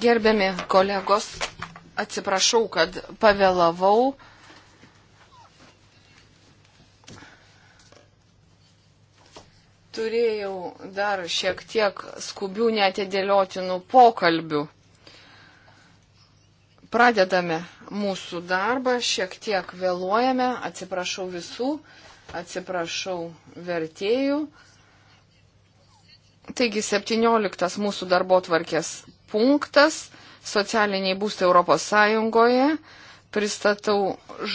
Gerbiami kolegos, atsiprašau, kad pavėlavau. Turėjau dar šiek tiek skubių netidėliotinų pokalbių. Pradedame mūsų darbą, šiek tiek vėluojame, atsiprašau visų, atsiprašau vertėjų. Taigi 17 mūsų darbo tvarkės punktas - socialiniai būstai Europos Sąjungoje. Pristatau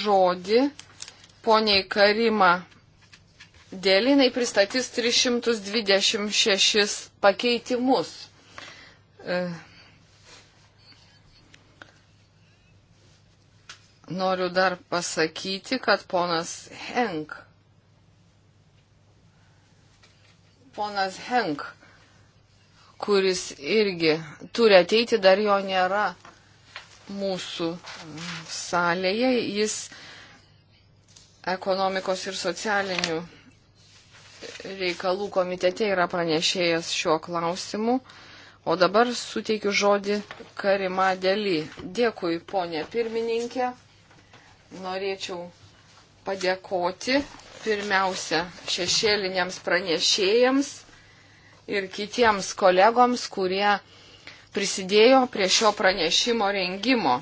žodį poniai Karima Dėlinai pristatys 326 pakeitimus. E, noriu dar pasakyti, kad ponas Henk. Ponas Henk kuris irgi turi ateiti, dar jo nėra mūsų salėje. Jis ekonomikos ir socialinių reikalų komitete yra pranešėjęs šiuo klausimu. O dabar suteikiu žodį Karima Deli. Dėkui, ponė pirmininkė. Norėčiau padėkoti pirmiausia šešėliniams pranešėjams ir kitiems kolegoms, kurie prisidėjo prie šio pranešimo rengimo.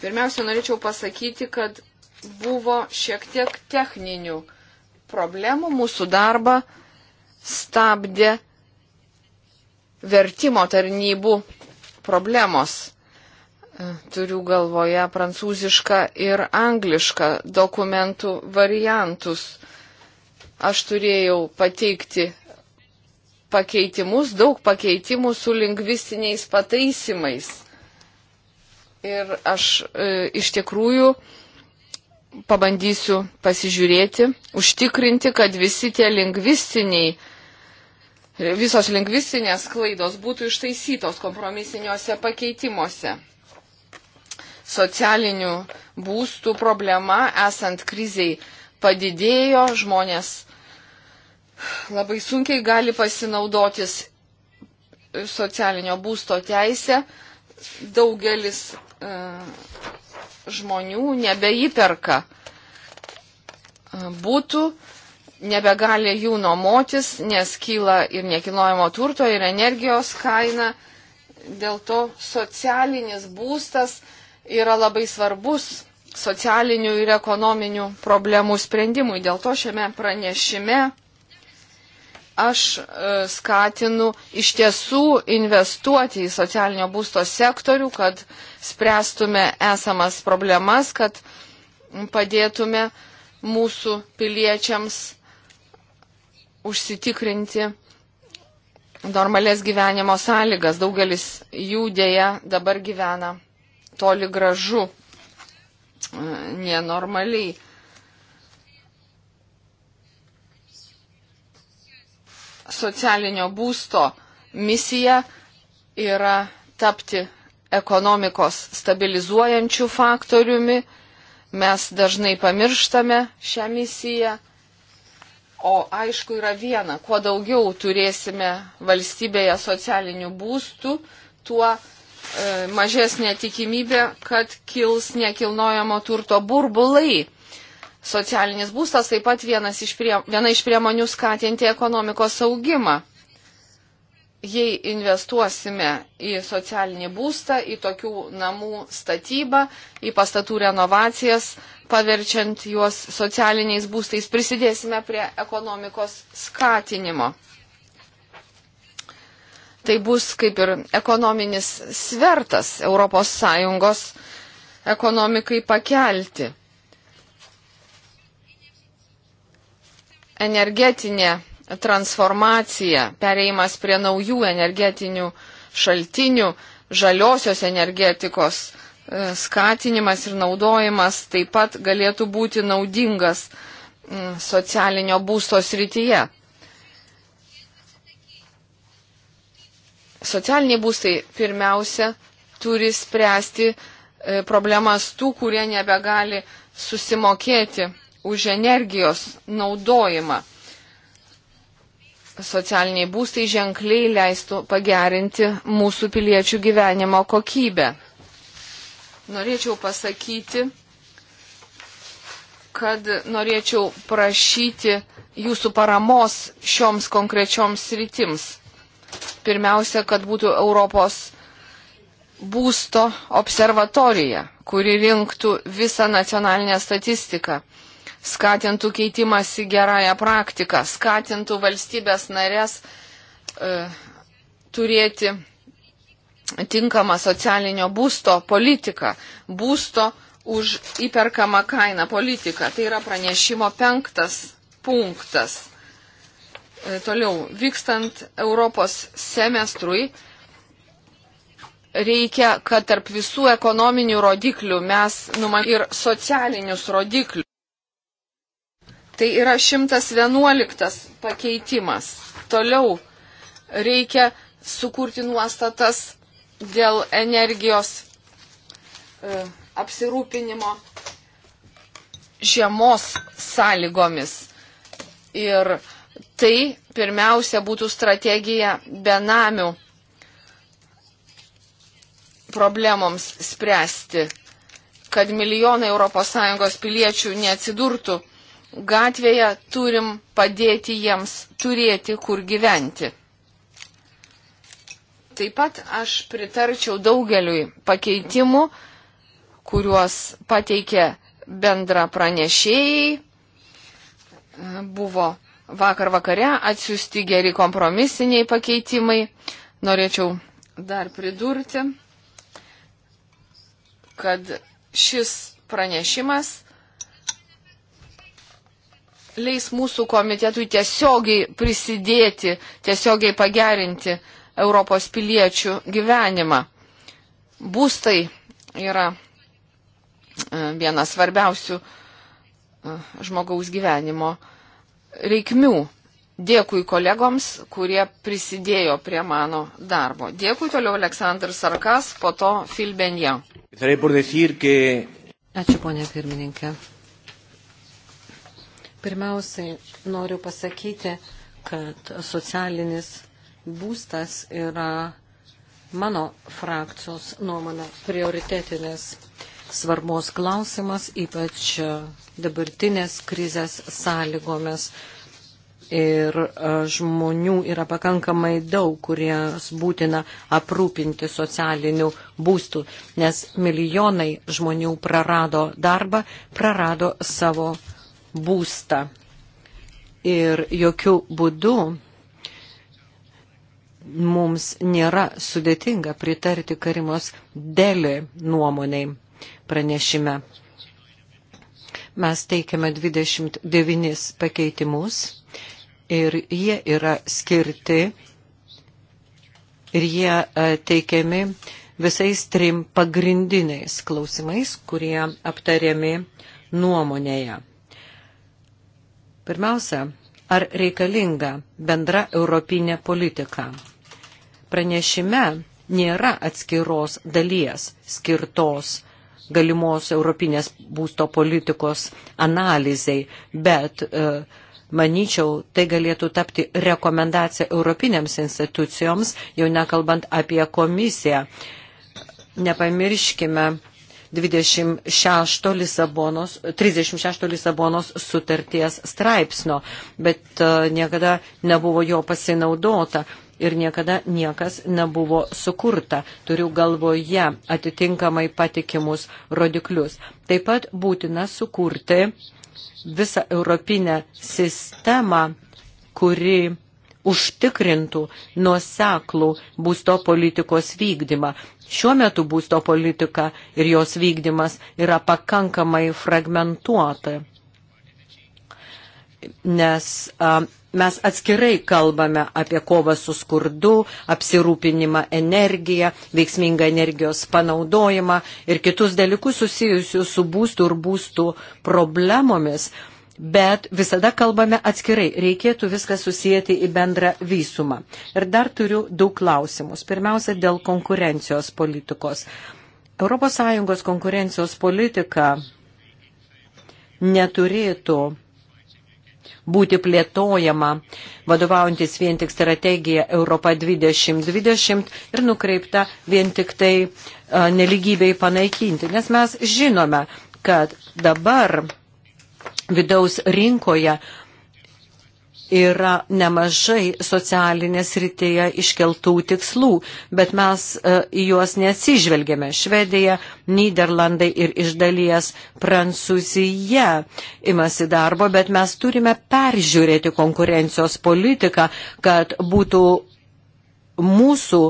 Pirmiausia, norėčiau pasakyti, kad buvo šiek tiek techninių problemų. Mūsų darbą stabdė vertimo tarnybų problemos. E, turiu galvoje prancūzišką ir anglišką dokumentų variantus. Aš turėjau pateikti pakeitimus, daug pakeitimų su lingvistiniais pataisimais. Ir aš e, iš tikrųjų pabandysiu pasižiūrėti, užtikrinti, kad visi tie lingvistiniai, e, visos lingvistinės klaidos būtų ištaisytos kompromisiniuose pakeitimuose. Socialinių būstų problema esant kriziai padidėjo, žmonės labai sunkiai gali pasinaudotis socialinio būsto teisę. Daugelis e, žmonių nebeįperka e, būtų, nebegali jų nuomotis, nes kyla ir nekilnojamo turto, ir energijos kaina. Dėl to socialinis būstas yra labai svarbus socialinių ir ekonominių problemų sprendimui. Dėl to šiame pranešime aš e, skatinu iš tiesų investuoti į socialinio būsto sektorių, kad spręstume esamas problemas, kad padėtume mūsų piliečiams užsitikrinti normalės gyvenimo sąlygas. Daugelis jų dėja dabar gyvena toli gražu, e, nenormaliai. socialinio būsto misija yra tapti ekonomikos stabilizuojančių faktoriumi. Mes dažnai pamirštame šią misiją. O aišku yra viena, kuo daugiau turėsime valstybėje socialinių būstų, tuo e, mažesnė tikimybė, kad kils nekilnojamo turto burbulai. Socialinis būstas taip pat iš prie, viena iš priemonių skatinti ekonomikos augimą. Jei investuosime į socialinį būstą, į tokių namų statybą, į pastatų renovacijas, paverčiant juos socialiniais būstais, prisidėsime prie ekonomikos skatinimo. Tai bus kaip ir ekonominis svertas ES ekonomikai pakelti. energetinė transformacija, pereimas prie naujų energetinių šaltinių, žaliosios energetikos e, skatinimas ir naudojimas taip pat galėtų būti naudingas socialinio būsto srityje. Socialiniai būstai pirmiausia turi spręsti e, problemas tų, kurie nebegali susimokėti už energijos naudojimą. Socialiniai būstai ženkliai leistų pagerinti mūsų piliečių gyvenimo kokybę. Norėčiau pasakyti, kad norėčiau prašyti jūsų paramos šioms konkrečioms rytims. Pirmiausia, kad būtų Europos būsto observatorija, kuri rinktų visą nacionalinę statistiką skatintų keitimąsi gerąją praktiką, skatintų valstybės narės e, turėti tinkamą socialinio būsto politiką, būsto už įperkamą kainą politiką. Tai yra pranešimo penktas punktas. E, toliau, vykstant Europos semestrui, reikia, kad tarp visų ekonominių rodiklių mes numatėme ir socialinius rodiklius. Tai yra 111 pakeitimas. Toliau reikia sukurti nuostatas dėl energijos e, apsirūpinimo žiemos sąlygomis. Ir tai pirmiausia būtų strategija benamių problemoms spręsti, kad milijonai ES piliečių neatsidurtų gatvėje, turim padėti jiems turėti kur gyventi. Taip pat aš pritarčiau daugeliui pakeitimų, kuriuos pateikė bendra pranešėjai. Buvo vakar vakare atsiųsti geri kompromisiniai pakeitimai. Norėčiau dar pridurti, kad šis pranešimas leis mūsų komitetui tiesiogiai prisidėti, tiesiogiai pagerinti Europos piliečių gyvenimą. Būstai yra e, vienas svarbiausių e, žmogaus gyvenimo reikmių. Dėkui kolegoms, kurie prisidėjo prie mano darbo. Dėkui toliau Aleksandras Sarkas, po to Filbenja. Ačiū, ponė pirmininkė. Pirmiausiai noriu pasakyti, kad socialinis būstas yra mano frakcijos nuomonė prioritetinės svarbos klausimas, ypač dabartinės krizės sąlygomis. Ir e, žmonių yra pakankamai daug, kuriems būtina aprūpinti socialinių būstų, nes milijonai žmonių prarado darbą, prarado savo būstą. Ir jokių būdų mums nėra sudėtinga pritarti Karimos dėlį nuomoniai pranešime. Mes teikiame 29 pakeitimus ir jie yra skirti ir jie e, teikiami visais trim pagrindiniais klausimais, kurie aptariami nuomonėje. Pirmiausia, ar reikalinga bendra europinė politika? Pranešime nėra atskiros dalies skirtos galimos europinės būsto politikos analizai, bet e, Maničiau, tai galėtų tapti rekomendacija europinėms institucijoms, jau nekalbant apie komisiją. Nepamirškime 26 Lisabonos, 36 Lisabonos sutarties straipsnio, bet e, niekada nebuvo jo pasinaudota ir niekada niekas nebuvo sukurta. Turiu galvoje atitinkamai patikimus rodiklius. Taip pat būtina sukurti visą europinę sistemą, kuri užtikrintų nuoseklų būsto politikos vykdymą šiuo metu būsto politika ir jos vykdymas yra pakankamai fragmentuota. Nes a, mes atskirai kalbame apie kovą su skurdu, apsirūpinimą energiją, veiksmingą energijos panaudojimą ir kitus dalykus susijusius su būstų ir būstų problemomis, bet visada kalbame atskirai. Reikėtų viską susijęti į bendrą visumą. Ir dar turiu daug klausimus. Pirmiausia, dėl konkurencijos politikos. ES konkurencijos politika neturėtų būti plėtojama, vadovaujantis vien tik strategija Europa 2020 ir nukreipta vien tik tai neligybei panaikinti. Nes mes žinome, kad dabar vidaus rinkoje yra nemažai socialinės rytėje iškeltų tikslų, bet mes e, į juos neatsižvelgėme. Švedija, Niderlandai ir iš dalies Prancūzija imasi darbo, bet mes turime peržiūrėti konkurencijos politiką, kad būtų mūsų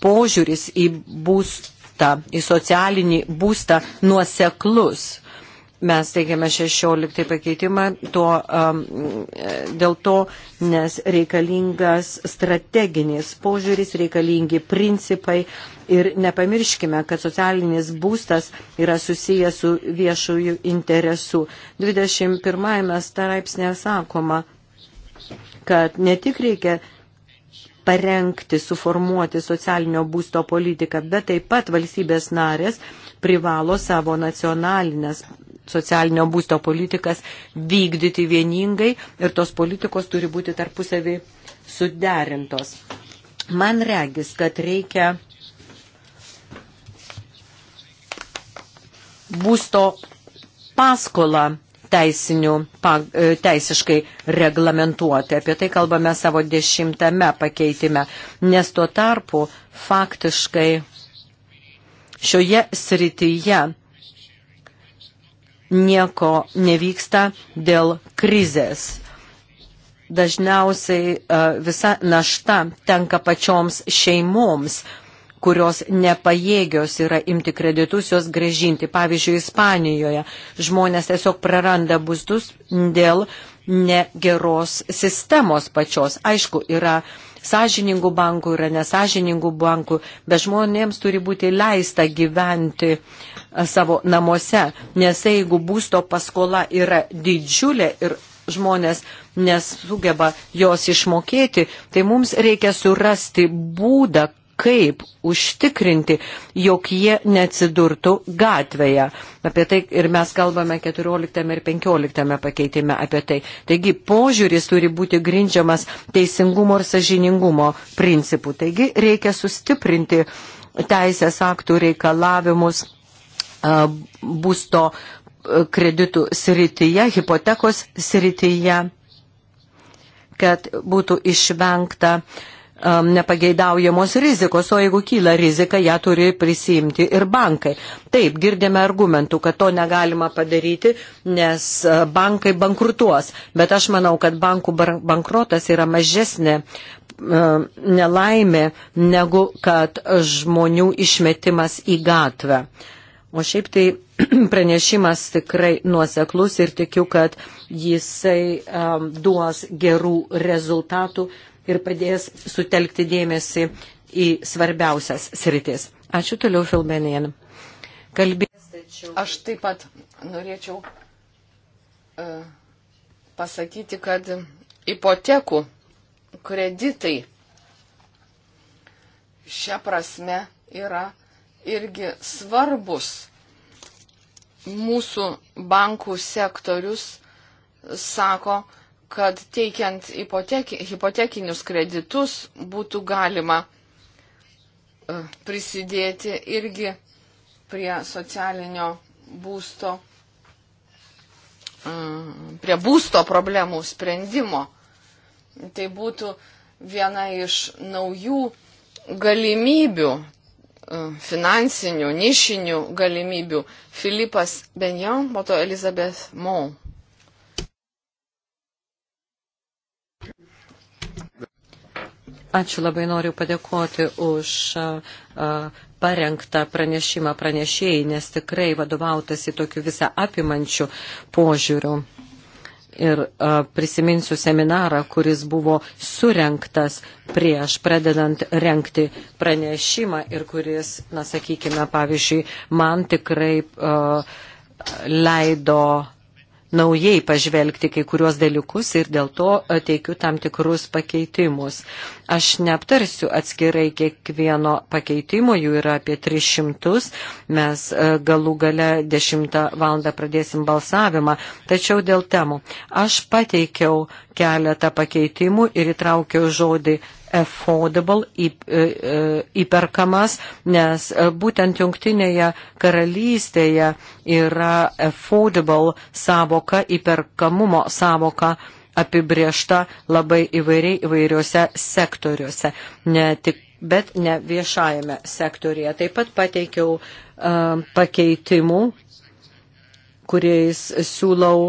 požiūris į būstą, į socialinį būstą nuoseklus mes teikiame 16 pakeitimą to, um, dėl to, nes reikalingas strateginis požiūris, reikalingi principai ir nepamirškime, kad socialinis būstas yra susijęs su viešųjų interesų. 21 straipsnė sakoma, kad ne tik reikia parengti, suformuoti socialinio būsto politiką, bet taip pat valstybės narės privalo savo nacionalinės socialinio būsto politikas vykdyti vieningai ir tos politikos turi būti tarpusavį suderintos. Man regis, kad reikia būsto paskolą teisinių, e, teisiškai reglamentuoti. Apie tai kalbame savo dešimtame pakeitime, nes tuo tarpu faktiškai šioje srityje nieko nevyksta dėl krizės. Dažniausiai e, visa našta tenka pačioms šeimoms, kurios nepajėgios yra imti kreditus, jos gražinti. Pavyzdžiui, Ispanijoje žmonės tiesiog praranda būstus dėl negeros sistemos pačios. Aišku, yra uh, sąžiningų bankų, yra nesažiningų bankų, bet žmonėms turi būti leista gyventi savo namuose, nes jeigu būsto paskola yra didžiulė ir žmonės nesugeba jos išmokėti, tai mums reikia surasti būdą, kaip užtikrinti, jog jie neatsidurtų gatvėje. Apie tai ir mes kalbame 14 ir 15 pakeitime apie tai. Taigi požiūris turi būti grindžiamas teisingumo ir sažiningumo principų. Taigi reikia sustiprinti teisės aktų reikalavimus būsto kreditų srityje, hipotekos srityje, kad būtų išvengta uh, Um, nepageidaujamos rizikos, o jeigu kyla rizika, ją turi prisimti ir bankai. Taip, girdėme argumentų, kad to negalima padaryti, nes uh, bankai bankrutuos, bet aš manau, kad bankų bankrotas yra mažesnė uh, nelaimė negu kad žmonių išmetimas į gatvę. O šiaip tai pranešimas tikrai nuoseklus ir tikiu, kad jisai um, duos gerų rezultatų ir padės sutelkti dėmesį į svarbiausias sritis. Ačiū toliau, Filbenien. Kalbės tačiau. Aš taip pat norėčiau uh, pasakyti, kad ipotekų kreditai šią prasme yra irgi svarbus. Mūsų bankų sektorius sako, kad teikiant hipotekinius kreditus būtų galima e, prisidėti irgi prie socialinio būsto, e, prie būsto problemų sprendimo. Tai būtų viena iš naujų galimybių, e, finansinių, nišinių galimybių. Filipas Benjon, po to Elizabeth Mou. Ačiū labai noriu padėkoti už parengtą pranešimą pranešėjai, nes tikrai vadovautasi tokiu visą apimančiu požiūriu. Ir prisiminsiu seminarą, kuris buvo surenktas prieš pradedant renkti pranešimą ir kuris, na sakykime, pavyzdžiui, man tikrai uh, leido naujai pažvelgti kai kuriuos dalykus ir dėl to e, teikiu tam tikrus pakeitimus. Aš neaptarsiu atskirai kiekvieno pakeitimo, jų yra apie 300, mes e, galų gale 10 val. pradėsim balsavimą, tačiau dėl temų. Aš pateikiau keletą pakeitimų ir įtraukiau žodį affordable, e, e, įperkamas, nes e, būtent jungtinėje karalystėje yra affordable savoka, įperkamumo savoka apibriešta labai įvairiai įvairiuose sektoriuose, ne tik, bet ne viešajame sektorėje. Taip pat pateikiau uh, pakeitimų, kuriais siūlau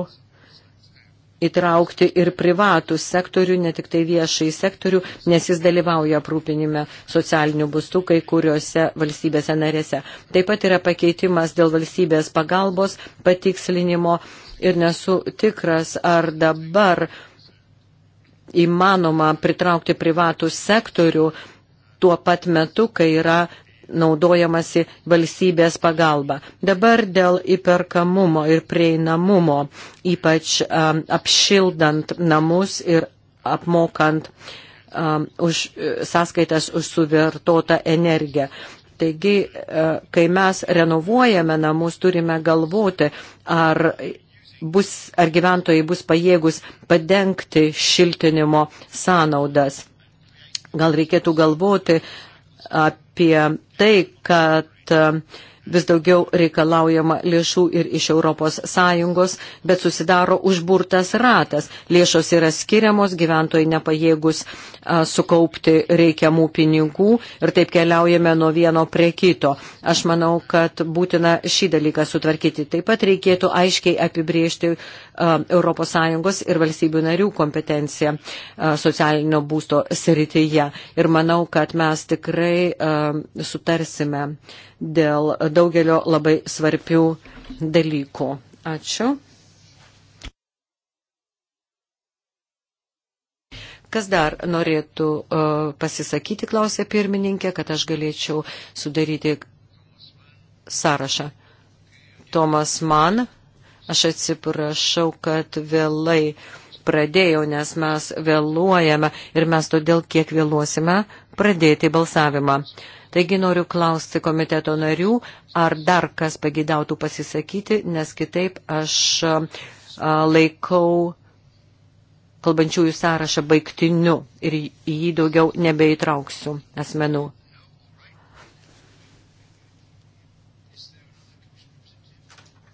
įtraukti ir privatų sektorių, ne tik tai viešai sektorių, nes jis dalyvauja aprūpinime socialinių būstų kai kuriuose valstybėse narėse. Taip pat yra pakeitimas dėl valstybės pagalbos patikslinimo ir nesu tikras, ar dabar įmanoma pritraukti privatų sektorių tuo pat metu, kai yra naudojamasi valstybės pagalba. Dabar dėl įperkamumo ir prieinamumo, ypač um, apšildant namus ir apmokant um, už, e, sąskaitas už suvertotą energiją. Taigi, e, kai mes renovuojame namus, turime galvoti, ar bus, ar gyventojai bus pajėgus padengti šiltinimo sąnaudas. Gal reikėtų galvoti apie apie tai, kad e, vis daugiau reikalaujama lėšų ir iš ES, bet susidaro užburtas ratas. Lėšos yra skiriamos, gyventojai nepajėgus a, e, sukaupti reikiamų pinigų ir taip keliaujame nuo vieno prie kito. Aš manau, kad būtina šį dalyką sutvarkyti. Taip pat reikėtų aiškiai apibriežti ES ir valstybių narių kompetencija socialinio būsto srityje. Ir manau, kad mes tikrai sutarsime dėl daugelio labai svarbių dalykų. Ačiū. Kas dar norėtų uh, pasisakyti, klausė pirmininkė, kad aš galėčiau sudaryti sąrašą. Tomas Mann. Aš atsiprašau, kad vėlai pradėjau, nes mes vėluojame ir mes todėl kiek vėluosime pradėti balsavimą. Taigi noriu klausti komiteto narių, ar dar kas pagidautų pasisakyti, nes kitaip aš laikau kalbančiųjų sąrašą baigtiniu ir į jį daugiau nebeįtrauksiu asmenų.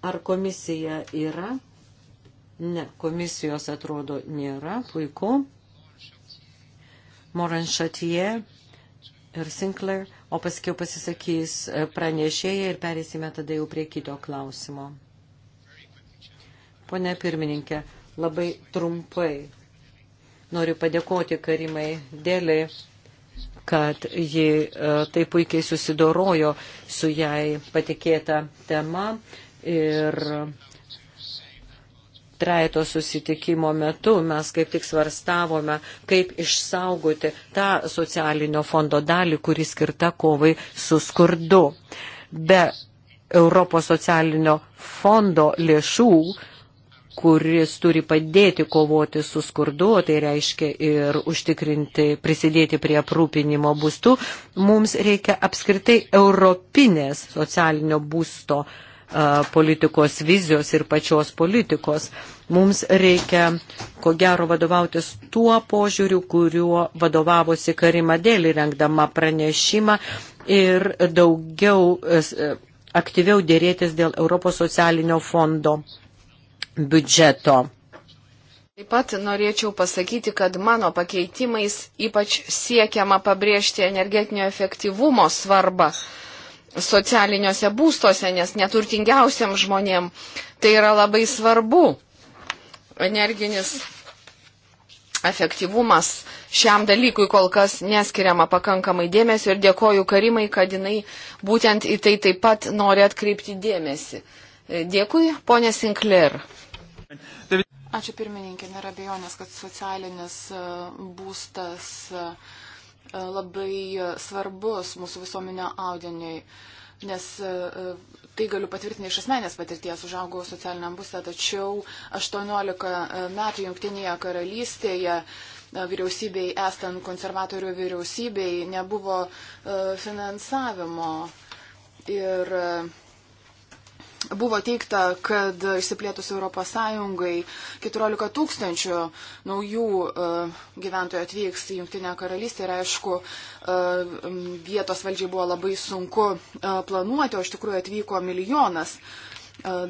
Ar komisija yra? Ne, komisijos atrodo nėra. Puiku. Moran Chatie ir Sinclair, o paskiau pasisakys pranešėja ir perėsime tada jau prie kito klausimo. Pone pirmininkė, labai trumpai noriu padėkoti Karimai dėliai, kad ji e, taip puikiai susidorojo su jai patikėta tema Ir treito susitikimo metu mes kaip tik svarstavome, kaip išsaugoti tą socialinio fondo dalį, kuri skirta kovai su skurdu. Be Europos socialinio fondo lėšų, kuris turi padėti kovoti su skurdu, tai reiškia ir užtikrinti, prisidėti prie aprūpinimo būstų, mums reikia apskritai europinės socialinio būsto uh, politikos vizijos ir pačios politikos. Mums reikia, ko gero, vadovautis tuo požiūriu, kuriuo vadovavosi Karima Dėlį rengdama pranešimą ir daugiau aktyviau dėrėtis dėl Europos socialinio fondo biudžeto. Taip pat norėčiau pasakyti, kad mano pakeitimais ypač siekiama pabrėžti energetinio efektyvumo svarbą socialiniuose būstuose, nes neturtingiausiam žmonėm tai yra labai svarbu. Energinis efektyvumas šiam dalykui kol kas neskiriama pakankamai dėmesio ir dėkoju Karimai, kad jinai būtent į tai taip pat nori atkreipti dėmesį. Dėkui, ponė Sinclair. Ačiū pirmininkė, nėra abejonės, kad socialinis e, būstas uh, E, labai e, svarbus mūsų visuomenio audiniui, nes e, tai galiu patvirtinti iš asmenės patirties, užaugau socialiniam būste, tačiau 18 metų Junktinėje karalystėje vyriausybei, esant konservatorių vyriausybei, nebuvo finansavimo. Ir uh, Buvo teikta, kad išsiplėtus ES 14 tūkstančių naujų e, gyventojų atvyks į Junktinę karalystę ir aišku, e, vietos valdžiai buvo labai sunku e, planuoti, o iš tikrųjų atvyko milijonas.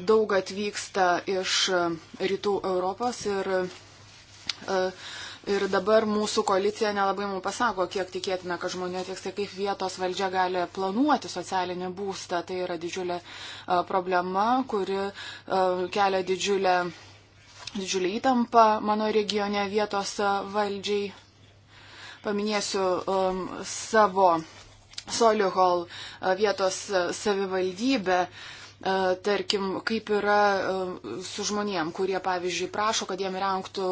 Daug atvyksta iš rytų Europos ir Ir dabar mūsų koalicija nelabai mums pasako, kiek tikėtina, kad žmonių atvyks, tai kaip vietos valdžia gali planuoti socialinį būstą. Tai yra didžiulė e, problema, kuri e, kelia didžiulę, didžiulį įtampą mano regione vietos e, valdžiai. Paminėsiu um, savo Solihol vietos savivaldybę. Uh, tarkim, kaip yra su žmonėm, kurie, pavyzdžiui, prašo, kad jiem įrengtų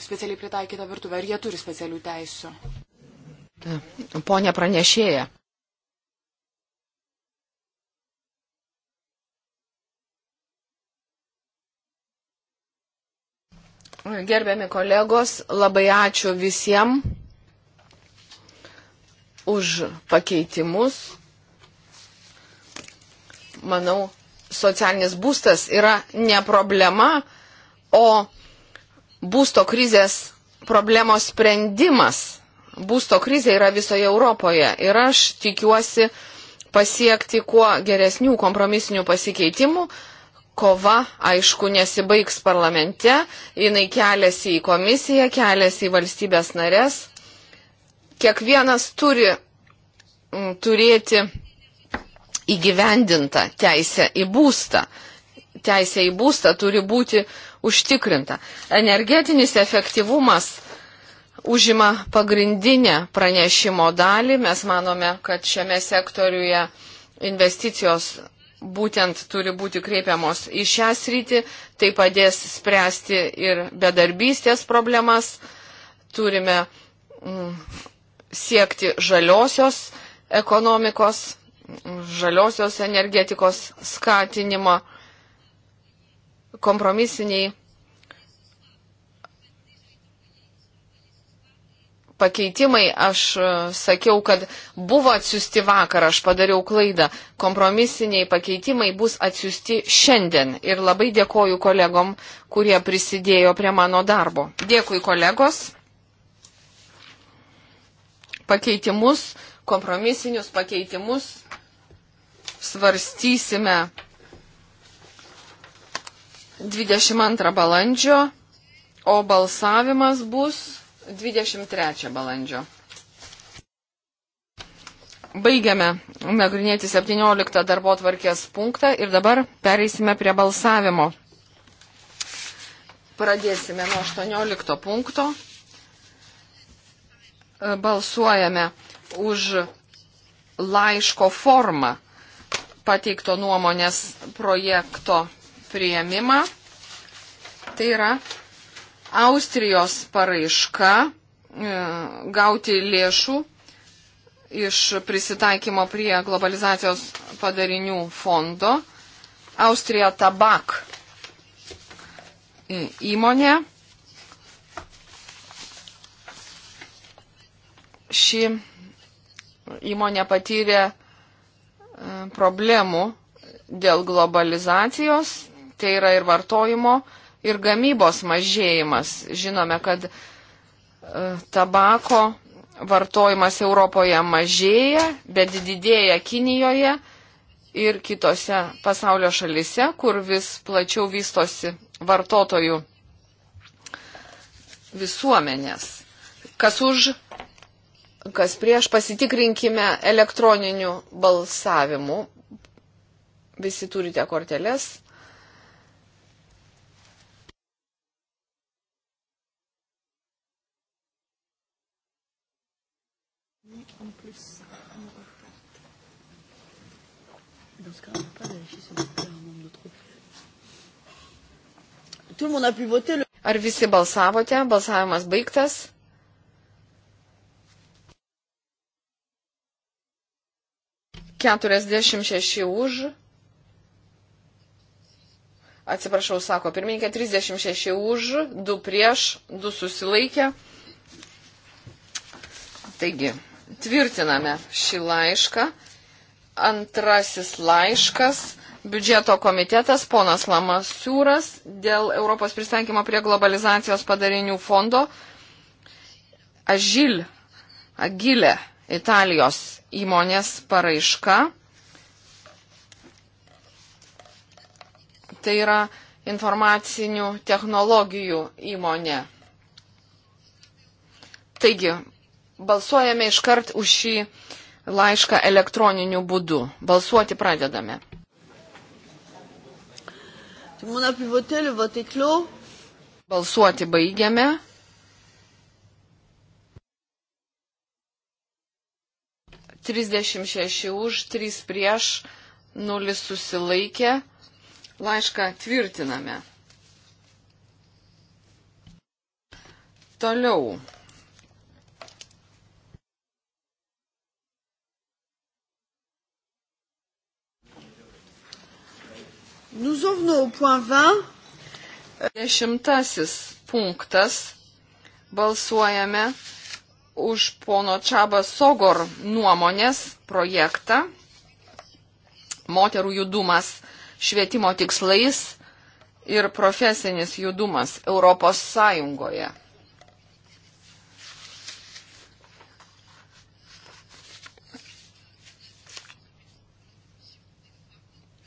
specialiai pritaikytą virtuvę, ar jie turi specialių teisų? Pone pranešėja. Gerbiami kolegos, labai ačiū visiems už pakeitimus. Manau, socialinis būstas yra ne problema, o būsto krizės problemos sprendimas. Būsto krizė yra visoje Europoje ir aš tikiuosi pasiekti kuo geresnių kompromisinių pasikeitimų. Kova, aišku, nesibaigs parlamente, jinai keliasi į komisiją, keliasi į valstybės narės. Kiekvienas turi m, mm, turėti įgyvendintą teisę į būstą. Teisė į būstą turi būti uh, užtikrinta. Energetinis efektyvumas užima pagrindinę pranešimo dalį. Mes manome, kad šiame sektoriuje investicijos būtent turi būti kreipiamos į šią sritį. Tai padės spręsti ir bedarbystės problemas. Turime mm, siekti žaliosios ekonomikos, žaliosios energetikos skatinimo kompromisiniai pakeitimai, aš e, sakiau, kad buvo atsiusti vakar, aš padariau klaidą, kompromisiniai pakeitimai bus atsiusti šiandien. Ir labai dėkoju kolegom, kurie prisidėjo prie mano darbo. Dėkui kolegos. Pakeitimus, kompromisinius pakeitimus svarstysime 22 balandžio, o balsavimas bus 23 balandžio. Baigiame nagrinėti 17 darbo tvarkės punktą ir dabar pereisime prie balsavimo. Pradėsime nuo 18 punkto. Balsuojame už laiško formą pateikto nuomonės projekto prieimimą. Tai yra Austrijos paraiška e, gauti lėšų iš prisitaikymo prie globalizacijos padarinių fondo. Austrija tabak įmonė. Ši įmonė patyrė e, problemų dėl globalizacijos Tai yra ir vartojimo, ir gamybos mažėjimas. Žinome, kad e, tabako vartojimas Europoje mažėja, bet didėja Kinijoje ir kitose pasaulio šalise, kur vis plačiau vystosi vartotojų visuomenės. Kas už, kas prieš, pasitikrinkime elektroniniu balsavimu. Visi turite korteles. En plus, on regarde. Dans ce cas, on ne peut pas vérifier si c'est un membre de trop. Tout le monde a pu voter le... Ar visi balsavote? Balsavimas baigtas. Keturiasdešimt šeši už. Atsiprašau, sako pirmininkė, 36 už, 2 prieš, 2 susilaikė. Taigi, tvirtiname šį laišką. Antrasis laiškas biudžeto komitetas ponas Lamasiūras dėl Europos pristankymo prie globalizacijos padarinių fondo Ažil, Agilė, Italijos įmonės paraiška. Tai yra informacinių technologijų įmonė. Taigi, Balsuojame iškart už šį laišką elektroniniu būdu. Balsuoti pradedame. Balsuoti baigiame. Trisdešimt šeši už, trys prieš, nulis susilaikė. Laišką tvirtiname. Toliau. Nous en venons au point 20. Dešimtasis punktas. Balsuojame už pono Čabas Sogor nuomonės projektą. Moterų judumas švietimo tikslais ir profesinis judumas Europos Sąjungoje.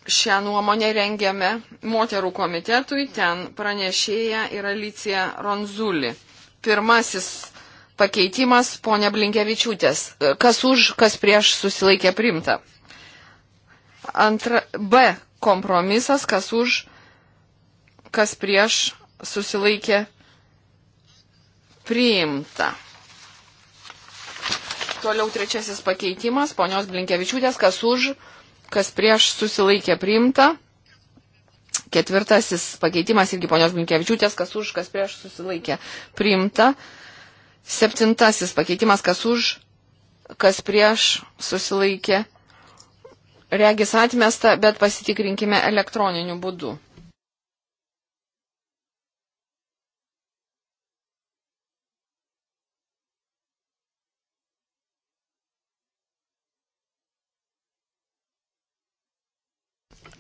Šią nuomonę rengiame moterų komitetui, ten pranešėja yra Licija Ronzuli. Pirmasis pakeitimas ponia Blinkevičiūtės. Kas už, kas prieš susilaikė primta. Antra, B kompromisas, kas už, kas prieš susilaikė priimta. Toliau trečiasis pakeitimas, ponios Blinkevičiūtės, kas už, kas prieš susilaikė priimta. Ketvirtasis pakeitimas irgi ponios Blinkievičiūtės, kas už, kas prieš susilaikė priimta. Septintasis pakeitimas, kas už, kas prieš susilaikė. Regis atmesta, bet pasitikrinkime elektroniniu būdu.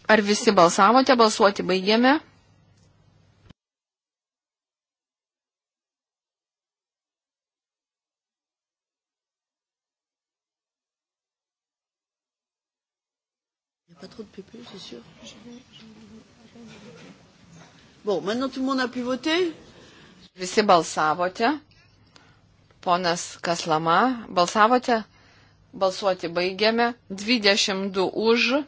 Ar visi balsavote? Balsuoti baigėme. Pas trop de pépé, c'est sûr. Bon, maintenant tout le monde a pu voter. Visi balsavote. Ponas Kaslama, balsavote? Balsuoti baigėme. 22 už,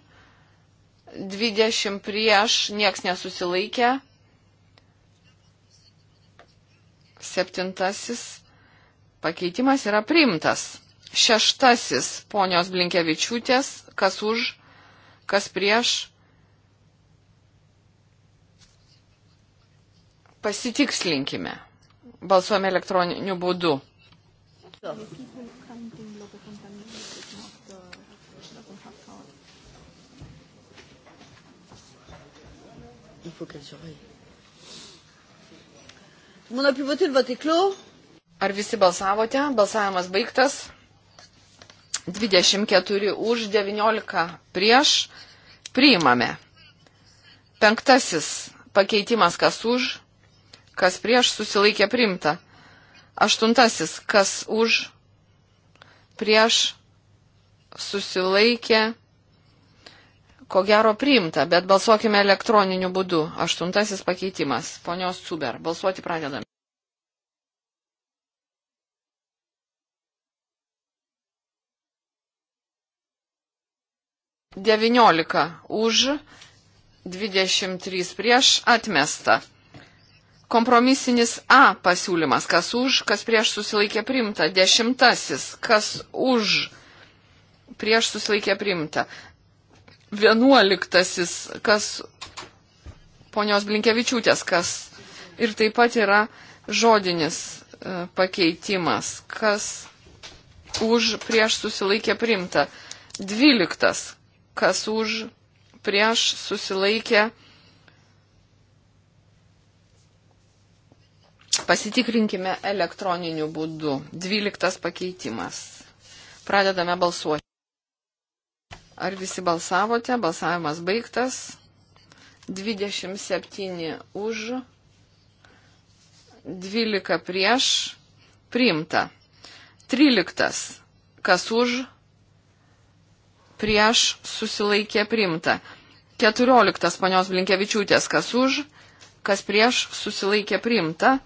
20 prieš, nieks nesusilaikė. Septintasis pakeitimas yra priimtas. Šeštasis ponios Blinkevičiūtės, kas už, kas prieš. Pasitikslinkime. Balsuojame elektroniniu būdu. Il faut qu'elle surveille. Tout le monde a pu voter, le vote est clos. Ar visi balsavote? Balsavimas baigtas. 24 už, 19 prieš. Priimame. Penktasis pakeitimas, kas už, kas prieš, susilaikė primta. Aštuntasis, kas už, prieš, susilaikė primta ko gero priimta, bet balsuokime elektroniniu būdu. Aštuntasis pakeitimas. Ponios Cuber, balsuoti pradedame. Devyniolika už, dvidešimt trys prieš, atmesta. Kompromisinis A pasiūlymas, kas už, kas prieš susilaikė primta. Dešimtasis, kas už, prieš susilaikė primta vienuoliktasis, kas ponios Blinkevičiūtės, kas ir taip pat yra žodinis e, pakeitimas, kas už prieš susilaikė primta. Dvyliktas, kas už prieš susilaikė pasitikrinkime elektroniniu būdu. Dvyliktas pakeitimas. Pradedame balsuoti. Ar visi balsavote? Balsavimas baigtas. 27 už, 12 prieš, priimta. 13. Kas už, prieš, susilaikė, priimta. 14. Panios Blinkevičiūtės, kas už, kas prieš, susilaikė, priimta.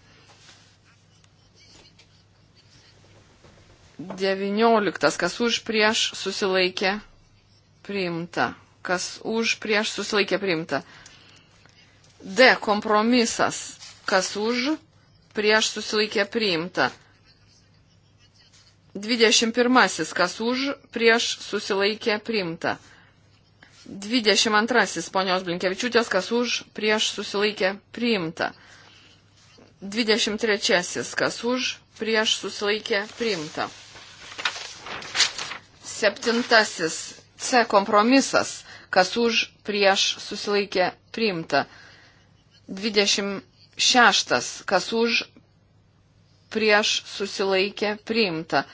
19. Kas už, prieš, susilaikė, priimta priimta. Kas už, prieš susilaikė priimta. D. Kompromisas. Kas už, prieš susilaikė priimta. 21. Kas už, prieš susilaikė priimta. 22. Ponios Blinkevičiūtės, kas už, prieš susilaikė priimta. 23. Kas už, prieš susilaikė priimta. Septintasis C kompromisas, kas už prieš susilaikė priimta. 26. Kas už prieš susilaikė priimta.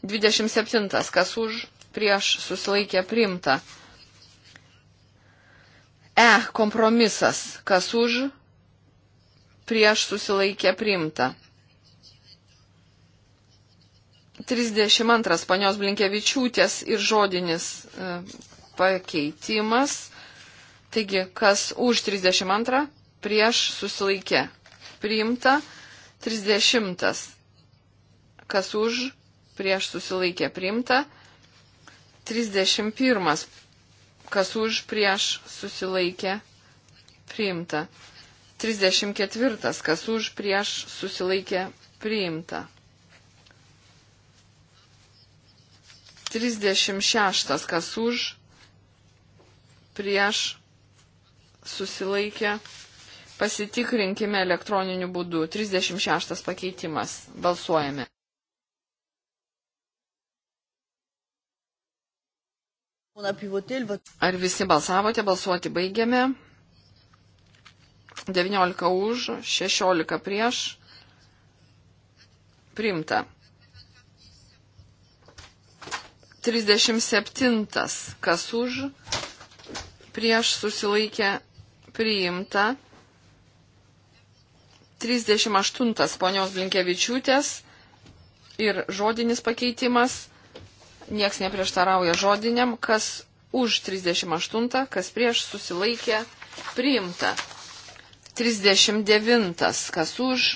27. Kas už prieš susilaikė priimta. E kompromisas. Kas už prieš susilaikė priimta. 32 panios Blinkevičiūtės ir žodinis e, pakeitimas. Taigi, kas už 32, prieš susilaikė. Priimta 30. Kas už, prieš susilaikė. Priimta 31. Kas už, prieš susilaikė. Priimta 34. Kas už, prieš susilaikė. Priimta 36. Kas už, prieš, susilaikė. Pasitikrinkime elektroniniu būdu. 36 pakeitimas. Balsuojame. Ar visi balsavote? Balsuoti baigiame. 19 už, 16 prieš. Primta. 37. Kas už? Prieš susilaikę priimta. 38. Ponios Blinkevičiūtės. Ir žodinis pakeitimas. Niekas neprieštarauja žodiniam. Kas už 38, kas prieš susilaikė priimta. 39. Kas už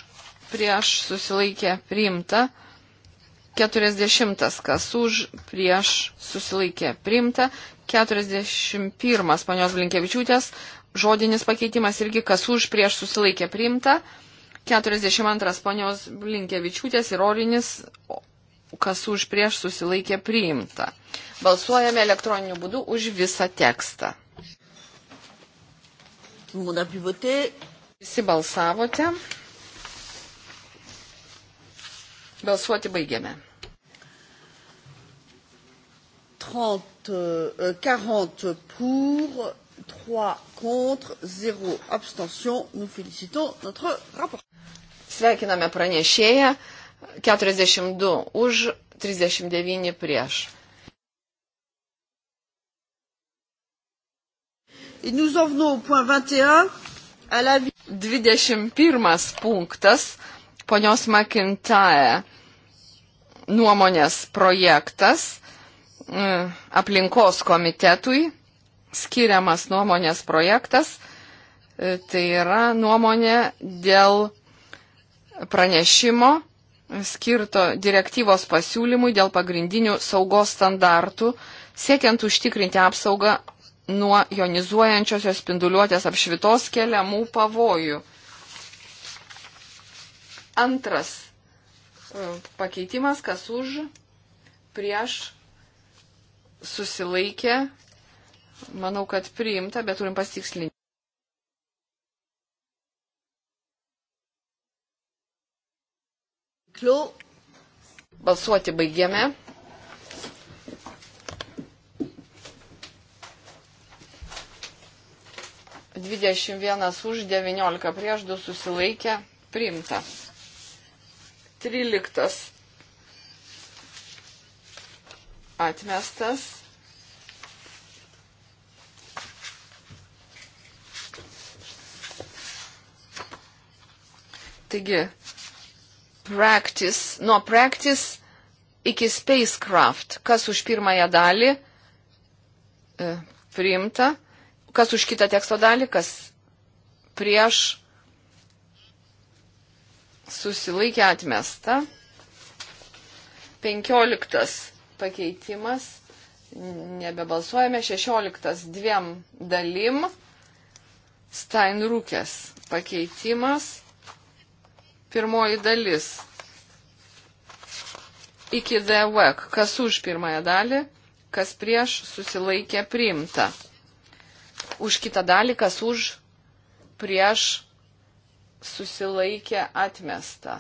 prieš susilaikė priimta. 40 kas už, prieš susilaikė priimta. 41 panios Blinkievičiūtės žodinis pakeitimas irgi kas už, prieš susilaikė priimta. 42 panios Blinkievičiūtės ir orinis kas už, prieš susilaikė priimta. Balsuojame elektroniniu būdu už visą tekstą. Visi balsavote. Balsuoti baigiame. 30, 40 euh, pour, 3 contre, 0 abstention. Nous félicitons notre rapport. Sveikiname pranešėją. 42 už, 39 prieš. Et nous en venons au point 21, à la... 21 punktas ponios McIntyre nuomonės projektas mm, aplinkos komitetui skiriamas nuomonės projektas, e, tai yra nuomonė dėl pranešimo skirto direktyvos pasiūlymui dėl pagrindinių saugos standartų, siekiant užtikrinti apsaugą nuo jonizuojančiosios spinduliuotės apšvitos keliamų pavojų. Antras e, pakeitimas, kas už, prieš, susilaikė, manau, kad priimta, bet turim pasitikslinti. Kliu. Balsuoti baigėme. Dvidešimt vienas už, devyniolika prieš, du susilaikė, priimta. 13 atmestas. Taigi, practice, nuo practice iki spacecraft, kas už pirmąją dalį e, priimta, kas už kitą teksto dalį, kas prieš susilaikė atmesta. Penkioliktas pakeitimas, nebebalsuojame, šešioliktas dviem dalim, Steinrūkės pakeitimas, pirmoji dalis. Iki the work, kas už pirmąją dalį, kas prieš susilaikė priimta. Už kitą dalį, kas už prieš susilaikė atmesta.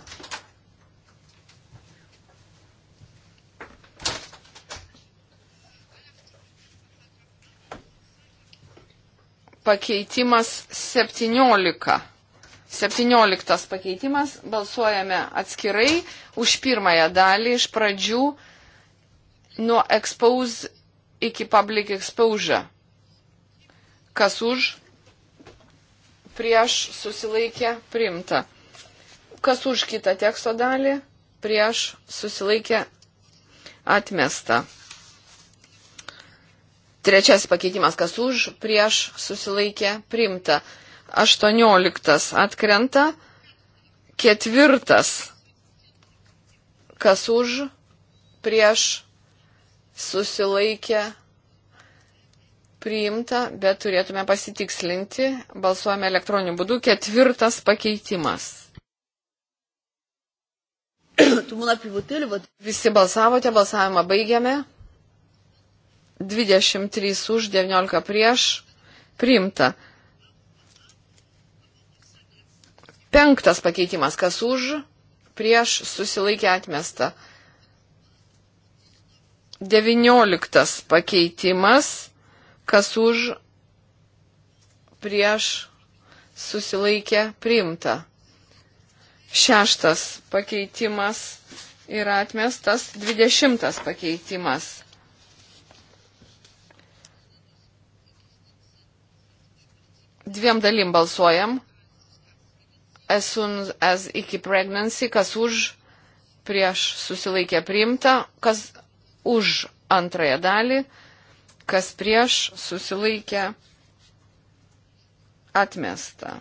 Pakeitimas 17. 17 pakeitimas. Balsuojame atskirai už pirmąją dalį iš pradžių nuo expose iki public exposure. Kas už? prieš susilaikė priimta. Kas už kitą teksto dalį, prieš susilaikė atmesta. Trečias pakeitimas, kas už, prieš susilaikė priimta. Aštuonioliktas atkrenta. Ketvirtas, kas už, prieš susilaikė priimta, bet turėtume pasitikslinti. Balsuojame elektroniniu būdu. Ketvirtas pakeitimas. Visi balsavote, balsavimą baigiame. 23 už, 19 prieš. Priimta. Penktas pakeitimas. Kas už, prieš, susilaikė atmesta. Devinioliktas pakeitimas kas už, prieš, susilaikė, priimta. Šeštas pakeitimas yra atmestas, dvidešimtas pakeitimas. Dviem dalim balsuojam. As soon as iki pregnancy, kas už, prieš susilaikė priimta, kas už antrąją dalį, kas prieš susilaikė atmesta.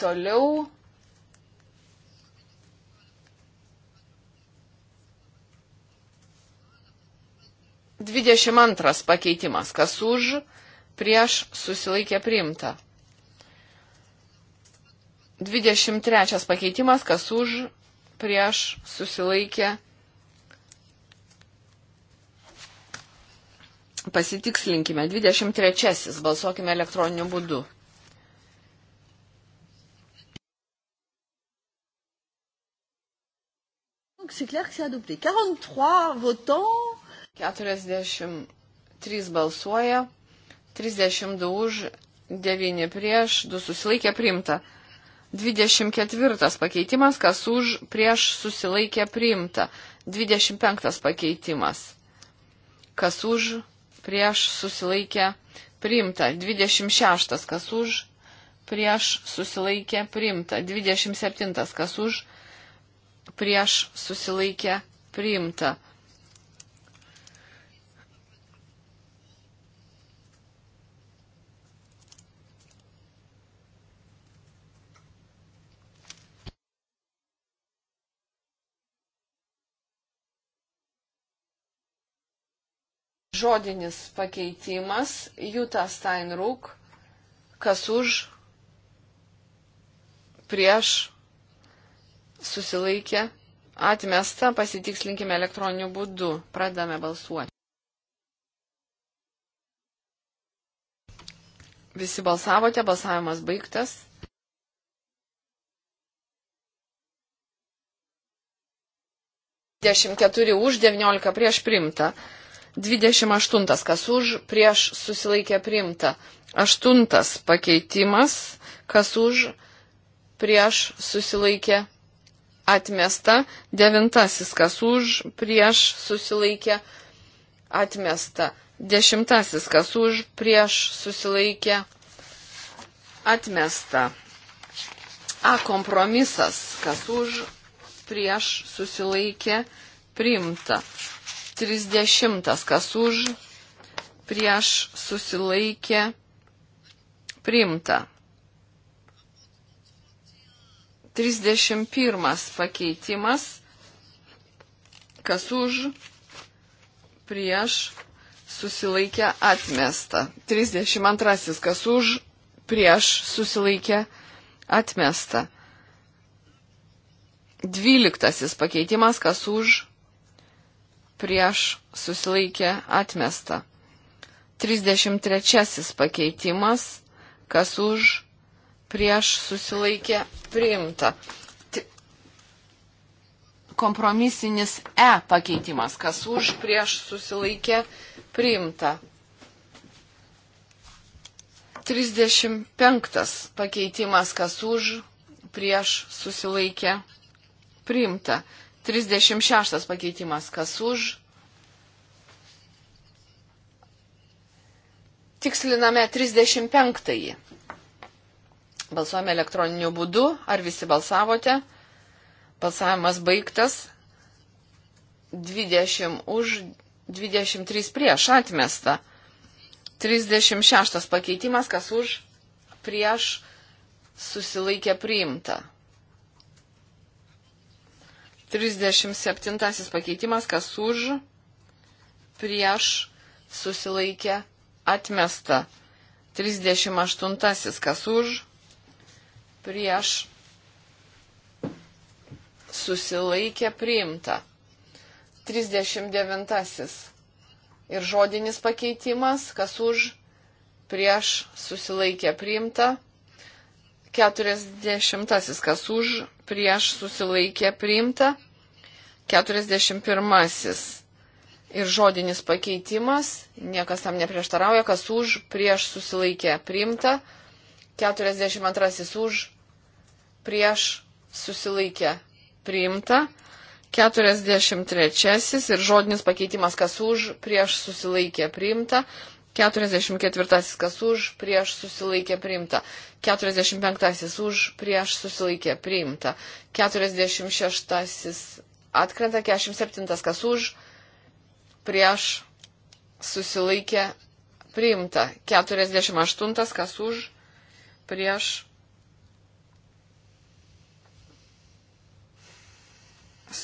Toliau Dvidešimt antras pakeitimas, kas už, prieš susilaikė priimta. Dvidešimt trečias pakeitimas, kas už, prieš susilaikė Pasitikslinkime. 23. Balsuokime elektroniniu būdu. C'est clair que c'est adopté. 43 votants. 43 balsuoja, 32 už, 9 prieš, 2 susilaikė priimta. 24 pakeitimas, kas už, prieš susilaikė priimta. 25 pakeitimas, kas už, prieš susilaikė priimta. 26 kas už, prieš susilaikė priimta. 27 kas už, prieš susilaikė priimta. Žodinis pakeitimas Juta Steinruk, kas už, prieš, susilaikė, atmesta, pasitikslinkime elektroniniu būdu, pradame balsuoti. Visi balsavote, balsavimas baigtas. Dešimt keturi už, devyniolika prieš primta. 28. Kas už, prieš susilaikė priimta. 8. Pakeitimas. Kas už, prieš susilaikė atmesta. 9. Kas už, prieš susilaikė atmesta. 10. Kas už, prieš susilaikė atmesta. A kompromisas. Kas už, prieš susilaikė priimta. 30. Kas už, prieš susilaikė priimta. 31 pakeitimas, kas už, prieš, susilaikė atmesta. 32 kas už, prieš, susilaikė atmesta. 12 pakeitimas, kas už, prieš susilaikė atmesta. 33 pakeitimas, kas už prieš susilaikė priimta. Kompromisinis E pakeitimas, kas už prieš susilaikė priimta. 35 pakeitimas, kas už prieš susilaikė priimta. 36 pakeitimas. Kas už? Tiksliname 35. Balsuojame elektroniniu būdu. Ar visi balsavote? Balsavimas baigtas. 20 už, 23 prieš atmesta. 36 pakeitimas. Kas už? Prieš susilaikė priimta. 37 pakeitimas, kas už, prieš, susilaikė, atmesta. 38 kas už, prieš, susilaikė, priimta. 39 ir žodinis pakeitimas, kas už, prieš, susilaikė, priimta. 40 kas už, prieš susilaikė priimta. 41 ir žodinis pakeitimas, niekas tam neprieštarauja, kas už, prieš susilaikė priimta. 42 už, prieš susilaikė priimta. 43 ir žodinis pakeitimas, kas už, prieš susilaikė priimta. 44 kas už, prieš susilaikė priimta. 45 už, prieš susilaikė priimta. 46 atkrenta, 47 kas už, prieš susilaikė priimta. 48 kas už, prieš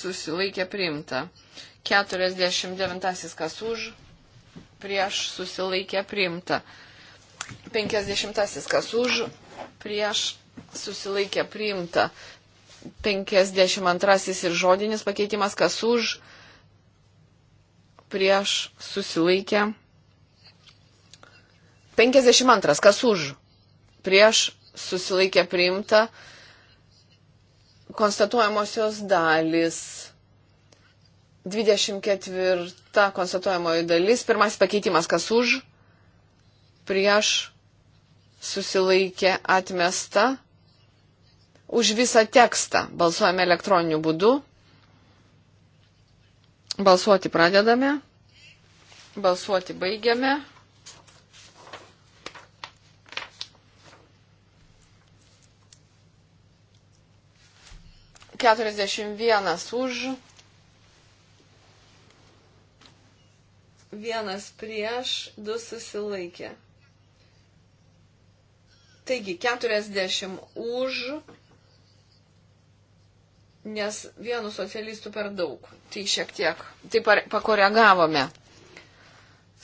susilaikė priimta. 49 kas už, prieš susilaikė priimta. 50. Kas už, prieš susilaikė priimta. 52. Ir žodinis pakeitimas, kas už, prieš susilaikė. 52. Kas už, prieš susilaikė priimta. Konstatuojamosios dalis 24 konstatuojamoji dalis, pirmasis pakeitimas, kas už, prieš, susilaikė, atmesta. Už visą tekstą balsuojame elektroniniu būdu. Balsuoti pradedame. Balsuoti baigiame. Keturiasdešimt vienas už. vienas prieš, du susilaikė. Taigi, 40 už, nes vienu socialistų per daug. Tai šiek tiek, taip pakoregavome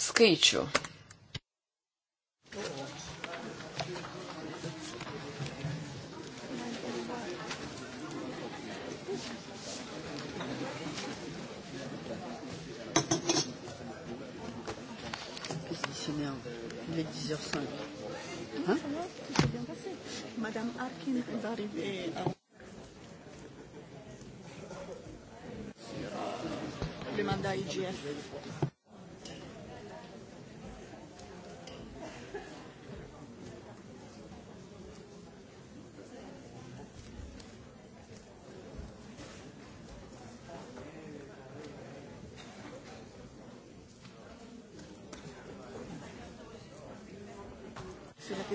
skaičių. il est 10h05. Hein Madame Harkin est arrivée à... Le mandat IGF.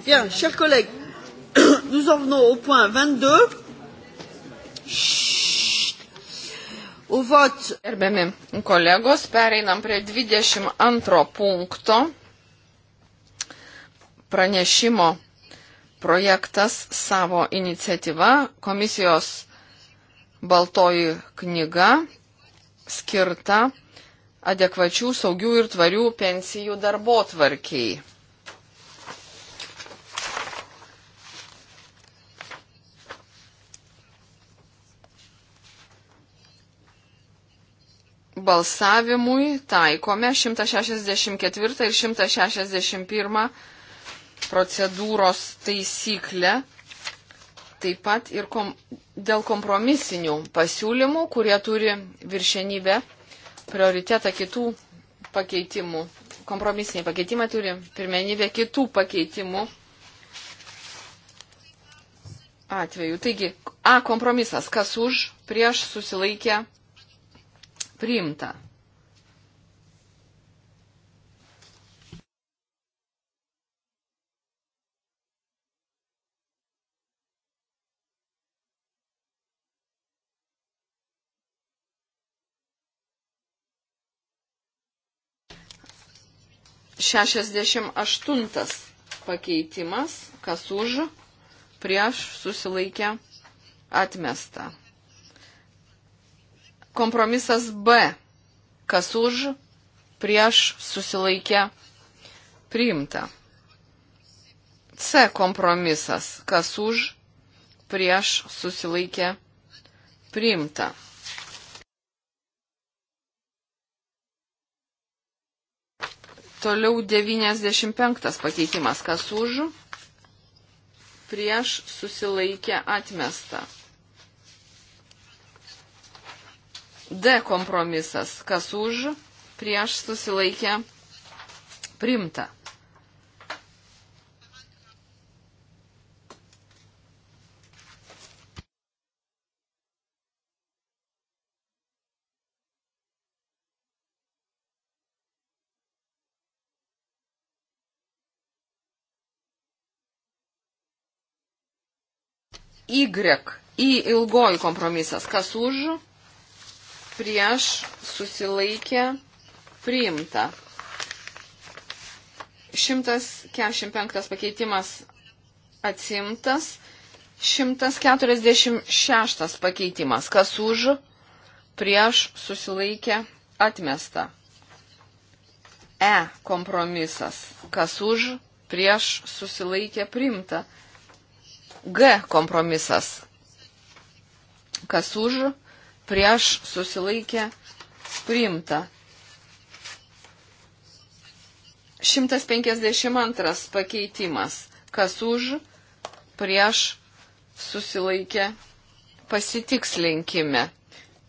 Bien, chers collègues, nous en venons au point 22. Chut. Au vote. Gerbiami kolegos, pereinam prie 22 punkto pranešimo projektas savo iniciatyva komisijos baltoji knyga skirta adekvačių, saugių ir tvarių pensijų darbo tvarkiai. balsavimui taikome 164 ir 161 procedūros taisyklę, taip pat ir kom, dėl kompromisinių pasiūlymų, kurie turi viršenybę prioritetą kitų pakeitimų. Kompromisiniai pakeitimai turi pirmenybę kitų pakeitimų atveju. Taigi, A kompromisas, kas už, prieš susilaikę priimta. Šešiasdešimt aštuntas pakeitimas, kas už, prieš susilaikę atmestą. Kompromisas B. Kas už, prieš, susilaikė, priimta. C. Kompromisas. Kas už, prieš, susilaikė, priimta. Toliau 95 pakeitimas. Kas už, prieš, susilaikė, atmesta. D kompromisas. Kas už, prieš susilaikę, primta. Y, į ilgoji kompromisas. Kas už, prieš susilaikė priimta. 145 pakeitimas atsimtas. 146 pakeitimas. Kas už, prieš susilaikė atmesta. E kompromisas. Kas už, prieš susilaikė primta. G kompromisas. Kas už, prieš susilaikė priimta. 152 pakeitimas. Kas už, prieš susilaikė pasitikslinkime.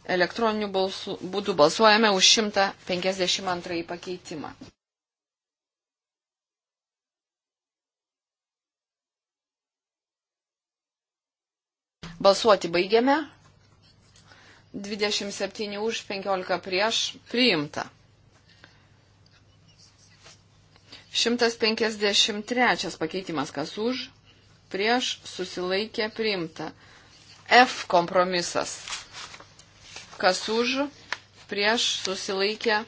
Elektroniniu balsu, būdu balsuojame už 152 pakeitimą. Balsuoti baigiame. 27 už 15 prieš priimta. 153 pakeitimas kas už, prieš susilaikė priimta. F kompromisas. Kas už, prieš susilaikė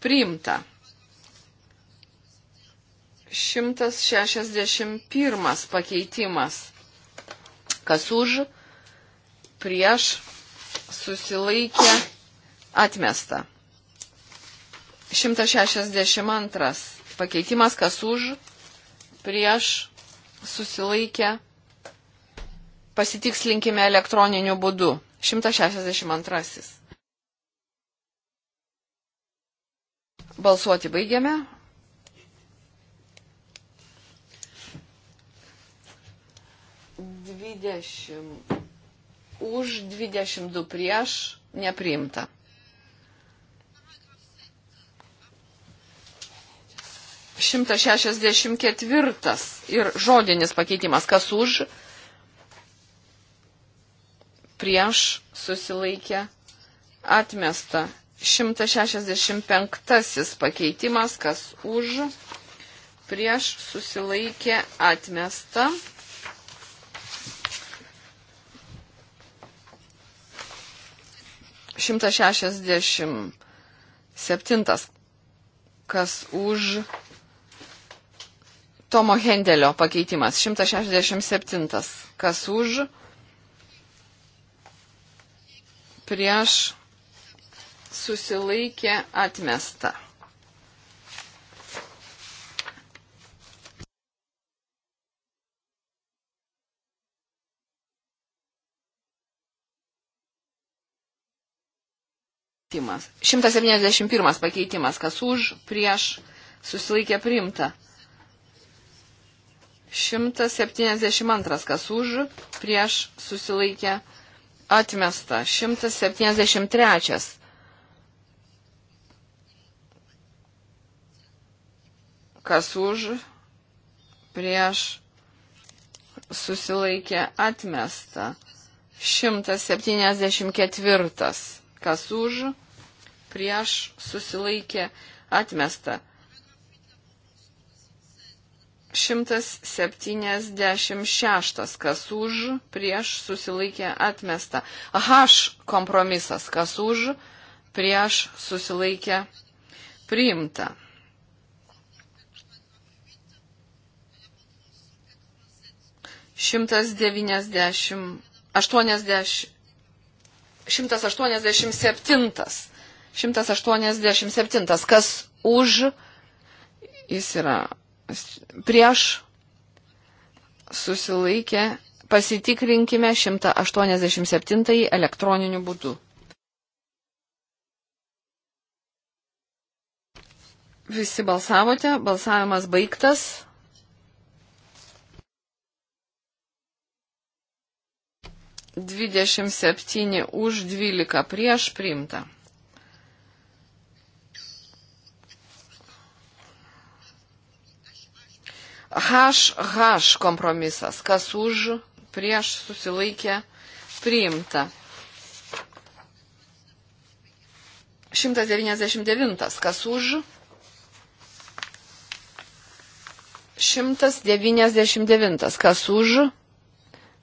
priimta. 161 pakeitimas. Kas už, prieš susilaikė, atmesta. 162 pakeitimas, kas už, prieš, susilaikė, pasitikslinkime elektroniniu būdu. 162. Balsuoti baigiame. Dvidešimt už 22 prieš nepriimta. Šimtas šešiasdešimt ketvirtas ir žodinis pakeitimas, kas už, prieš susilaikė, atmesta. Šimtas šešiasdešimt penktasis pakeitimas, kas už, prieš susilaikė, atmesta. 167. Kas už Tomo Hendelio pakeitimas. 167. Kas už prieš susilaikė atmestą. pakeitimas. 171 pakeitimas, kas už, prieš, susilaikė priimta. 172, kas už, prieš, susilaikė atmesta. 173. Kas už, prieš, susilaikė atmesta. 174. Kas už, prieš susilaikė atmesta. 176, kas už, prieš susilaikė atmesta. H kompromisas, kas už, prieš susilaikė priimta. Šimtas devyniasdešimt, aštuoniasdešimt, šimtas aštuoniasdešimt septintas 187. Kas už, jis yra prieš, susilaikė, pasitikrinkime 187 elektroniniu būdu. Visi balsavote, balsavimas baigtas. Dvidešimt septyni už dvylika prieš priimta. HH kompromisas. Kas už, prieš susilaikė priimta. 199. Kas už? 199. Kas už?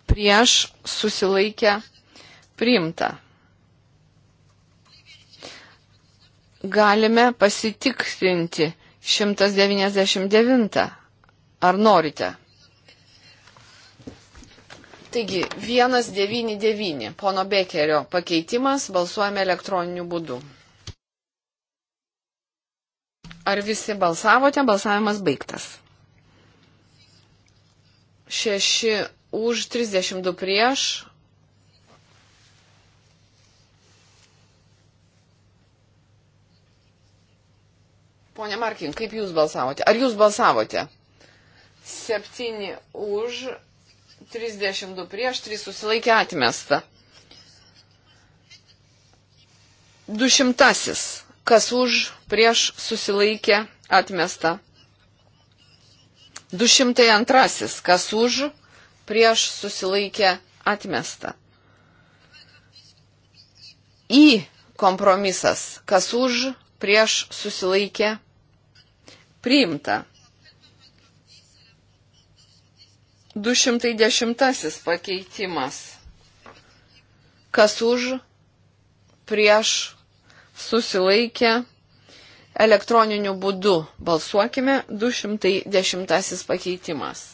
Prieš susilaikę priimta. Galime pasitikrinti 199. Ar norite? Taigi, 199, pono Bekerio pakeitimas, balsuojame elektroniniu būdu. Ar visi balsavote? Balsavimas baigtas. 6 už 32 prieš. Pone Markin, kaip jūs balsavote? Ar jūs balsavote? 7 už, 32 prieš, 3 susilaikė atmesta. Dušimtasis. Kas už, prieš susilaikė atmesta. Dušimtai antrasis. Kas už, prieš susilaikė atmesta. Į kompromisas. Kas už, prieš susilaikė priimta. 210 pakeitimas. Kas už, prieš, susilaikė, elektroniniu būdu balsuokime 210 pakeitimas.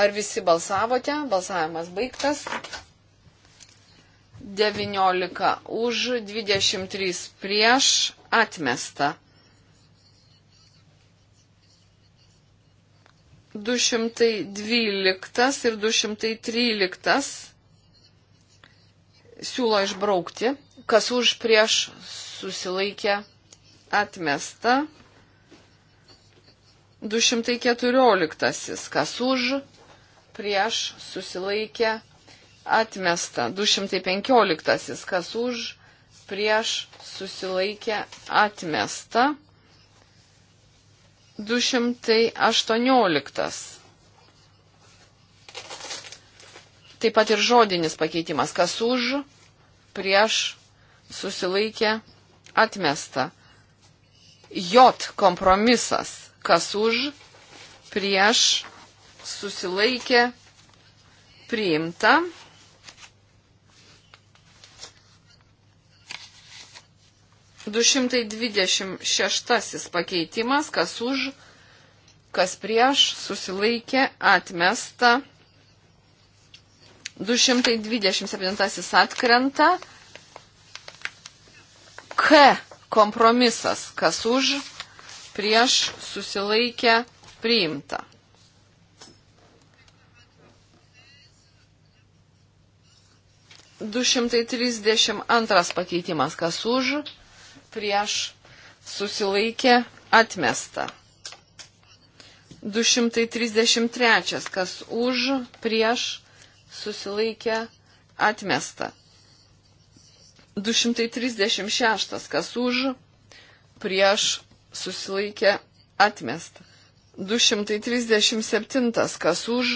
Ar visi balsavote? Balsavimas baigtas. 19 už, 23 prieš, atmesta. 212 ir 213 siūlo išbraukti, kas už prieš susilaikę atmesta. 214, kas už prieš susilaikę atmesta. 215, kas už prieš susilaikę atmesta. 218. Taip pat ir žodinis pakeitimas. Kas už, prieš, susilaikė, atmesta. Jot kompromisas. Kas už, prieš, susilaikė, priimta. 226 pakeitimas, kas už, kas prieš, susilaikė, atmesta. 227 atkrenta. K kompromisas, kas už, prieš, susilaikė, priimta. Du šimtai trisdešimt antras pakeitimas, kas už, prieš susilaikė atmesta. 233, kas už, prieš susilaikė atmesta. 236, kas už, prieš susilaikė atmesta. 237, kas už,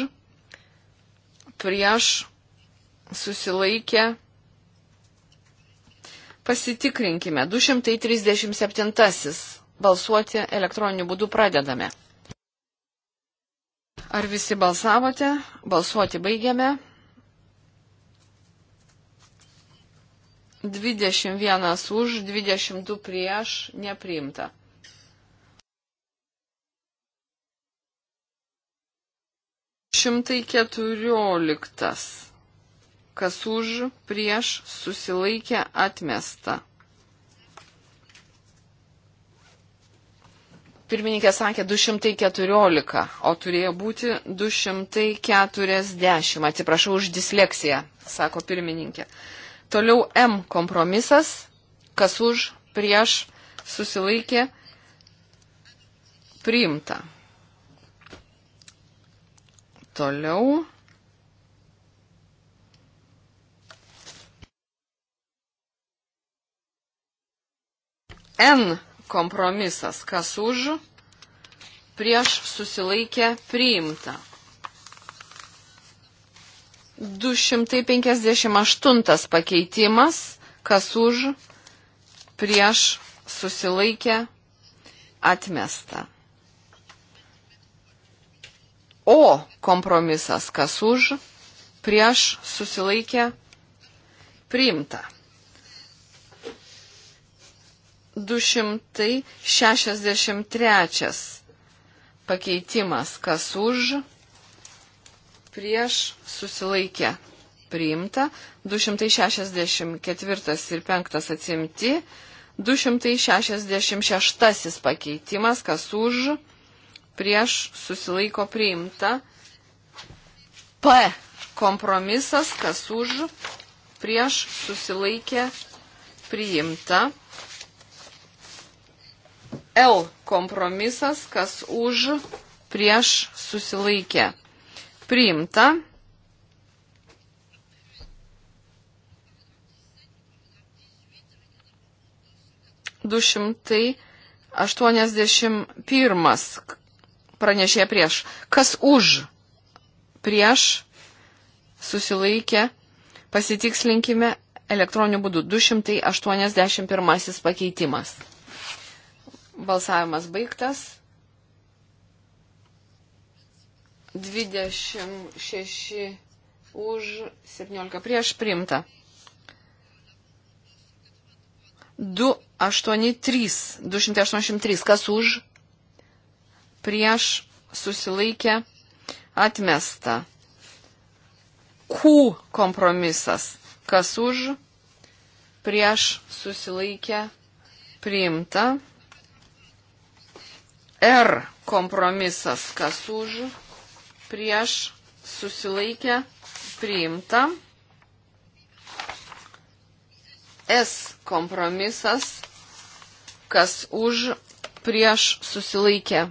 prieš susilaikė atmesta Pasitikrinkime. 237. Balsuoti elektroniniu būdu pradedame. Ar visi balsavote? Balsuoti baigiame. 21 už, 22 prieš, nepriimta. Šimtai keturioliktas kas už, prieš, susilaikę, atmesta. Pirmininkė sakė 214, o turėjo būti 240. Atsiprašau už disleksiją, sako pirmininkė. Toliau M kompromisas, kas už, prieš, susilaikė, priimta. Toliau N kompromisas, kas už, prieš susilaikę priimta. 258 pakeitimas, kas už, prieš susilaikę atmesta. O kompromisas, kas už, prieš susilaikę priimta. 263 pakeitimas, kas už, prieš susilaikė priimta, 264 ir 5 atsimti, 266 pakeitimas, kas už, prieš susilaiko priimta, P kompromisas, kas už, prieš susilaikė priimta. L kompromisas, kas už, prieš, susilaikė. Priimta. Du šimtai aštuoniasdešimt pirmas pranešė prieš. Kas už, prieš, susilaikė. Pasitikslinkime elektroniniu būdu 281 pakeitimas. Balsavimas baigtas. 26 už 17 prieš priimta. 283, 283, kas už, prieš susilaikė, atmesta. Q kompromisas, kas už, prieš susilaikė, priimta. R kompromisas, kas už, prieš, susilaikė, priimta. S kompromisas, kas už, prieš, susilaikė,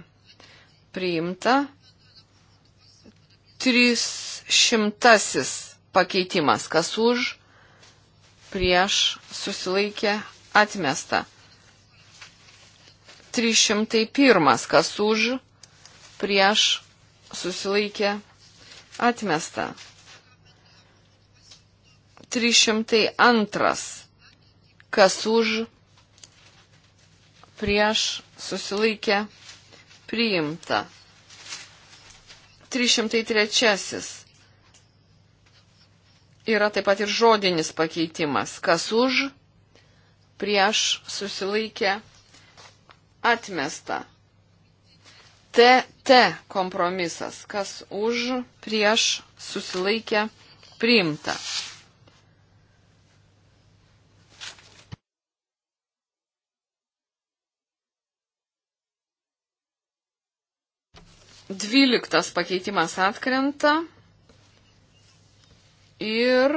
priimta. Tris šimtasis pakeitimas, kas už, prieš, susilaikė, atmesta. 301. Kas už, prieš, susilaikė, atmesta. 302. Kas už, prieš, susilaikė, priimta. 303. Yra taip pat ir žodinis pakeitimas. Kas už, prieš, susilaikė, priimta atmesta. TT kompromisas, kas už, prieš, susilaikė, priimta. Dvyliktas pakeitimas atkrenta ir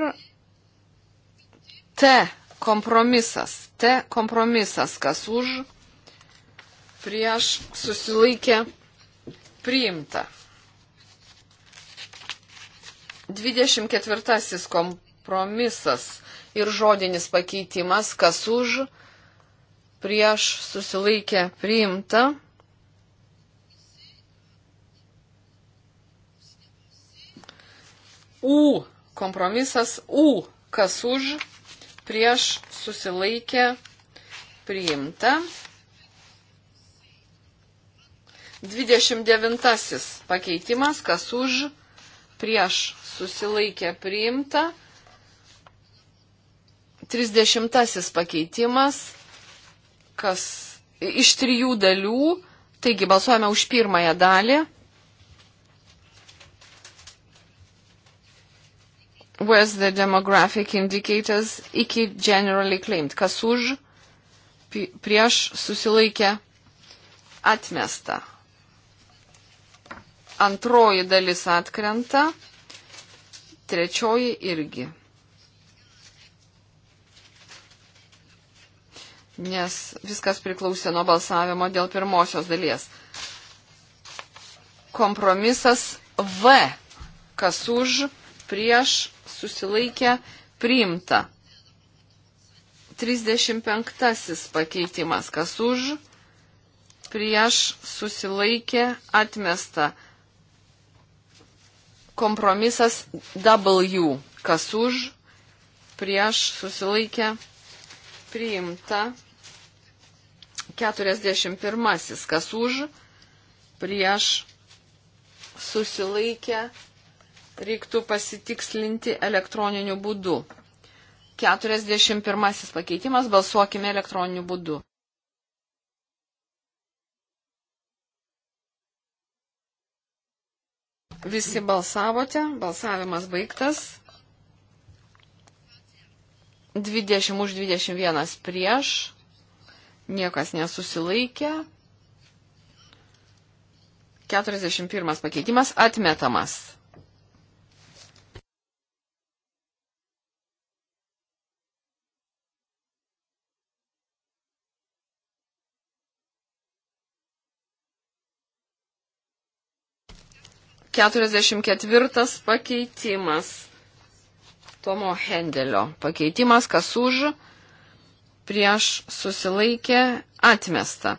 T kompromisas. T kompromisas, kas už, prieš susilaikė priimta. 24 kompromisas ir žodinis pakeitimas, kas už, prieš susilaikė priimta. U kompromisas U, kas už, prieš susilaikė priimta. 29 pakeitimas, kas už, prieš susilaikė priimta. 30 pakeitimas, kas iš trijų dalių, taigi balsuojame už pirmąją dalį. Where's the demographic indicators iki generally claimed? Kas už, prieš susilaikė atmesta. Antroji dalis atkrenta, trečioji irgi. Nes viskas priklausė nuo balsavimo dėl pirmosios dalies. Kompromisas V. Kas už, prieš, susilaikė, priimta. 35 pakeitimas. Kas už, prieš, susilaikė, atmesta. Kompromisas W. Kas už, prieš, susilaikė, priimta. 41. Kas už, prieš, susilaikė, reiktų pasitikslinti elektroniniu būdu. 41 pakeitimas, balsuokime elektroniniu būdu. Visi balsavote, balsavimas baigtas. 20 už 21 prieš, niekas nesusilaikė. 41 pakeitimas atmetamas. 44 pakeitimas. Tomo Hendelio pakeitimas, kas už, prieš susilaikė, atmesta.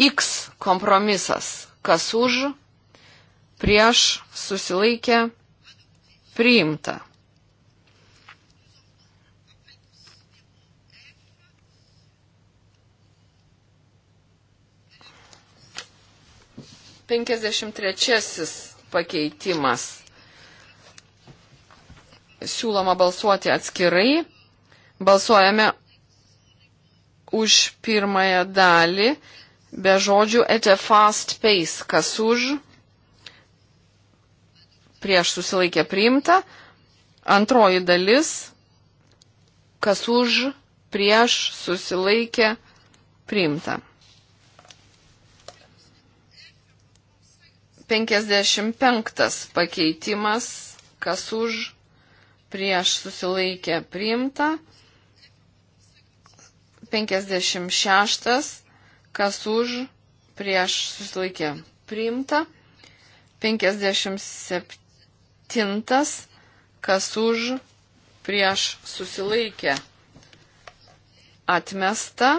X kompromisas, kas už, prieš susilaikė, priimta. 53 pakeitimas. Siūloma balsuoti atskirai. Balsuojame už pirmąją dalį be žodžių at a fast pace, kas už, prieš susilaikė priimta, antroji dalis, kas už, prieš susilaikė priimta. 55 pakeitimas, kas už, prieš susilaikė priimta. 56, kas už, prieš susilaikė priimta. 57, kas už, prieš susilaikė atmesta.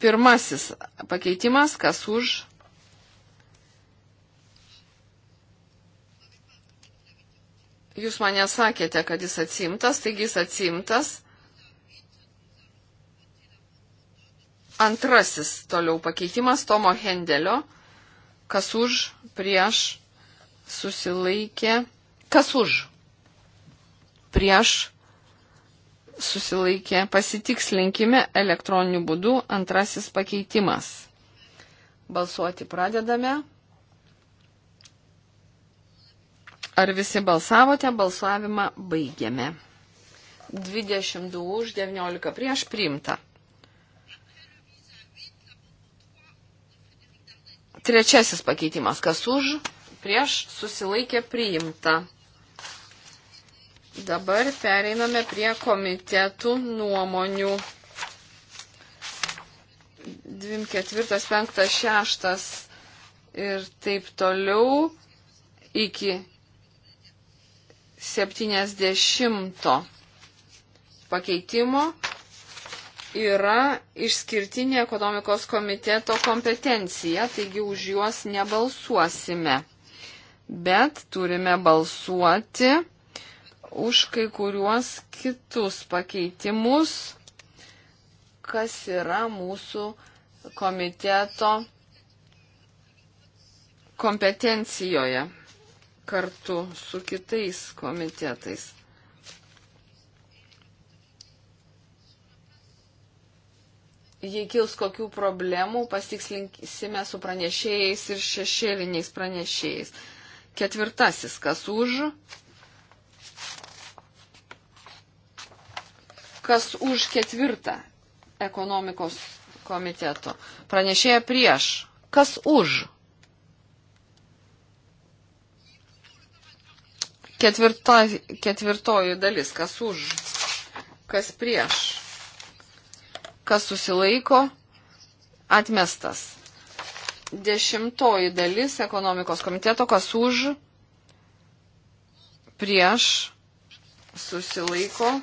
Pirmasis pakeitimas, kas už. Jūs mane sakėte, kad jis atsimtas, taigi jis atsimtas. Antrasis toliau pakeitimas Tomo Hendelio, kas už, prieš, susilaikė, kas už, prieš, susilaikė, pasitikslinkime elektroniniu būdu antrasis pakeitimas. Balsuoti pradedame. Ar visi balsavote? Balsavimą baigiame. 22 už 19 prieš priimta. Trečiasis pakeitimas. Kas už? Prieš susilaikė priimta. Dabar pereiname prie komitetų nuomonių. 2, 4, 5, 6 ir taip toliau iki 70 pakeitimo yra išskirtinė ekonomikos komiteto kompetencija, taigi už juos nebalsuosime. Bet turime balsuoti už kai kuriuos kitus pakeitimus, kas yra mūsų komiteto kompetencijoje kartu su kitais komitetais. jei kils kokių problemų, pasitikslinsime su pranešėjais ir šešėliniais pranešėjais. Ketvirtasis, kas už, kas už ketvirtą ekonomikos komiteto. Pranešėja prieš. Kas už? Ketvirta, ketvirtoji dalis. Kas už? Kas prieš? Kas susilaiko? Atmestas. Dešimtoji dalis ekonomikos komiteto. Kas už? Prieš? Susilaiko?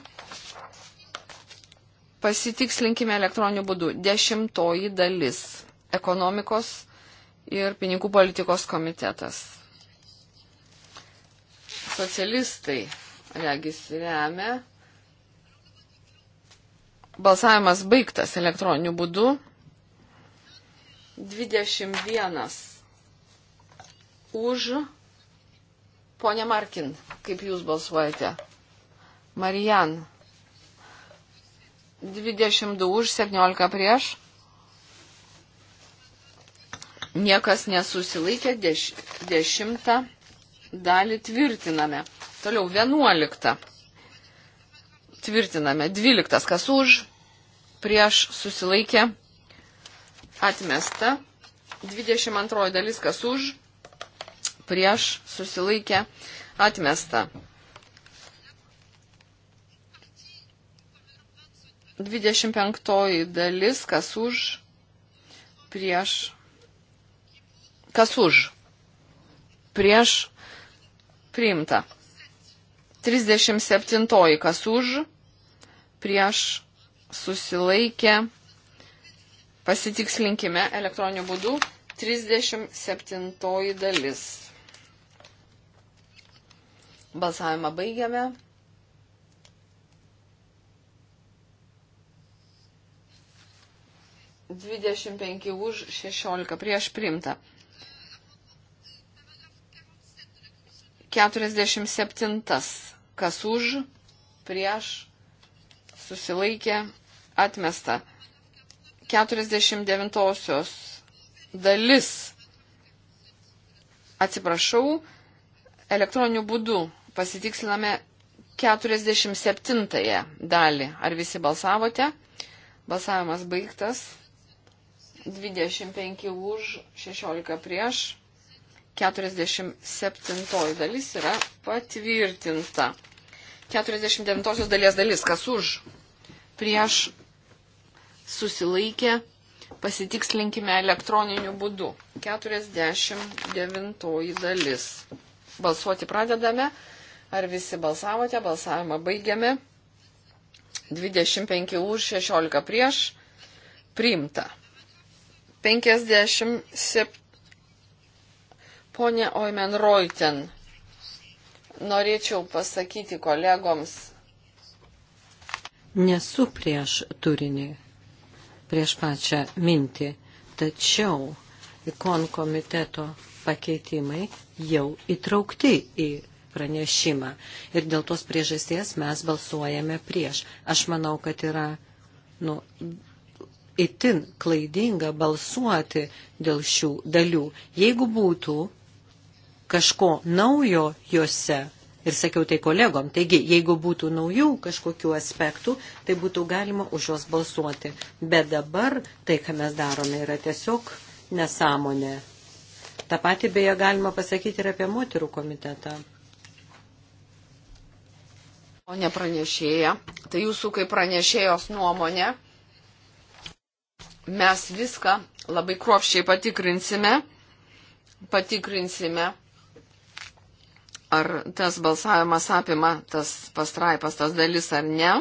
Pasitikslinkime elektroniniu būdu. Dešimtoji dalis. Ekonomikos ir pinigų politikos komitetas. Socialistai, regis, remia. Balsavimas baigtas elektroniniu būdu. 21 už. Pone Markin, kaip jūs balsuojate? Marijan. 22 už 17 prieš. Niekas nesusilaikė. Deš, dešimtą dalį tvirtiname. Toliau 11. Tvirtiname. 12. Kas už? Prieš susilaikė. Atmesta. 22 dalis kas už. Prieš susilaikė. Atmesta. 25 dalis, kas už, prieš, kas už, prieš, priimta. 37 kas už, prieš, susilaikė, pasitikslinkime elektroniniu būdu, 37 dalis. Balsavimą baigiame. 25 už 16 prieš primtą. 47 kas už prieš susilaikė atmesta. 49 dalis. Atsiprašau, elektroniniu būdu pasitiksliname 47 dalį. Ar visi balsavote? Balsavimas baigtas. 25 už, 16 prieš, 47 dalis yra patvirtinta. 49 dalies dalis, kas už, prieš, susilaikė, pasitikslinkime elektroniniu būdu. 49 dalis. Balsuoti pradedame. Ar visi balsavote? Balsavimą baigiame. 25 už, 16 prieš. Priimta. 57. Pone Oimenroiten, norėčiau pasakyti kolegoms. Nesu prieš turinį, prieš pačią mintį, tačiau ikon komiteto pakeitimai jau įtraukti į pranešimą. Ir dėl tos priežasties mes balsuojame prieš. Aš manau, kad yra nu, itin klaidinga balsuoti dėl šių dalių. Jeigu būtų kažko naujo juose, ir sakiau tai kolegom, taigi jeigu būtų naujų kažkokių aspektų, tai būtų galima už juos balsuoti. Bet dabar tai, ką mes darome, yra tiesiog nesąmonė. Ta pati beje galima pasakyti ir apie moterų komitetą. O ne pranešėja. Tai jūsų kaip pranešėjos nuomonė Mes viską labai kruopščiai patikrinsime, patikrinsime, ar tas balsavimas apima tas pastraipas, tas dalis ar ne.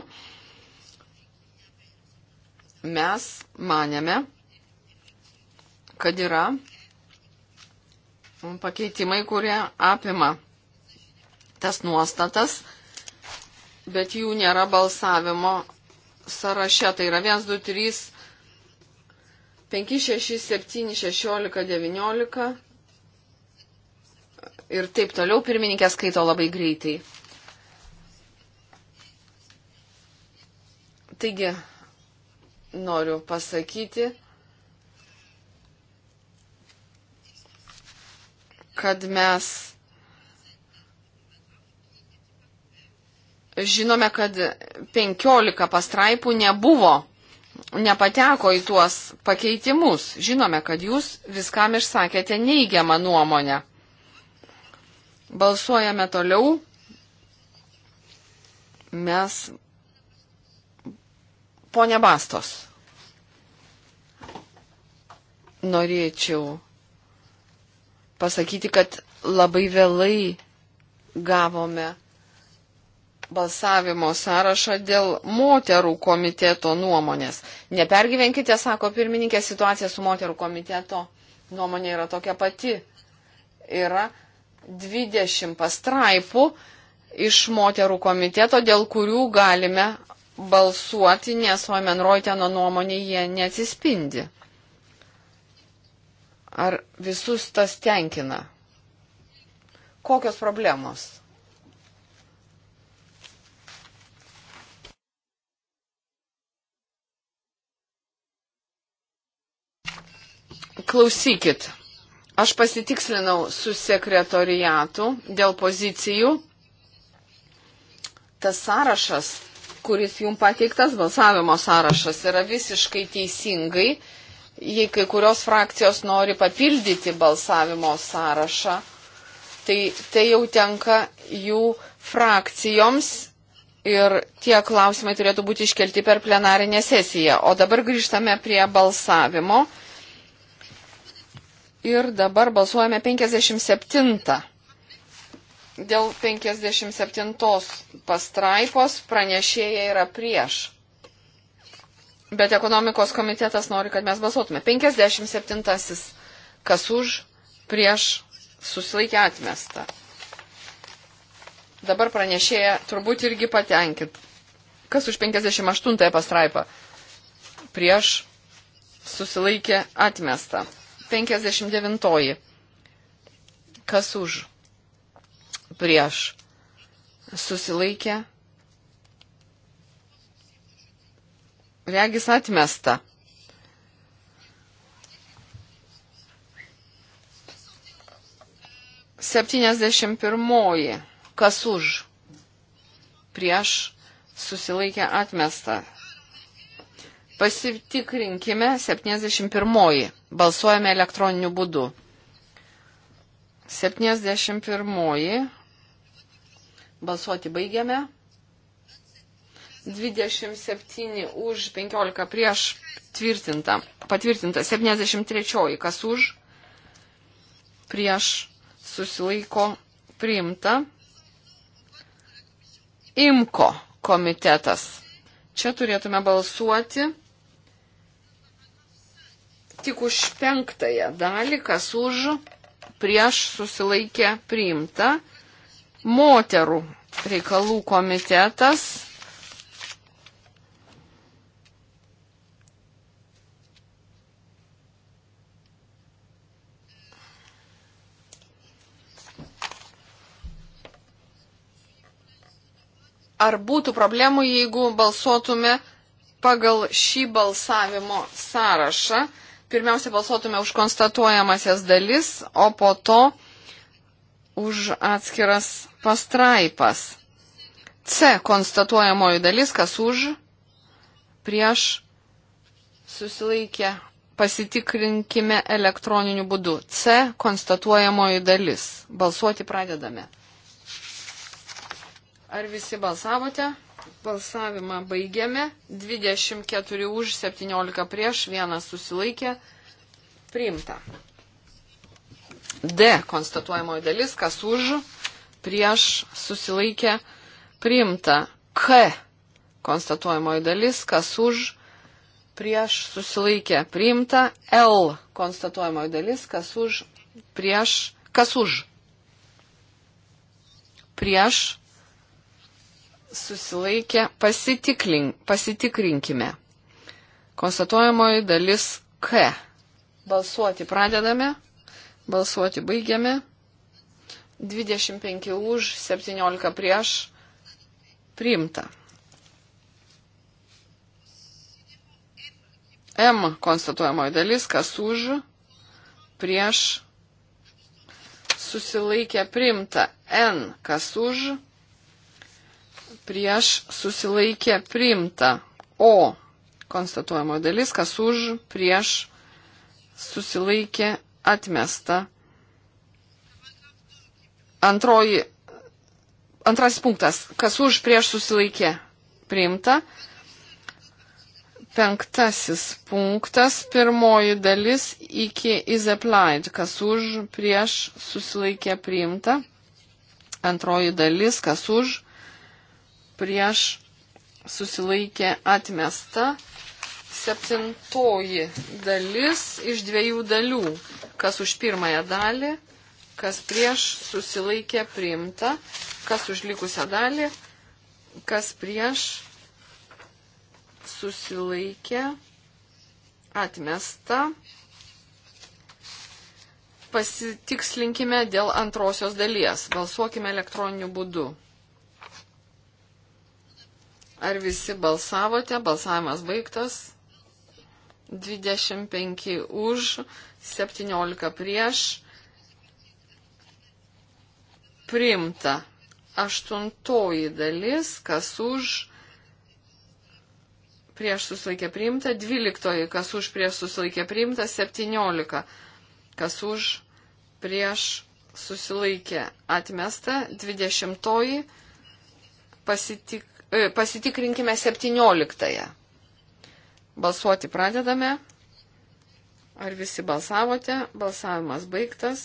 Mes manėme, kad yra pakeitimai, kurie apima tas nuostatas, bet jų nėra balsavimo sąraše. Tai yra 1, 2, 3, 5, 6, 7, 16, 19 ir taip toliau pirmininkė skaito labai greitai. Taigi, noriu pasakyti, kad mes žinome, kad 15 pastraipų nebuvo nepateko į tuos pakeitimus. Žinome, kad jūs viskam išsakėte neigiamą nuomonę. Balsuojame toliau. Mes. Pone Bastos. Norėčiau pasakyti, kad labai vėlai gavome balsavimo sąrašą dėl moterų komiteto nuomonės. Nepergyvenkite, sako pirmininkė, situacija su moterų komiteto nuomonė yra tokia pati. Yra 20 pastraipų iš moterų komiteto, dėl kurių galime balsuoti, nes Oimenroiteno nuomonė jie neatsispindi. Ar visus tas tenkina? Kokios problemos? klausykit, aš pasitikslinau su sekretoriatu dėl pozicijų. Tas sąrašas, kuris jums pateiktas, balsavimo sąrašas, yra visiškai teisingai. Jei kai kurios frakcijos nori papildyti balsavimo sąrašą, tai tai jau tenka jų frakcijoms ir tie klausimai turėtų būti iškelti per plenarinę sesiją. O dabar grįžtame prie balsavimo. Ir dabar balsuojame 57. Dėl 57 pastraipos pranešėja yra prieš. Bet ekonomikos komitetas nori, kad mes balsuotume. 57. Kas už, prieš, susilaikė atmestą. Dabar pranešėja turbūt irgi patenkit. Kas už 58 pastraipą? Prieš, susilaikė atmestą. 59. Kas už? Prieš. Susilaikė. Regis atmesta. 71. Kas už? Prieš susilaikė atmesta. Pasitikrinkime 71. Balsuojame elektroniniu būdu. 71. Balsuoti baigiame. 27 už, 15 prieš, tvirtinta, patvirtinta. 73. Kas už, prieš, susilaiko, priimta. Imko komitetas. Čia turėtume balsuoti tik už penktąją dalį, kas už prieš susilaikė priimta. Moterų reikalų komitetas. Ar būtų problemų, jeigu balsuotume pagal šį balsavimo sąrašą? pirmiausia balsuotume už konstatuojamasias dalis, o po to už atskiras pastraipas. C konstatuojamoji dalis, kas už, prieš susilaikę pasitikrinkime elektroniniu būdu. C konstatuojamoji dalis. Balsuoti pradedame. Ar visi balsavote? Balsavimą baigiame. 24 už, 17 prieš, vienas susilaikė. Priimta. D konstatuojamoji dalis, kas už, prieš, susilaikė. Priimta. K konstatuojamoji dalis, kas už, prieš, susilaikė. Priimta. L konstatuojamoji dalis, kas už, prieš, kas už. Prieš, susilaikė, pasitikrinkime. Konstatuojamoji dalis K. Balsuoti pradedame, balsuoti baigiame. 25 už, 17 prieš. Priimta. M konstatuojamoji dalis, kas už, prieš, susilaikė priimta. N kas už, prieš susilaikė priimta. O konstatuojamo dalis, kas už, prieš susilaikė atmesta. Antroji, antrasis punktas, kas už, prieš susilaikė priimta. Penktasis punktas, pirmoji dalis iki is applied, kas už, prieš susilaikė priimta. Antroji dalis, kas už, prieš susilaikė atmesta. Septintoji dalis iš dviejų dalių. Kas už pirmąją dalį, kas prieš susilaikė priimta, kas už likusią dalį, kas prieš susilaikė atmesta. Pasitikslinkime dėl antrosios dalies. Balsuokime elektroniniu būdu. Ar visi balsavote? Balsavimas baigtas. 25 už, 17 prieš. Primta. Aštuntoji dalis, kas už, prieš susilaikė priimta. Dvyliktoji, kas už, prieš susilaikė priimta. Septyniolika, kas už, prieš susilaikė atmesta. Dvidešimtoji, pasitik E, pasitikrinkime 17. Balsuoti pradedame. Ar visi balsavote? Balsavimas baigtas.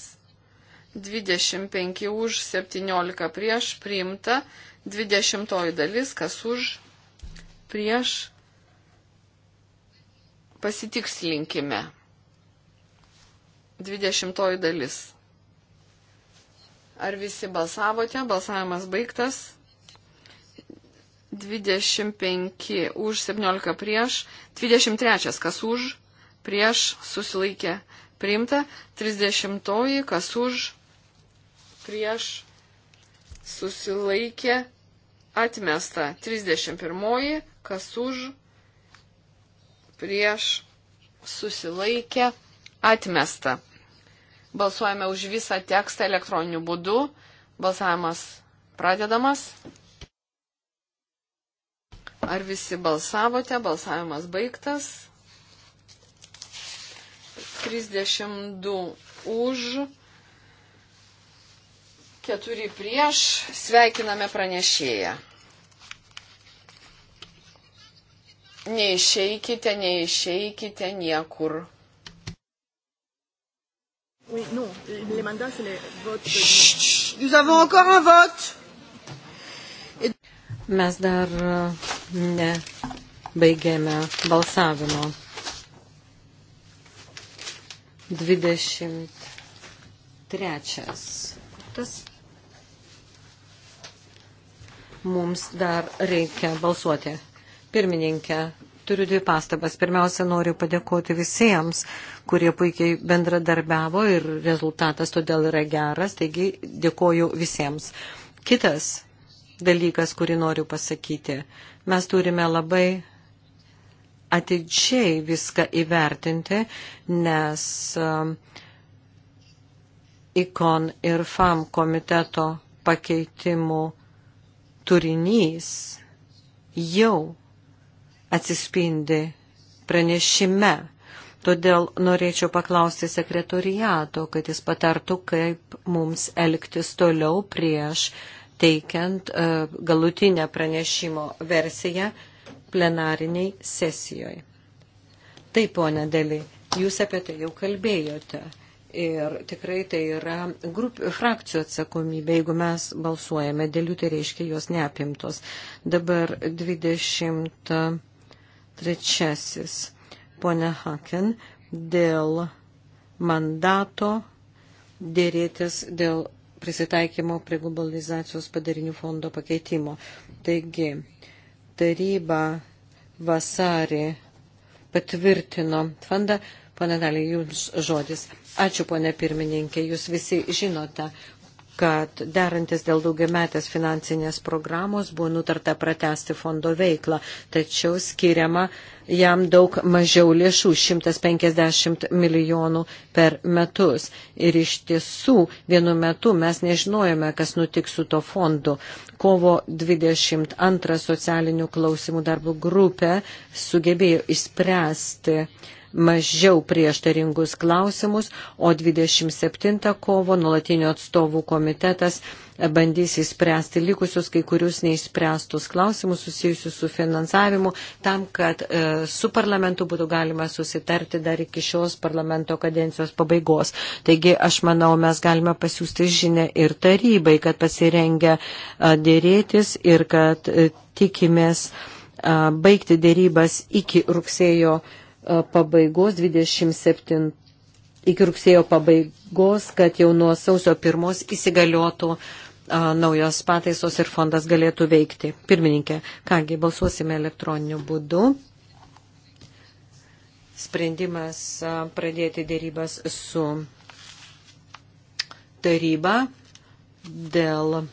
25 už, 17 prieš, priimta. 20 dalis, kas už, prieš. Pasitikslinkime. 20 dalis. Ar visi balsavote? Balsavimas baigtas. 25 už 17 prieš, 23 kas už, prieš susilaikė priimta, 30 kas už, prieš susilaikė atmesta, 31 kas už, prieš susilaikė atmesta. Balsuojame už visą tekstą elektroniniu būdu. Balsavimas pradedamas. Ar visi balsavote? Balsavimas baigtas. 32 už, 4 prieš. Sveikiname pranešėją. Neišeikite, neišeikite niekur. Oui, non, les mandats, c'est les votes. Chut, nous avons encore un vote. Et... Mes dar Nebaigėme balsavimo. 23. Tas mums dar reikia balsuoti. Pirmininkė, turiu dvi pastabas. Pirmiausia, noriu padėkoti visiems, kurie puikiai bendradarbiavo ir rezultatas todėl yra geras, taigi dėkoju visiems. Kitas dalykas, kurį noriu pasakyti. Mes turime labai atidžiai viską įvertinti, nes ikon um, ir FAM komiteto pakeitimų turinys jau atsispindi pranešime. Todėl norėčiau paklausti sekretoriato, kad jis patartų, kaip mums elgtis toliau prieš uh, teikiant e, galutinę pranešimo versiją plenariniai sesijoje. Taip, ponia Deli, jūs apie tai jau kalbėjote. Ir tikrai tai yra grup, frakcijų atsakomybė. Jeigu mes balsuojame dėl jų, tai reiškia jos neapimtos. Dabar 23. Pone Haken, dėl mandato dėrėtis dėl prisitaikymo prie globalizacijos padarinių fondo pakeitimo. Taigi, taryba vasarį patvirtino fondą. Pane Dalį, jums žodis. Ačiū, ponė pirmininkė. Jūs visi žinote, kad derantis dėl daugiametės finansinės programos buvo nutarta pratesti fondo veiklą, tačiau skiriama jam daug mažiau lėšų - 150 milijonų per metus. Ir iš tiesų vienu metu mes nežinojame, kas nutiks su to fondu. Kovo 22 socialinių klausimų darbo grupė sugebėjo išspręsti uh, mažiau prieštaringus klausimus, o 27 kovo nuolatinio atstovų komitetas bandys įspręsti likusius kai kurius neįspręstus klausimus susijusius su finansavimu, tam, kad e, su parlamentu būtų galima susitarti dar iki šios parlamento kadencijos pabaigos. Taigi, aš manau, mes galime pasiūsti žinę ir tarybai, kad pasirengę e, dėrėtis ir kad e, tikimės e, baigti dėrybas iki rugsėjo E, pabaigos 27 iki rugsėjo pabaigos, kad jau nuo sausio pirmos įsigaliotų a, e, naujos pataisos ir fondas galėtų veikti. Pirmininkė, kągi, balsuosime elektroniniu būdu. Sprendimas a, e, pradėti dėrybas su taryba dėl a,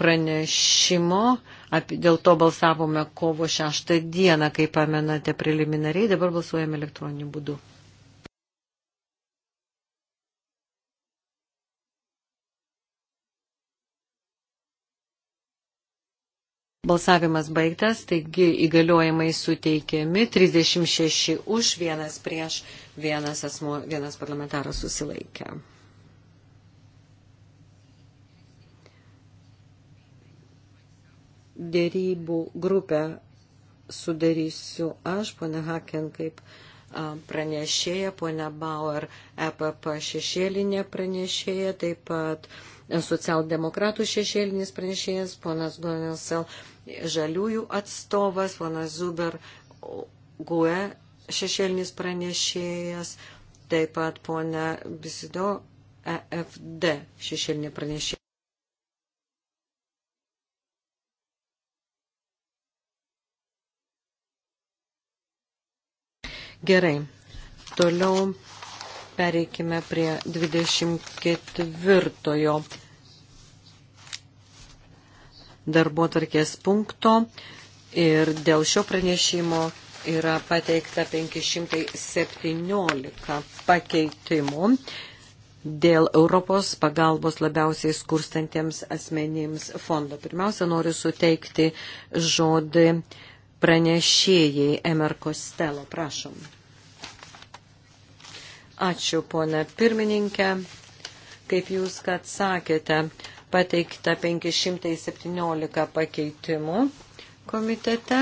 pranešimo Apie, dėl to balsavome kovo 6 dieną, kaip pamenate preliminariai, dabar balsuojame elektroniniu būdu. Balsavimas baigtas, taigi įgaliojimai suteikiami 36 už, vienas prieš, vienas, asmo, vienas parlamentaras susilaikė. dėrybų grupę sudarysiu aš, pana Haken, kaip pranešėja, pana Bauer, EPP šešėlinė pranešėja, taip pat socialdemokratų šešėlinis pranešėjas, ponas Gonelsel, žaliųjų atstovas, ponas Zuber, GUE šešėlinis pranešėjas, taip pat pona Bisido, EFD šešėlinė pranešėja. Gerai, toliau pereikime prie 24 darbo tarkės punkto ir dėl šio pranešimo yra pateikta 517 pakeitimų dėl Europos pagalbos labiausiai skurstantiems asmenims fondo. Pirmiausia, noriu suteikti žodį pranešėjai Emer Kostelo. Prašom. Ačiū, pona pirmininkė. Kaip jūs, kad sakėte, pateikta 517 pakeitimų komitete.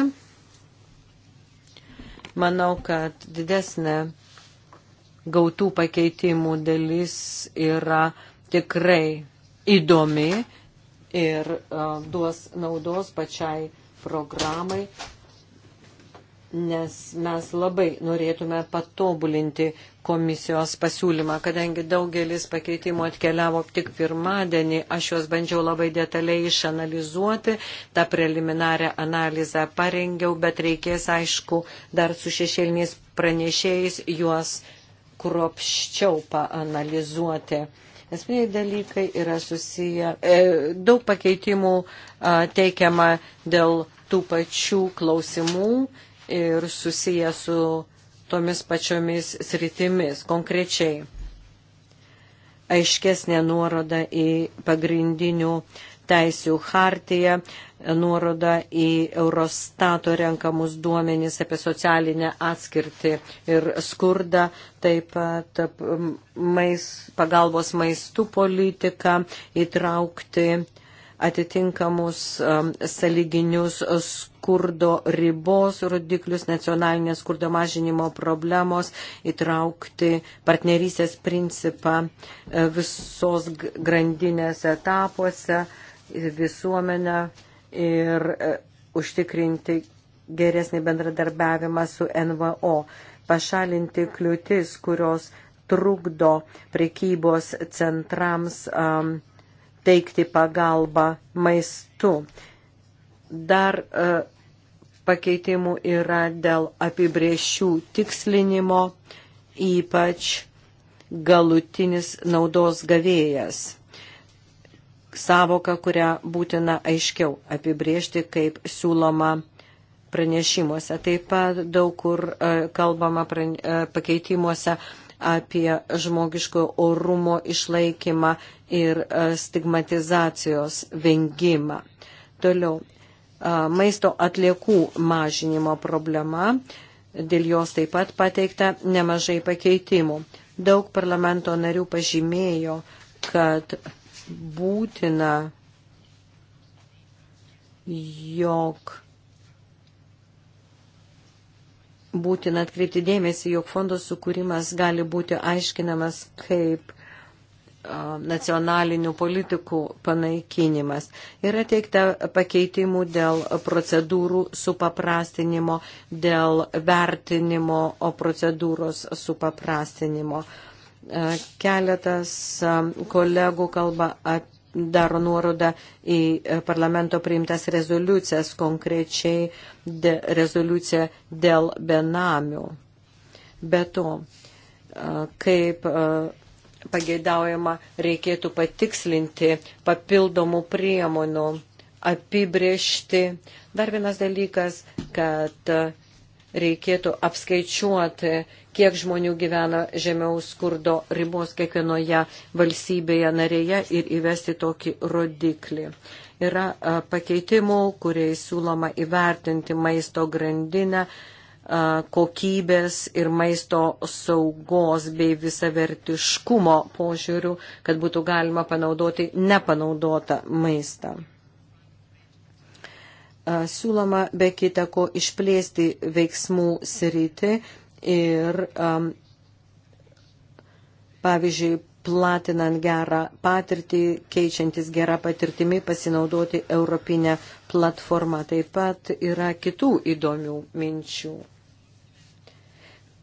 Manau, kad didesnė gautų pakeitimų dalis yra tikrai įdomi ir uh, duos naudos pačiai programai nes mes labai norėtume patobulinti komisijos pasiūlymą, kadangi daugelis pakeitimų atkeliavo tik pirmadienį, aš juos bandžiau labai detaliai išanalizuoti, tą preliminarią analizą parengiau, bet reikės, aišku, dar su šešėliniais pranešėjais juos kropščiau paanalizuoti. Esminiai dalykai yra susiję, e, daug pakeitimų e, teikiama dėl tų pačių klausimų ir susiję su tomis pačiomis sritimis konkrečiai. Aiškesnė nuoroda į pagrindinių teisių hartiją, nuoroda į Eurostato renkamus duomenys apie socialinę atskirtį ir skurdą, taip pat mais, pagalbos maistų politiką įtraukti atitinkamus um, saliginius skurdo ribos rodiklius, nacionalinės skurdo mažinimo problemos, įtraukti partnerysės principą e, visos grandinės etapuose e, visuomenę ir e, užtikrinti geresnį bendradarbiavimą su NVO, pašalinti kliūtis, kurios trukdo prekybos centrams um, teikti pagalbą maistu. Dar e, pakeitimų yra dėl apibriešių tikslinimo, ypač galutinis naudos gavėjas. Savoka, kurią būtina aiškiau apibriežti, kaip siūloma pranešimuose. Taip pat daug kur e, kalbama e, pakeitimuose apie žmogiško orumo išlaikymą ir e, stigmatizacijos vengimą. Toliau, e, maisto atliekų mažinimo problema, dėl jos taip pat pateikta nemažai pakeitimų. Daug parlamento narių pažymėjo, kad būtina, jog būtina atkreipti dėmesį, jog fondo sukūrimas gali būti aiškinamas kaip nacionalinių politikų panaikinimas. Yra teikta pakeitimų dėl procedūrų supaprastinimo, dėl vertinimo, o procedūros supaprastinimo. Keletas kolegų kalba apie daro nuorodą į e, parlamento priimtas rezoliucijas, konkrečiai de, rezoliuciją dėl benamių. Be to, e, kaip e, pageidaujama, reikėtų patikslinti papildomų priemonų, apibriežti. Dar vienas dalykas, kad reikėtų apskaičiuoti, kiek žmonių gyvena žemiau skurdo ribos kiekvienoje valstybėje narėje ir įvesti tokį rodiklį. Yra pakeitimų, kuriais siūloma įvertinti maisto grandinę, kokybės ir maisto saugos bei visavertiškumo požiūrių, kad būtų galima panaudoti nepanaudotą maistą siūloma be kitako išplėsti veiksmų sritį ir, pavyzdžiui, platinant gerą patirtį, keičiantis gerą patirtimį, pasinaudoti Europinę platformą. Taip pat yra kitų įdomių minčių.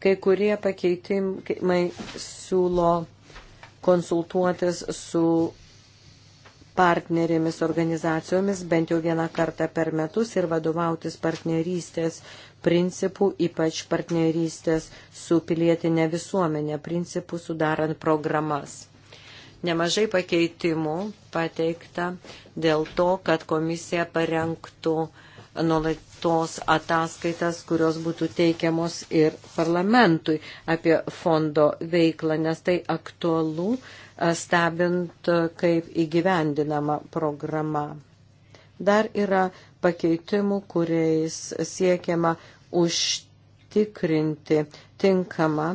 Kai kurie pakeitimai siūlo konsultuotis su partnerėmis organizacijomis bent jau vieną kartą per metus ir vadovautis partnerystės principų, ypač partnerystės su pilietinė visuomenė principų sudarant programas. Nemažai pakeitimų pateikta dėl to, kad komisija parengtų nuolatos ataskaitas, kurios būtų teikiamos ir parlamentui apie fondo veiklą, nes tai aktualu uh, stebint, kaip įgyvendinama programa. Dar yra pakeitimų, kuriais siekiama užtikrinti tinkamą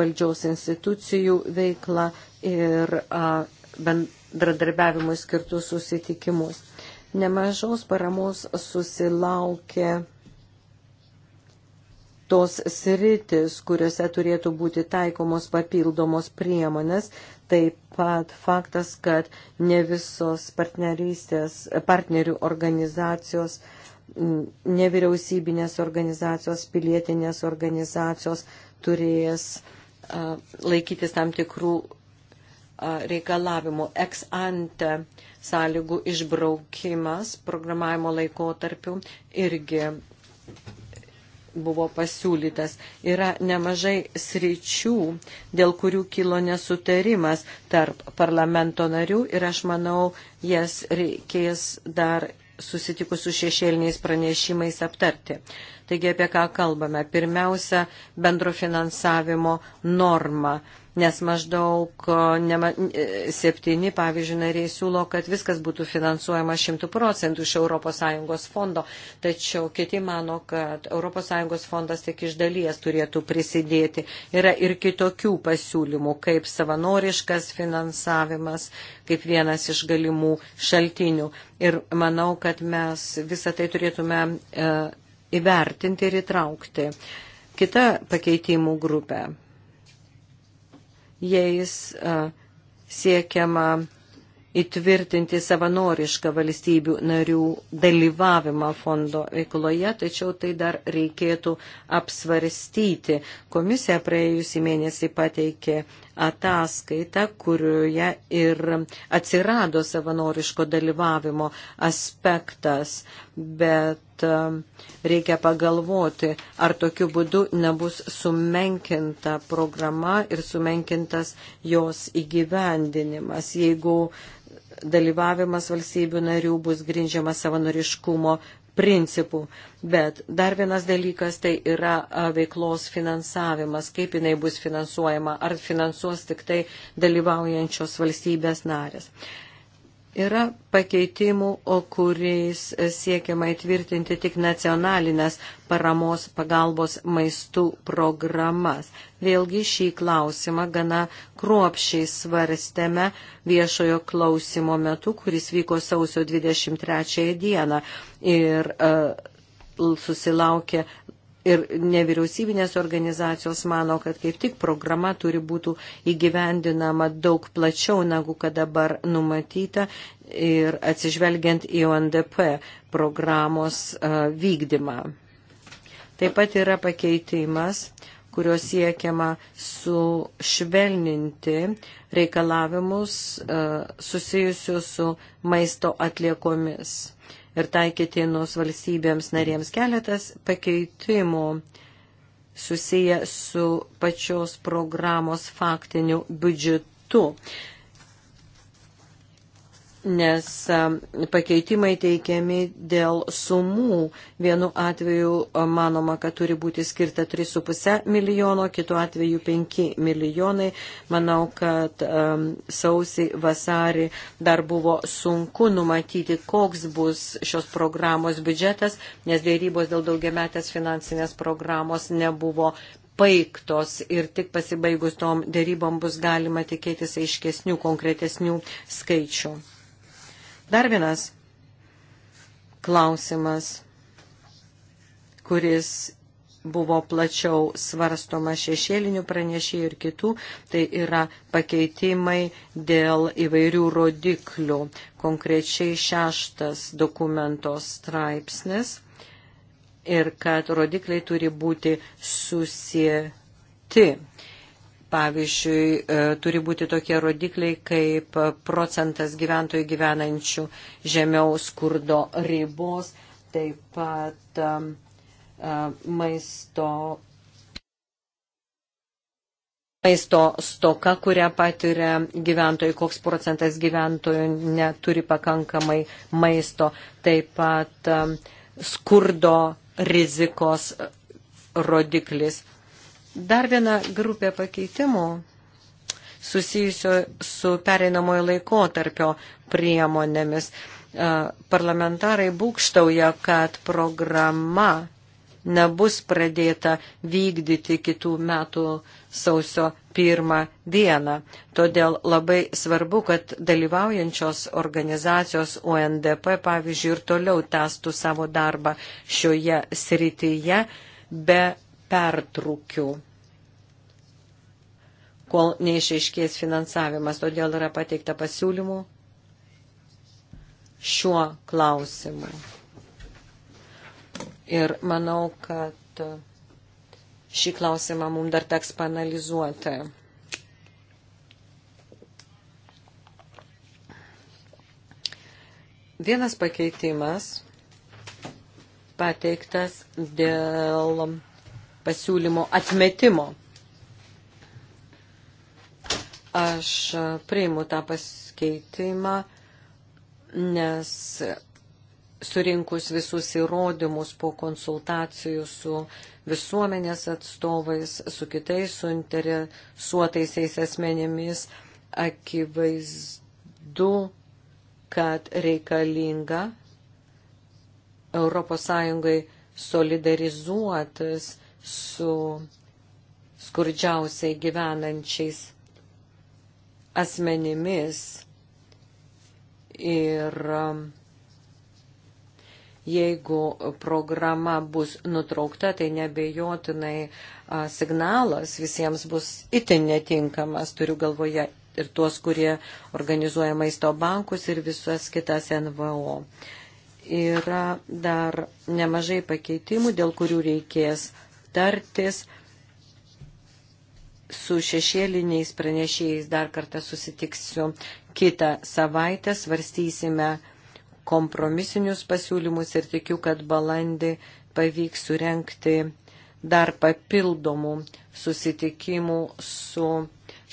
valdžiaus institucijų veiklą ir bendradarbiavimui skirtus susitikimus. Nemažos paramos susilaukė tos sritis, kuriuose turėtų būti taikomos papildomos priemonės, taip pat faktas, kad ne visos partnerių organizacijos, nevyriausybinės organizacijos, pilietinės organizacijos turės a, laikytis tam tikrų reikalavimų. Ex ante sąlygų išbraukimas programavimo laikotarpiu irgi buvo pasiūlytas. Yra nemažai sričių, dėl kurių kilo nesutarimas tarp parlamento narių ir aš manau, jas reikės dar susitikus su šešėliniais pranešimais aptarti. Taigi apie ką kalbame? Pirmiausia, bendro finansavimo norma nes maždaug nema, e, septyni, pavyzdžiui, nariai siūlo, kad viskas būtų finansuojama 100 procentų iš ES fondo, tačiau kiti mano, kad ES fondas tik iš dalies turėtų prisidėti. Yra ir kitokių pasiūlymų, kaip savanoriškas finansavimas, kaip vienas iš galimų šaltinių. Ir manau, kad mes visą tai turėtume e, įvertinti ir įtraukti. Kita pakeitimų grupė jais siekiama įtvirtinti savanorišką valstybių narių dalyvavimą fondo veikloje, tačiau tai dar reikėtų apsvarstyti. Komisija praėjusį mėnesį pateikė ataskaitą, kurioje ir atsirado savanoriško dalyvavimo aspektas, bet um, reikia pagalvoti, ar tokiu būdu nebus sumenkinta programa ir sumenkintas jos įgyvendinimas. Jeigu dalyvavimas valstybių narių bus grindžiamas savanoriškumo principų. Bet dar vienas dalykas tai yra veiklos finansavimas, kaip jinai bus finansuojama, ar finansuos tik tai dalyvaujančios valstybės narės. Yra pakeitimų, o kuriais siekiama įtvirtinti tik nacionalinės paramos pagalbos maistų programas. Vėlgi šį klausimą gana kruopšiai svarstėme viešojo klausimo metu, kuris vyko sausio 23 dieną. Ir, uh, susilaukė ir nevyriausybinės organizacijos mano, kad kaip tik programa turi būti įgyvendinama daug plačiau negu kad dabar numatyta ir atsižvelgiant į ONDP programos e, vykdymą. Taip pat yra pakeitimas, kuriuo siekiama sušvelninti reikalavimus e, susijusius su maisto atliekomis ir taikytinus valstybėms narėms keletas pakeitimų susiję su pačios programos faktiniu biudžetu nes um, pakeitimai teikiami dėl sumų. Vienu atveju um, manoma, kad turi būti skirta 3,5 milijono, kitu atveju 5 milijonai. Manau, kad um, sausį, vasarį dar buvo sunku numatyti, koks bus šios programos biudžetas, nes dėrybos dėl daugiametės finansinės programos nebuvo paiktos ir tik pasibaigus tom dėrybom bus galima tikėtis aiškesnių, konkretesnių skaičių. Dar vienas klausimas, kuris buvo plačiau svarstoma šešėlinių pranešėjų ir kitų, tai yra pakeitimai dėl įvairių rodiklių. Konkrečiai šeštas dokumento straipsnis ir kad rodikliai turi būti susieti Pavyzdžiui, e, turi būti tokie rodikliai, kaip procentas gyventojų gyvenančių žemiau skurdo ribos, taip pat e, e, maisto, maisto stoka, kurią patiria gyventojai, koks procentas gyventojų neturi pakankamai maisto, taip pat skurdo rizikos rodiklis Dar viena grupė pakeitimų susijusio su pereinamojo laikotarpio priemonėmis. Parlamentarai būkštauja, kad programa nebus pradėta vykdyti kitų metų sausio pirmą dieną. Todėl labai svarbu, kad dalyvaujančios organizacijos UNDP, pavyzdžiui, ir toliau testų savo darbą šioje srityje be pertrūkių kol neišaiškės finansavimas. Todėl yra pateikta pasiūlymų šiuo klausimu. Ir manau, kad šį klausimą mums dar teks panalizuoti. Vienas pakeitimas pateiktas dėl pasiūlymo atmetimo Aš e, priimu tą pasikeitimą, nes surinkus visus įrodymus po konsultacijų su visuomenės atstovais, su kitais suinteresuotaisiais asmenėmis, akivaizdu, kad reikalinga ES solidarizuotis su skurdžiausiai gyvenančiais asmenimis ir um, jeigu programa bus nutraukta, tai nebejotinai signalas visiems bus itin netinkamas, turiu galvoje ir tuos, kurie organizuoja maisto bankus ir visas kitas NVO. Yra dar nemažai pakeitimų, dėl kurių reikės tartis su šešėliniais pranešėjais dar kartą susitiksiu kitą savaitę, svarstysime kompromisinius pasiūlymus ir tikiu, kad balandį pavyks surenkti dar papildomų susitikimų su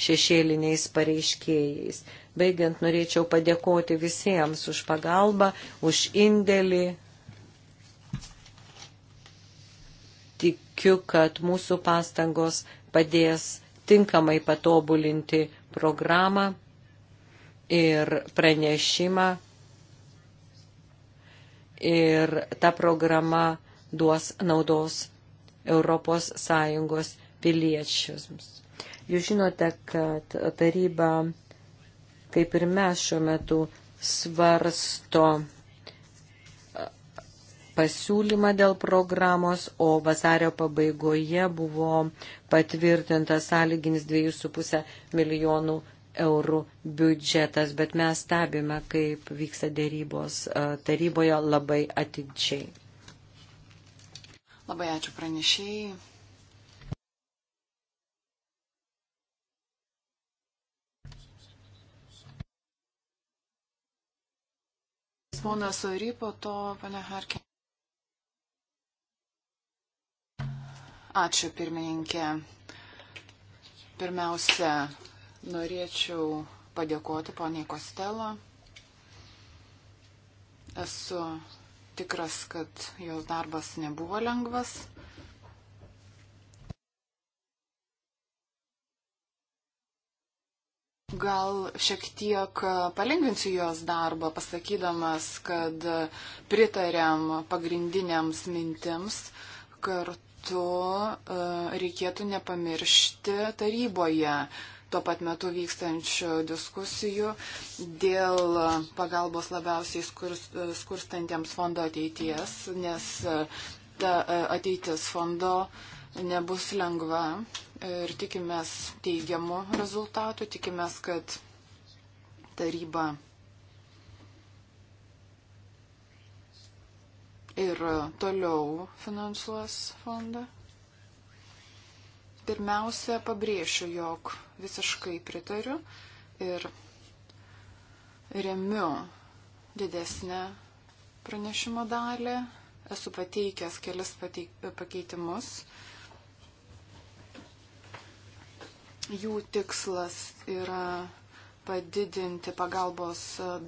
šešėliniais pareiškėjais. Baigiant, norėčiau padėkoti visiems už pagalbą, už indėlį, tikiu, kad mūsų pastangos padės tinkamai patobulinti programą ir pranešimą. Ir ta programa duos naudos Europos Sąjungos piliečiams. Jūs žinote, kad taryba, kaip ir mes šiuo metu, svarsto pasiūlymą dėl programos, o vasario pabaigoje buvo patvirtintas sąlyginis 2,5 milijonų eurų biudžetas, bet mes stebime, kaip vyksta dėrybos e, taryboje labai atidžiai. Labai ačiū pranešėjai. Ponas Ory, po to pane Harkė. Ačiū pirmininkė. Pirmiausia, norėčiau padėkoti poniai Kostelo. Esu tikras, kad jos darbas nebuvo lengvas. Gal šiek tiek palengvinsiu jos darbą, pasakydamas, kad pritariam pagrindiniams mintims, kartu metu e, reikėtų nepamiršti taryboje tuo pat metu vykstančių diskusijų dėl pagalbos labiausiai e, skurstantiems fondo ateities, nes e, ta ateitis fondo nebus lengva ir tikimės teigiamų rezultatų, tikimės, kad taryba ir toliau finansuos fondą. Pirmiausia, pabrėšiu, jog visiškai pritariu ir remiu didesnę pranešimo dalį. Esu pateikęs kelis pateik, pakeitimus. Jų tikslas yra padidinti pagalbos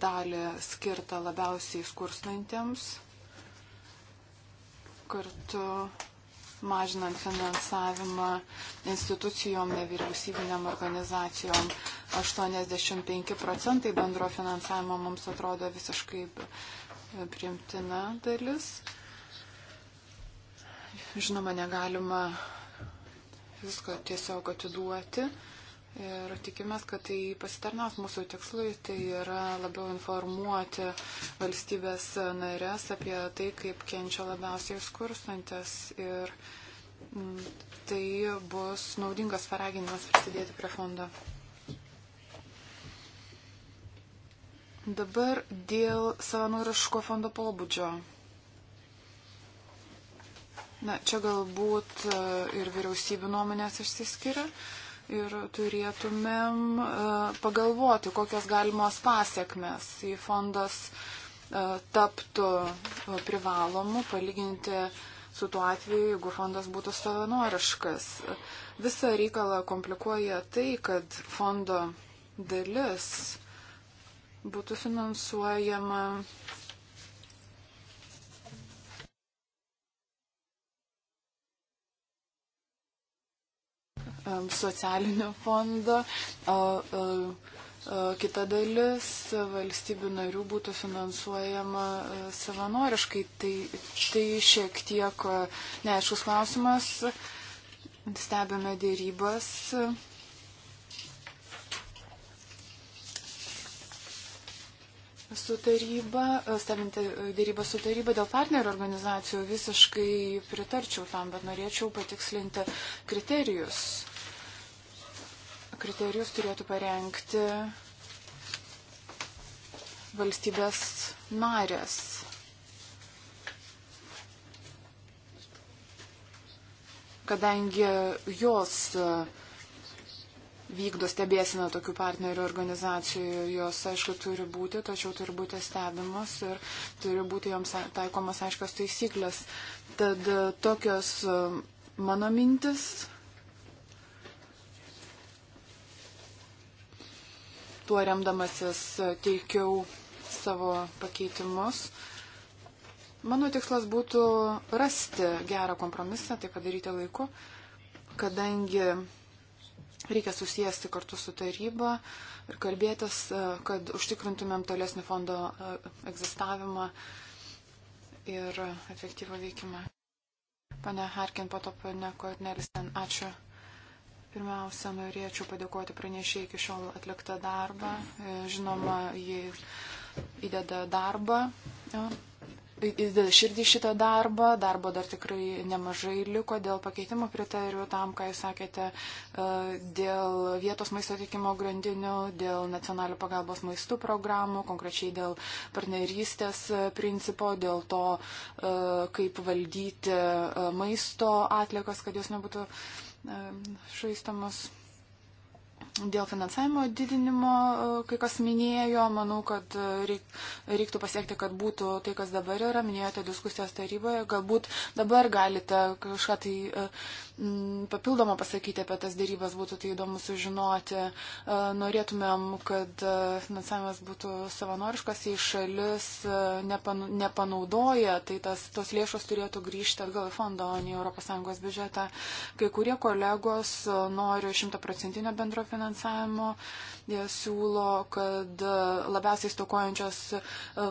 dalį skirtą labiausiai skurstantiems kartu mažinant finansavimą institucijom, nevyriausybinėm organizacijom. 85 procentai bendro finansavimo mums atrodo visiškai priimtina dalis. Žinoma, negalima visko tiesiog atiduoti. Ir tikimės, kad tai pasitarnaus mūsų tikslui, tai yra labiau informuoti valstybės narės apie tai, kaip kenčia labiausiai skurstantis. Ir mm, tai bus naudingas paraginimas prisidėti prie fondo. Dabar dėl savanoriško fondo pobūdžio. Na, čia galbūt e, ir vyriausybių nuomonės išsiskiria. Uh, ir turėtumėm e, pagalvoti, kokios galimos pasiekmes. Jei fondas e, taptų e, privalomu, palyginti su tuo atveju, jeigu fondas būtų savanoriškas. Visą reikalą komplikuoja tai, kad fondo dalis būtų finansuojama socialinio fondo, o, o, o kita dalis valstybių narių būtų finansuojama e, savanoriškai. Tai, tai šiek tiek e, neaiškus klausimas. Stebime dėrybas. su taryba, e, stebinti dėrybą su taryba dėl partnerio organizacijų visiškai pritarčiau tam, bet norėčiau patikslinti kriterijus kriterijus turėtų parengti valstybės narės. Kadangi jos vykdo stebėsime tokių partnerių organizacijų, jos aišku turi būti, tačiau turi būti stebimos ir turi būti joms taikomas aiškios taisyklės. Tad tokios mano mintis tuo remdamasis e, teikiau savo pakeitimus. Mano tikslas būtų rasti gerą kompromisą, tai padaryti laiku, kadangi reikia susijęsti kartu su taryba ir kalbėtis, e, kad užtikrintumėm tolesnį fondo e, egzistavimą ir efektyvą veikimą. Pane Harkin, po to pane Kornelisen, ačiū. Pirmiausia, norėčiau padėkoti pranešėjai iki šiol atliktą darbą. E, žinoma, jie įdeda darbą, e, įdeda širdį šitą darbą, darbo dar tikrai nemažai liko, dėl pakeitimo pritariu tam, ką jūs sakėte, e, dėl vietos maisto tikimo grandinių, dėl nacionalių pagalbos maistų programų, konkrečiai dėl partnerystės principo, dėl to, kaip valdyti maisto atlikas, kad jos nebūtų šaistamos dėl finansavimo didinimo, e, kai kas minėjo, manau, kad e, reiktų pasiekti, kad būtų tai, kas dabar yra, minėjote diskusijas taryboje, galbūt dabar galite kažką tai e, Mm, papildomą pasakyti apie tas dėrybas, būtų tai įdomu sužinoti. E, norėtumėm, kad e, finansavimas būtų savanoriškas, jei šalis e, nepanaudoja, tai tas, tos lėšos turėtų grįžti atgal į fondą, o ne į ES biudžetą. Kai kurie kolegos nori šimtaprocentinio bendro finansavimo, jie siūlo, kad labiausiai stokojančios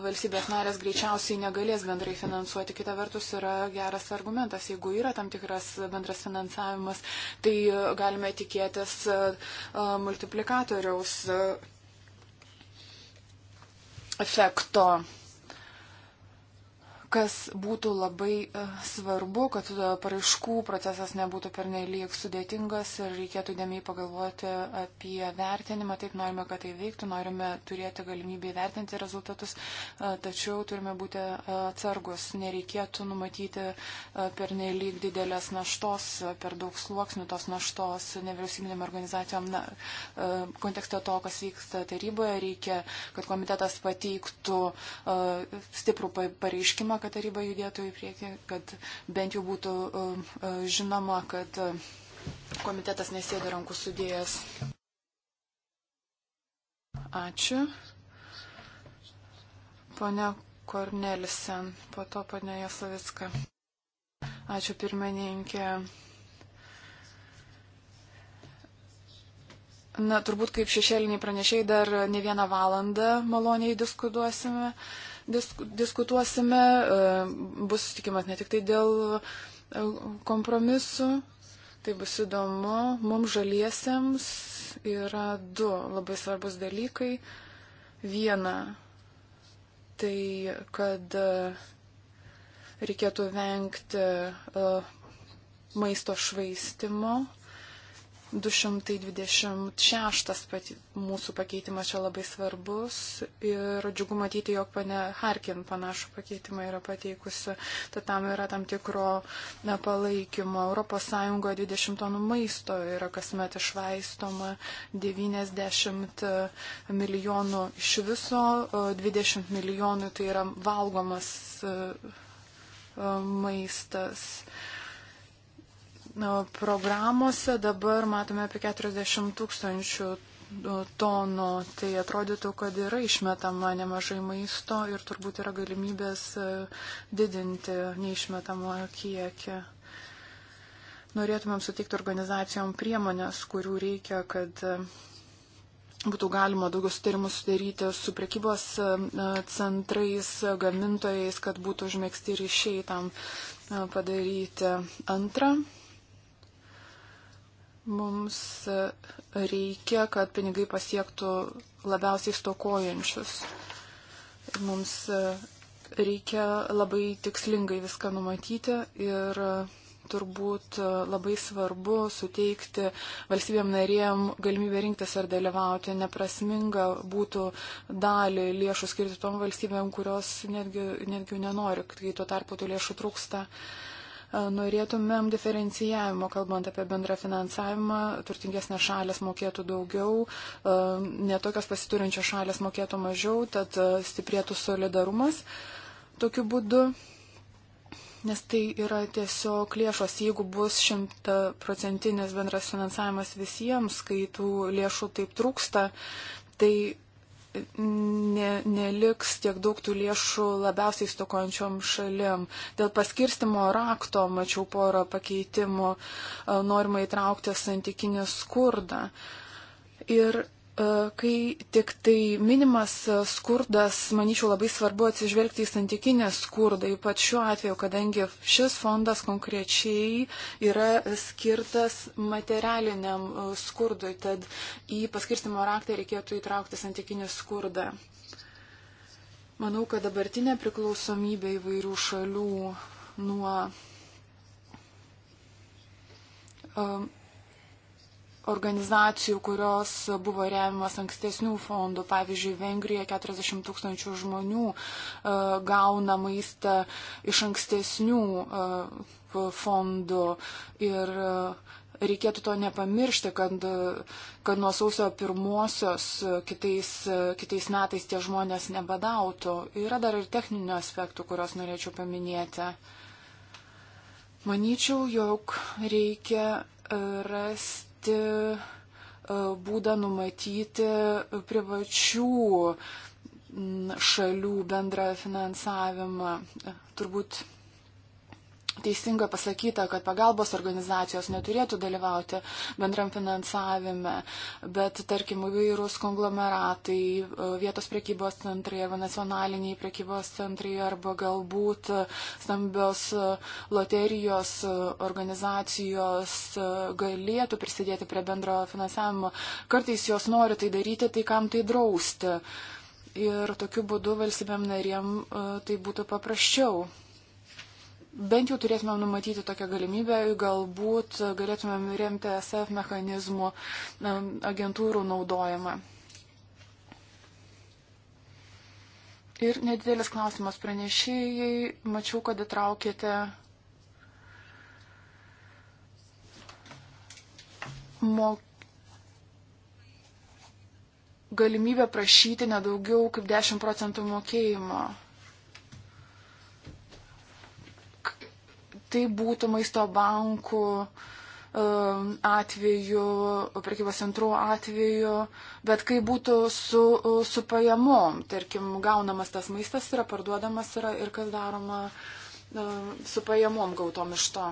valstybės narės greičiausiai negalės bendrai finansuoti. Kita vertus yra geras argumentas, jeigu yra tam tikras bendras finansavimas finansavimas, tai e, galime tikėtis e, e, multiplikatoriaus efekto kas būtų labai e, svarbu, kad e, paraiškų procesas nebūtų pernelyg sudėtingas ir reikėtų dėmiai pagalvoti apie vertinimą. Taip norime, kad tai veiktų, norime turėti galimybę įvertinti rezultatus, e, tačiau turime būti atsargus. Nereikėtų numatyti pernelyg didelės naštos, per daug sluoksnių tos naštos nevyriausybinėm organizacijom. Na, kontekste to, kas vyksta taryboje, reikia, kad komitetas pateiktų stiprų pareiškimą, kad taryba judėtų į priekį, kad bent jau būtų um, uh, žinoma, kad uh, komitetas nesėdė rankų sudėjęs. Ačiū. Pone Kornelisen, po to pone Jasovicka. Ačiū pirmininkė. Na, turbūt kaip šešėliniai pranešiai dar ne vieną valandą maloniai diskutuosime. Uh, disk, diskutuosime, e, bus sutikimas ne tik tai dėl e, kompromisų, tai bus įdomu. Mums žaliesiems yra du labai svarbus dalykai. Viena, tai kad e, reikėtų vengti maisto švaistimo 226 pati, mūsų pakeitimas čia labai svarbus ir džiugu matyti, jog pane Harkin panašų pakeitimą yra pateikusi, tad tam yra tam tikro palaikymo. ES 20 tonų maisto yra kasmet išvaistoma 90 e, milijonų iš viso, 20 milijonų tai yra valgomas e, e, maistas. Uh, programuose dabar matome apie 40 tūkstančių nu, tonų. Tai atrodytų, kad yra išmetama nemažai maisto ir turbūt yra galimybės e, didinti neišmetamą kiekį. Norėtumėm suteikti organizacijom priemonės, kurių reikia, kad e, būtų galima daugiau sutarimų sudaryti su prekybos e, centrais, gamintojais, kad būtų užmėgsti ryšiai tam padaryti. Antra, Mums reikia, kad pinigai pasiektų labiausiai stokojančius. Mums reikia labai tikslingai viską numatyti ir turbūt labai svarbu suteikti valstybėm narėm galimybę rinktis ar dalyvauti. Neprasminga būtų dalį lėšų skirti tom valstybėm, kurios netgi, netgi nenori, kai tuo tarpu tų lėšų trūksta. Uh, norėtumėm diferencijavimo, kalbant apie bendrą finansavimą, turtingesnės šalės mokėtų daugiau, netokios pasiturinčios šalės mokėtų mažiau, tad stiprėtų solidarumas tokiu būdu. Nes tai yra tiesiog lėšos, jeigu bus šimtaprocentinis bendras finansavimas visiems, kai tų lėšų taip trūksta, tai ne, neliks tiek daug tų lėšų labiausiai stokojančiom šalim. Dėl paskirstimo rakto mačiau porą pakeitimų, e, norima įtraukti santykinį skurdą. Ir E, kai tik tai minimas skurdas, manyčiau, labai svarbu atsižvelgti į santykinę skurdą, ypač šiuo atveju, kadangi šis fondas konkrečiai yra skirtas materialiniam e, skurdui, tad į paskirstimo raktą reikėtų įtraukti santykinį skurdą. Manau, kad dabartinė priklausomybė įvairių šalių nuo. Um, organizacijų, kurios buvo remiamas ankstesnių fondų. Pavyzdžiui, Vengrija 40 tūkstančių žmonių e, gauna maistą iš ankstesnių e, fondų. Ir e, reikėtų to nepamiršti, kad, kad nuo sausio pirmosios kitais, kitais metais tie žmonės nebadautų. Yra dar ir techninių aspektų, kuriuos norėčiau paminėti. Manyčiau, jog reikia ras, rasti e, būdą numatyti privačių šalių bendrą finansavimą. Turbūt teisingai pasakyta, kad pagalbos organizacijos neturėtų dalyvauti bendram finansavime, bet tarkim įvairūs konglomeratai, e, vietos prekybos centrai arba nacionaliniai prekybos centrai arba galbūt stambios e, loterijos e, organizacijos galėtų prisidėti prie bendro finansavimo. Kartais jos nori tai daryti, tai kam tai drausti. Ir tokiu būdu valstybėm narėm tai būtų paprasčiau bent jau turėtume numatyti tokią galimybę, galbūt galėtumėm remti SF mechanizmų agentūrų naudojimą. Ir nedidelis klausimas pranešėjai, mačiau, kad įtraukėte mok galimybę prašyti nedaugiau kaip 10 procentų mokėjimo. tai būtų maisto bankų um, atveju, prekybos centrų atveju, bet kai būtų su, su pajamom, tarkim, gaunamas tas maistas yra parduodamas yra ir kas daroma um, su pajamom gautom iš to.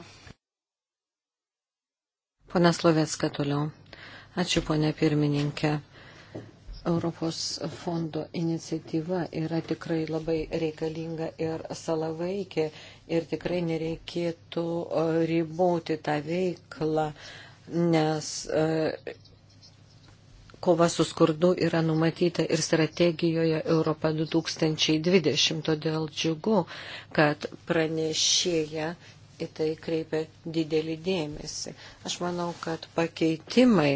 Pana Slovėtska toliau. Ačiū, ponė pirmininkė. Europos fondo iniciatyva yra tikrai labai reikalinga ir salavaikė ir tikrai nereikėtų riboti tą veiklą, nes e, kova su skurdu yra numatyta ir strategijoje Europa 2020. Todėl džiugu, kad pranešėja į tai kreipia didelį dėmesį. Aš manau, kad pakeitimai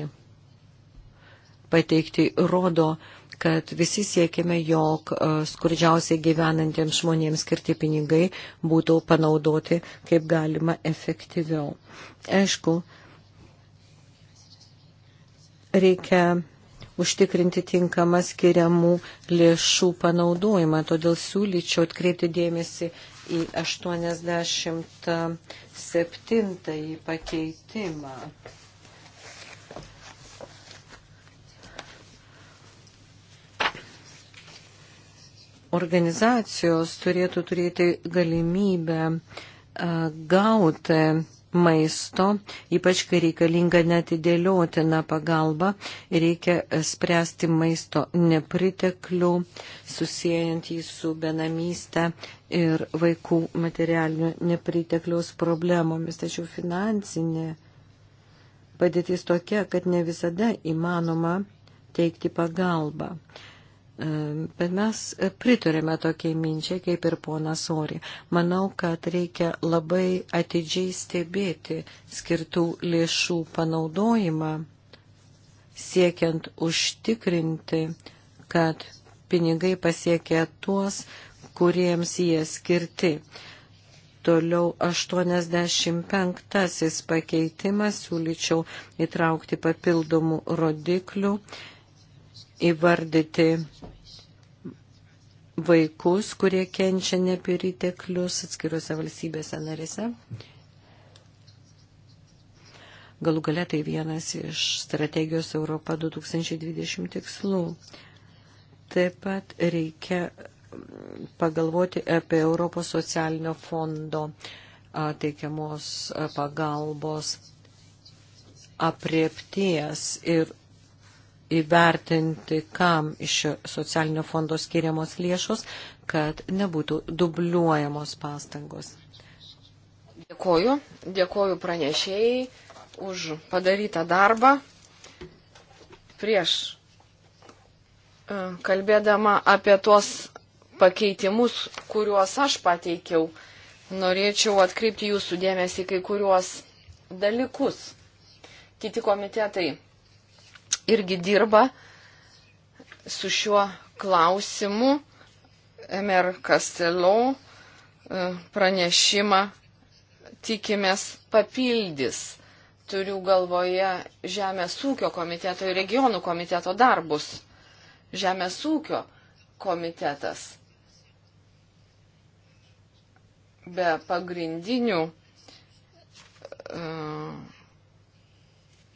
pateikti, rodo, kad visi siekime, jog e, skurdžiausiai gyvenantiems žmonėms skirti pinigai būtų panaudoti kaip galima efektyviau. Aišku, reikia užtikrinti tinkamą skiriamų lėšų panaudojimą, todėl siūlyčiau atkreipti dėmesį į 87 pakeitimą. organizacijos turėtų turėti galimybę gauti maisto, ypač kai reikalinga netidėliotina pagalba, reikia spręsti maisto nepriteklių, susijęjant jį su benamyste ir vaikų materialinių nepritekliaus problemomis. Tačiau finansinė padėtis tokia, kad ne visada įmanoma teikti pagalbą. Bet mes pritarėme tokiai minčiai, kaip ir ponas Ori. Manau, kad reikia labai atidžiai stebėti skirtų lėšų panaudojimą, siekiant užtikrinti, kad pinigai pasiekia tuos, kuriems jie skirti. Toliau 85 pakeitimas siūlyčiau įtraukti papildomų rodiklių įvardyti vaikus, kurie kenčia nepiriteklius atskiruose valstybėse narėse. Galų galia tai vienas iš strategijos Europa 2020 tikslų. Taip pat reikia pagalvoti apie Europos socialinio fondo teikiamos pagalbos apriepties ir įvertinti, kam iš socialinio fondo skiriamos lėšos, kad nebūtų dubliuojamos pastangos. Dėkoju, dėkoju pranešėjai už padarytą darbą. Prieš e, kalbėdama apie tuos pakeitimus, kuriuos aš pateikiau, norėčiau atkreipti jūsų dėmesį kai kuriuos dalykus. Kiti komitetai irgi dirba su šiuo klausimu. MR Castello e, pranešimą tikimės papildys. Turiu galvoje Žemės ūkio komiteto ir regionų komiteto darbus. Žemės ūkio komitetas be pagrindinių uh,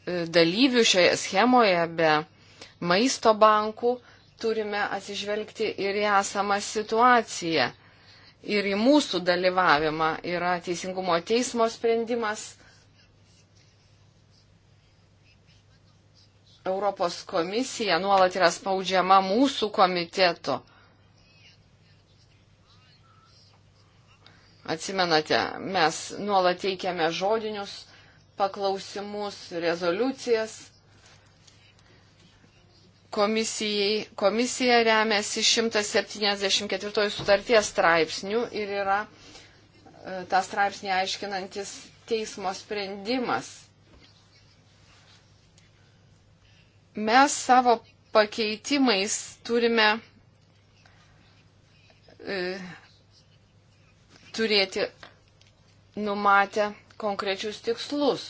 dalyvių šioje schemoje, be maisto bankų, turime atsižvelgti ir į esamą situaciją. Ir į mūsų dalyvavimą yra Teisingumo teismo sprendimas. Europos komisija nuolat yra spaudžiama mūsų komiteto. Atsimenate, mes nuolat teikiame žodinius paklausimus, rezoliucijas. Komisijai, komisija remiasi 174 sutarties straipsnių ir yra e, tą straipsnį aiškinantis teismo sprendimas. Mes savo pakeitimais turime e, turėti numatę konkrečius tikslus.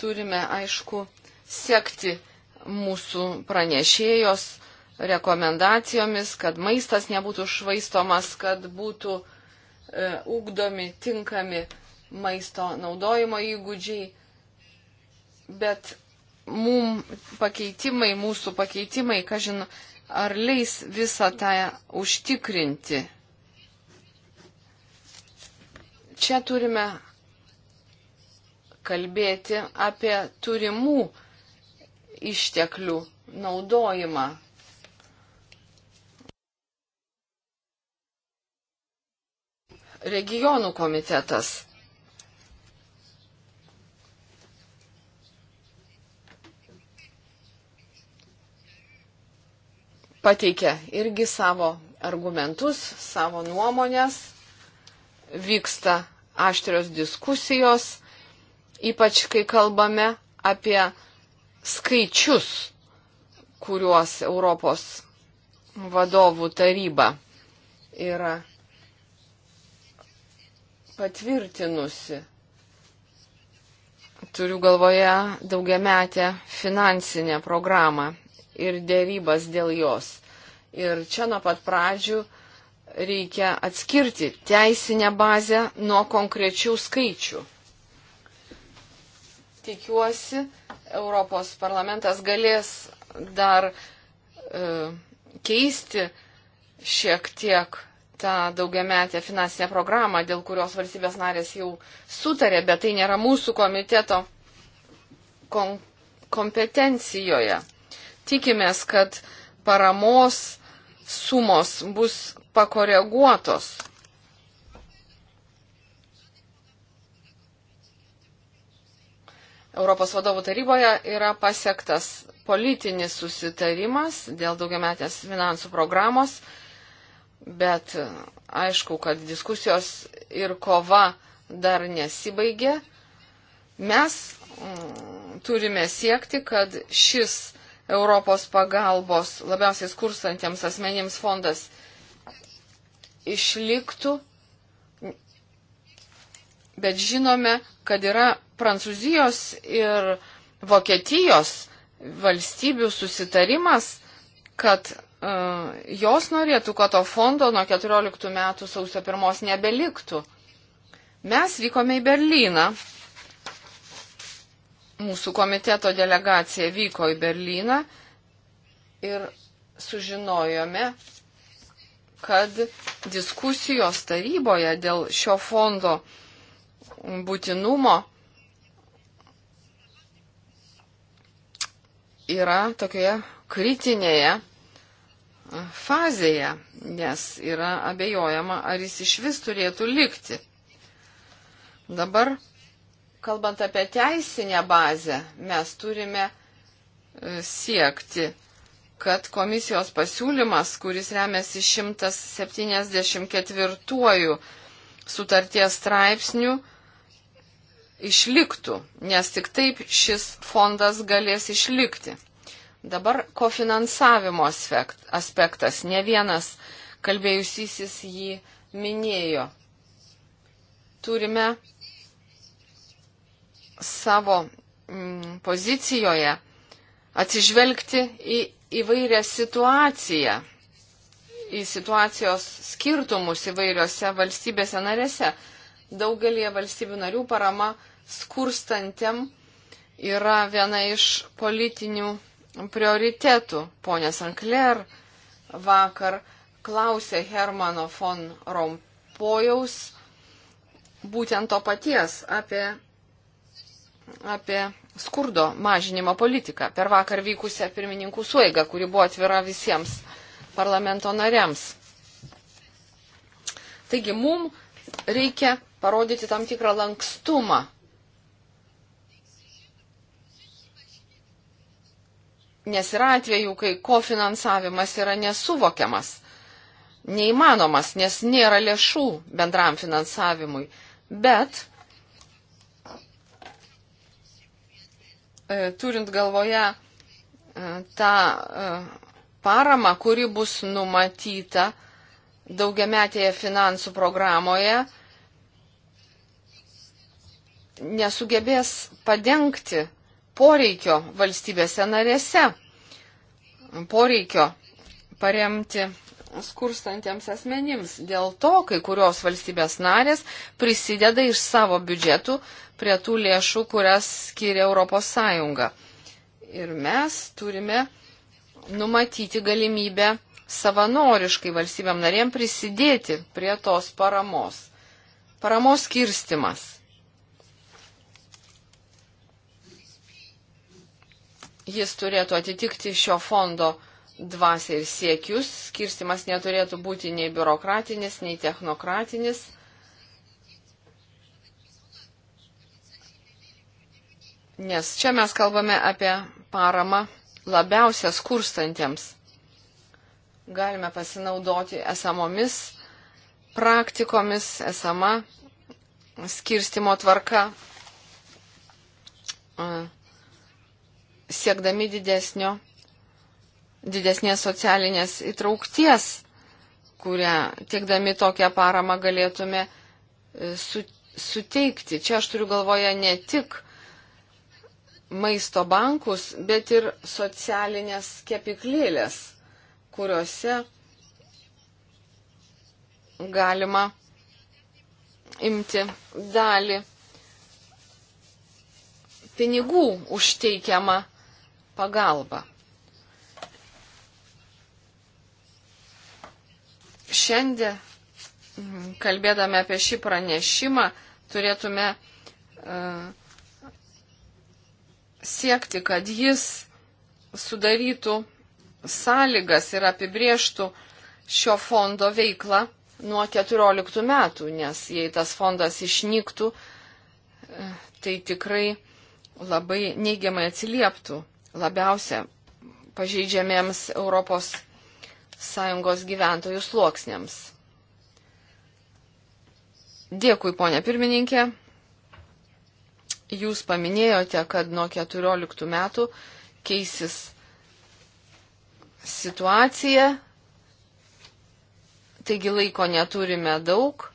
Turime, aišku, sekti mūsų pranešėjos rekomendacijomis, kad maistas nebūtų švaistomas, kad būtų e, ugdomi tinkami maisto naudojimo įgūdžiai, bet mum pakeitimai, mūsų pakeitimai, kažin, ar leis visą tą užtikrinti. Čia turime kalbėti apie turimų išteklių naudojimą. Regionų komitetas. Pateikė irgi savo argumentus, savo nuomonės, vyksta aštrios diskusijos, ypač kai kalbame apie skaičius, kuriuos Europos vadovų taryba yra patvirtinusi. Turiu galvoje daugiametę finansinę programą ir dėrybas dėl jos. Ir čia nuo pat pradžių reikia atskirti teisinę bazę nuo konkrečių skaičių. Tikiuosi, Europos parlamentas galės dar e, keisti šiek tiek tą daugiametę finansinę programą, dėl kurios valstybės narės jau sutarė, bet tai nėra mūsų komiteto kom kompetencijoje. Tikimės, kad paramos sumos bus pakoreguotos. Europos vadovų taryboje yra pasiektas politinis susitarimas dėl daugiametės finansų programos, bet aišku, kad diskusijos ir kova dar nesibaigė. Mes mm, turime siekti, kad šis Europos pagalbos labiausiai skurstantiems asmenims fondas išliktų, bet žinome, kad yra Prancūzijos ir Vokietijos valstybių susitarimas, kad uh, jos norėtų, kad to fondo nuo 14 metų sausio 1 nebeliktų. Mes vykome į Berliną. Mūsų komiteto delegacija vyko į Berliną ir sužinojome, kad diskusijos taryboje dėl šio fondo būtinumo yra tokioje kritinėje fazėje, nes yra abejojama, ar jis iš vis turėtų likti. Dabar, kalbant apie teisinę bazę, mes turime e, siekti kad komisijos pasiūlymas, kuris remiasi 174 sutarties straipsnių, išliktų, nes tik taip šis fondas galės išlikti. Dabar kofinansavimo aspektas, ne vienas kalbėjusysis jį minėjo. Turime savo mm, pozicijoje atsižvelgti į įvairią situaciją, į situacijos skirtumus įvairiose valstybėse narėse. Daugelie valstybių narių parama skurstantiem yra viena iš politinių prioritetų. Pone Sankler vakar klausė Hermano von Rompojaus būtent to paties apie, apie skurdo mažinimo politiką per vakar vykusią pirmininkų suėgą, kuri buvo atvira visiems parlamento nariams. Taigi mums reikia parodyti tam tikrą lankstumą. Nes yra atvejų, kai kofinansavimas yra nesuvokiamas, neįmanomas, nes nėra lėšų bendram finansavimui. Bet E, turint galvoje e, tą e, paramą, kuri bus numatyta daugiametėje finansų programoje, nesugebės padengti poreikio valstybėse narėse, poreikio paremti skurstantiems asmenims. Dėl to kai kurios valstybės narės prisideda iš savo biudžetų prie tų lėšų, kurias skiria Europos Sąjunga. Ir mes turime numatyti galimybę savanoriškai valstybėm narėm prisidėti prie tos paramos. Paramos skirstimas. Jis turėtų atitikti šio fondo dvasę ir siekius. Skirstimas neturėtų būti nei biurokratinis, nei technokratinis. Nes čia mes kalbame apie paramą labiausia skurstantiems. Galime pasinaudoti esamomis praktikomis, esama skirstimo tvarka, siekdami didesnio didesnės socialinės įtraukties, kurią tiekdami tokią paramą galėtume e, su, suteikti. Čia aš turiu galvoje ne tik maisto bankus, bet ir socialinės kepiklėlės, kuriuose galima imti dalį pinigų užteikiamą pagalbą. Šiandien, mm, kalbėdami apie šį pranešimą, turėtume uh, siekti, kad jis sudarytų sąlygas ir apibrieštų šio fondo veiklą nuo 14 metų, nes jei tas fondas išnyktų, e, tai tikrai labai neigiamai atsilieptų labiausia pažeidžiamiems Europos sąjungos gyventojų sluoksniams. Dėkui, ponė pirmininkė. Jūs paminėjote, kad nuo 14 metų keisis situacija, taigi laiko neturime daug.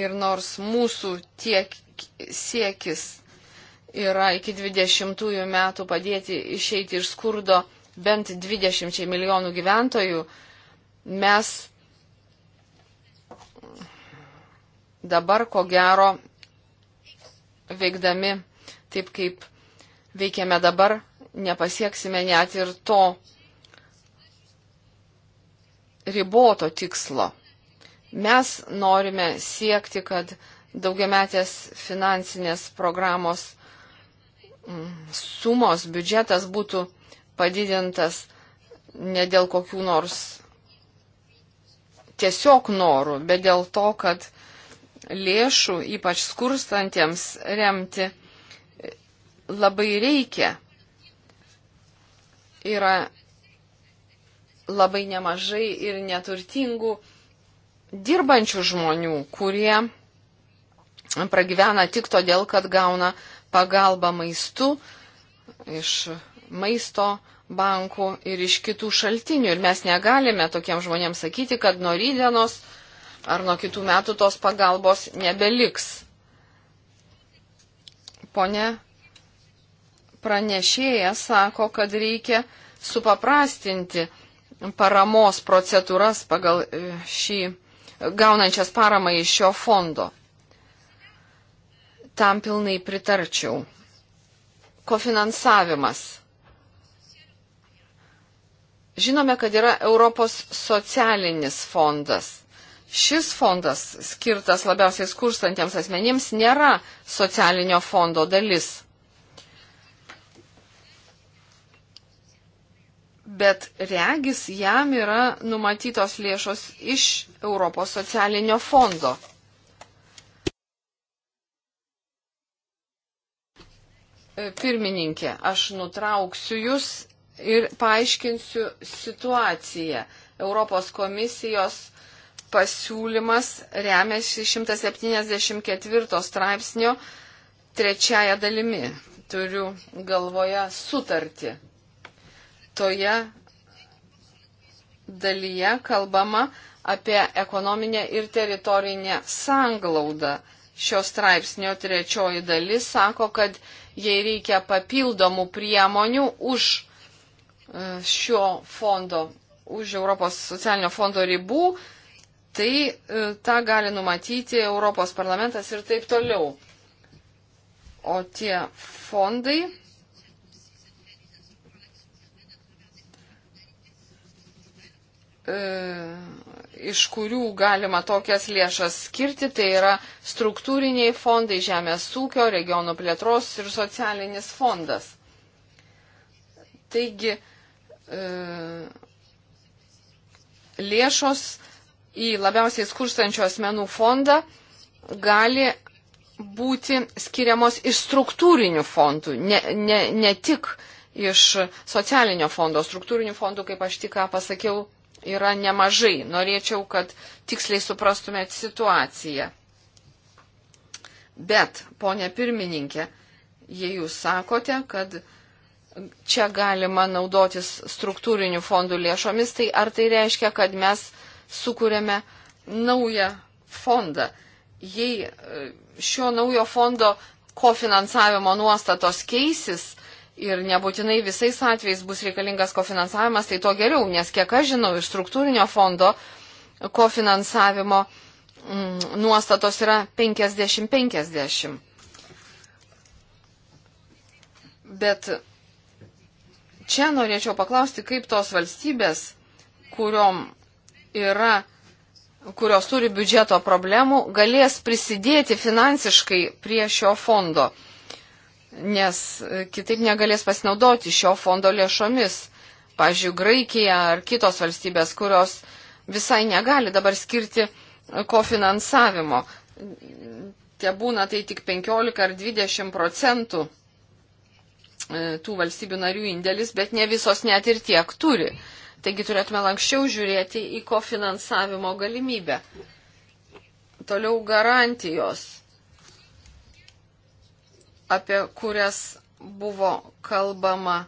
Ir nors mūsų tiek siekis yra iki 20 metų padėti išeiti iš skurdo bent 20 milijonų gyventojų, mes dabar ko gero veikdami taip, kaip veikiame dabar, nepasieksime net ir to riboto tikslo. Mes norime siekti, kad daugiametės finansinės programos mm, sumos biudžetas būtų padidintas ne dėl kokių nors tiesiog norų, bet dėl to, kad lėšų, ypač skurstantiems, remti labai reikia. Yra labai nemažai ir neturtingų dirbančių žmonių, kurie pragyvena tik todėl, kad gauna pagalbą maistu iš maisto bankų ir iš kitų šaltinių. Ir mes negalime tokiems žmonėms sakyti, kad nuo rydienos ar nuo kitų metų tos pagalbos nebeliks. Pone pranešėja sako, kad reikia supaprastinti paramos procedūras pagal e, šį gaunančias paramą iš šio fondo. Tam pilnai pritarčiau. Kofinansavimas Žinome, kad yra Europos socialinis fondas. Šis fondas, skirtas labiausiai skurstantiems asmenims, nėra socialinio fondo dalis. Bet regis jam yra numatytos lėšos iš Europos socialinio fondo. Pirmininkė, aš nutrauksiu jūs ir paaiškinsiu situaciją. Europos komisijos pasiūlymas remiasi 174 straipsnio trečiaja dalimi. Turiu galvoje sutartį. Toje dalyje kalbama apie ekonominę ir teritorinę sanglaudą. Šio straipsnio trečioji dalis sako, kad jei reikia papildomų priemonių už E, šio fondo už Europos socialinio fondo ribų, tai e, tą gali numatyti Europos parlamentas ir taip toliau. O tie fondai. E, iš kurių galima tokias lėšas skirti, tai yra struktūriniai fondai, žemės ūkio, regionų plėtros ir socialinis fondas. Taigi, E, lėšos į labiausiai skurstančių asmenų fondą gali būti skiriamos iš struktūrinių fondų, ne, ne, ne tik iš socialinio fondo. Struktūrinių fondų, kaip aš tik ką pasakiau, yra nemažai. Norėčiau, kad tiksliai suprastumėt situaciją. Bet, ponė pirmininkė, jei jūs sakote, kad uh, čia galima naudotis struktūrinių fondų lėšomis, tai ar tai reiškia, kad mes sukūrėme naują fondą? Jei e, šio naujo fondo kofinansavimo nuostatos keisis, ir nebūtinai visais atvejais bus reikalingas kofinansavimas, tai to geriau, nes kiek aš žinau, iš struktūrinio fondo kofinansavimo mm, nuostatos yra 50-50. Bet čia norėčiau paklausti, kaip tos valstybės, kuriom yra, kurios turi biudžeto problemų, galės prisidėti finansiškai prie šio fondo, nes e, kitaip negalės pasinaudoti šio fondo lėšomis. Pavyzdžiui, Graikija ar kitos valstybės, kurios visai negali dabar skirti e, kofinansavimo. Tie būna tai tik 15 ar 20 procentų E, tų valstybių narių indėlis, bet ne visos net ir tiek turi. Taigi turėtume lankščiau žiūrėti į kofinansavimo galimybę. Toliau garantijos, apie kurias buvo kalbama.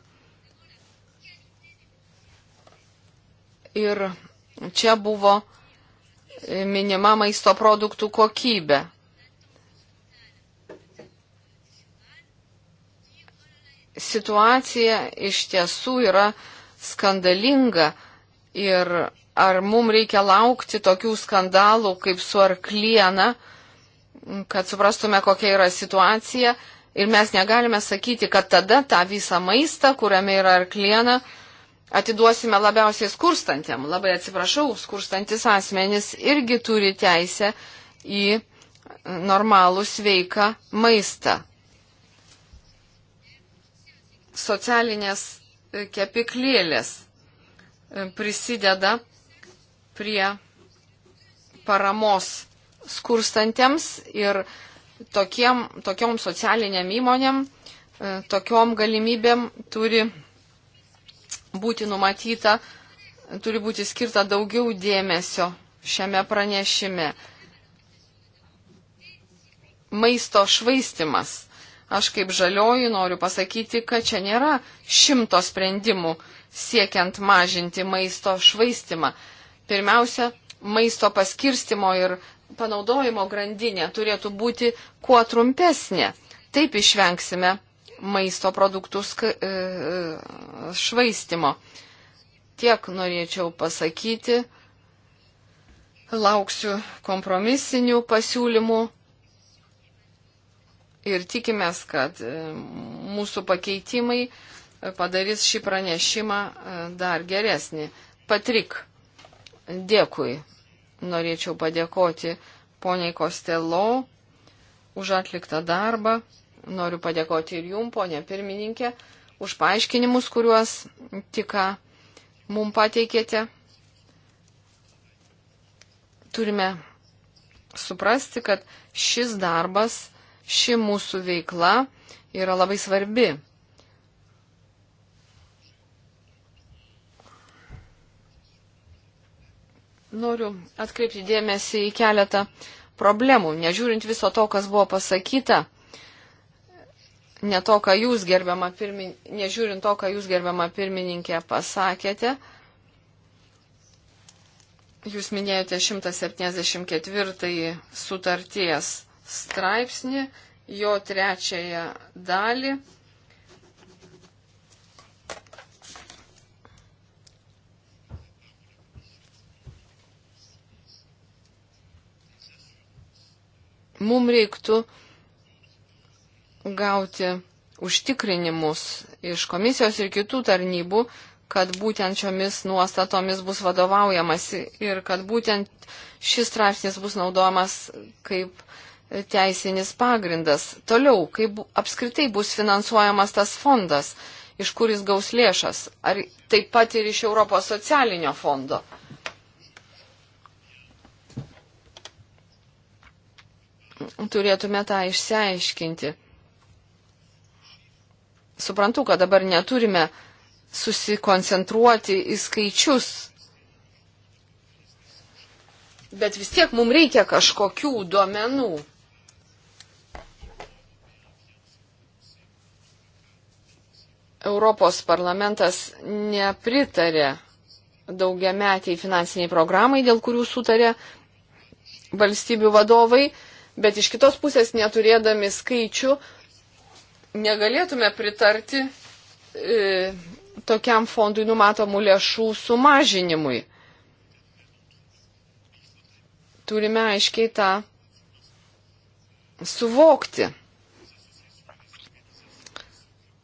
Ir čia buvo minima maisto produktų kokybė. situacija iš tiesų yra skandalinga ir ar mums reikia laukti tokių skandalų kaip su arkliena, kad suprastume, kokia yra situacija. Ir mes negalime sakyti, kad tada tą visą maistą, kuriame yra arkliena, atiduosime labiausiai skurstantiem. Labai atsiprašau, skurstantis asmenys irgi turi teisę į normalų sveiką maistą socialinės e, kepiklėlės e, prisideda prie paramos skurstantiems ir tokiem, tokiom socialiniam įmonėm, e, tokiom galimybėm turi būti numatyta, turi būti skirta daugiau dėmesio šiame pranešime. Maisto švaistimas Aš kaip žalioji noriu pasakyti, kad čia nėra šimto sprendimų siekiant mažinti maisto švaistimą. Pirmiausia, maisto paskirstimo ir panaudojimo grandinė turėtų būti kuo trumpesnė. Taip išvengsime maisto produktų e, e, švaistimo. Tiek norėčiau pasakyti. Lauksiu kompromisinių pasiūlymų ir tikimės, kad e, mūsų pakeitimai e, padarys šį pranešimą e, dar geresnį. Patrik, dėkui. Norėčiau padėkoti poniai Kostelo už atliktą darbą. Noriu padėkoti ir jum, ponė pirmininkė, už paaiškinimus, kuriuos tik ką mum pateikėte. Turime suprasti, kad šis darbas ši mūsų veikla yra labai svarbi. Noriu atkreipti dėmesį į keletą problemų. Nežiūrint viso to, kas buvo pasakyta, ne to, ką jūs gerbiama pirmin... nežiūrint to, ką jūs gerbiama pirmininkė pasakėte, jūs minėjote 174 sutarties straipsnį, jo trečiąją dalį. Mums reiktų gauti užtikrinimus iš komisijos ir kitų tarnybų, kad būtent šiomis nuostatomis bus vadovaujamasi ir kad būtent šis straipsnis bus naudojamas kaip teisinis pagrindas. Toliau, kaip apskritai bus finansuojamas tas fondas, iš kuris gaus lėšas, ar taip pat ir iš Europos socialinio fondo. Turėtume tą išsiaiškinti. Suprantu, kad dabar neturime susikoncentruoti į skaičius, bet vis tiek mums reikia kažkokių duomenų. Europos parlamentas nepritarė daugiametiai finansiniai programai, dėl kurių sutarė valstybių vadovai, bet iš kitos pusės neturėdami skaičių negalėtume pritarti e, tokiam fondui numatomų lėšų sumažinimui. Turime aiškiai tą suvokti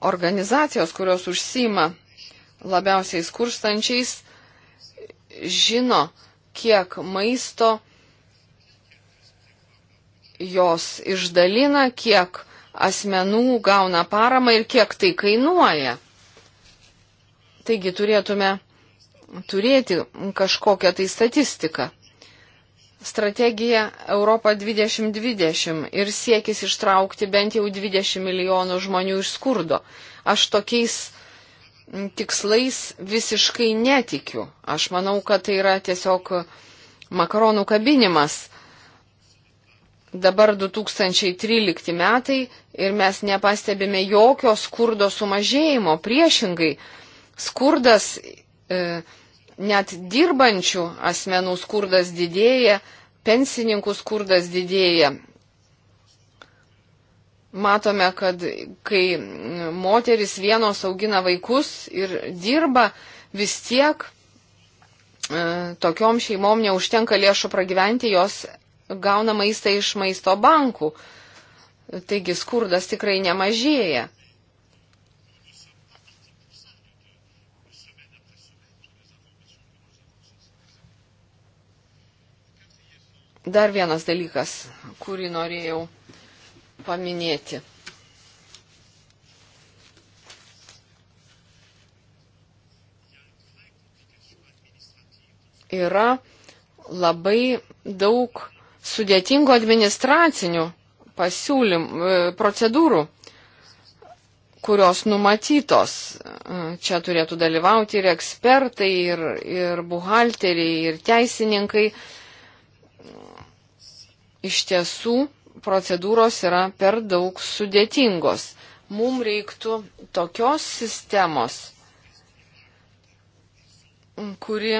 organizacijos, kurios užsima labiausiai skurstančiais, žino, kiek maisto jos išdalina, kiek asmenų gauna paramą ir kiek tai kainuoja. Taigi turėtume turėti kažkokią tai statistiką strategija Europa 2020 ir siekis ištraukti bent jau 20 milijonų žmonių iš skurdo. Aš tokiais tikslais visiškai netikiu. Aš manau, kad tai yra tiesiog makaronų kabinimas. Dabar 2013 metai ir mes nepastebime jokio skurdo sumažėjimo. Priešingai, skurdas. E, net dirbančių asmenų skurdas didėja, pensininkų skurdas didėja. Matome, kad kai moteris vienos augina vaikus ir dirba, vis tiek e, tokiom šeimom neužtenka lėšų pragyventi, jos gauna maistą iš maisto bankų. Taigi skurdas tikrai nemažėja. Dar vienas dalykas, kurį norėjau paminėti. Yra labai daug sudėtingų administracinių pasiūlym, e, procedūrų, kurios numatytos. E, čia turėtų dalyvauti ir ekspertai, ir, ir buhalteriai, ir teisininkai iš tiesų procedūros yra per daug sudėtingos. Mums reiktų tokios sistemos, kuri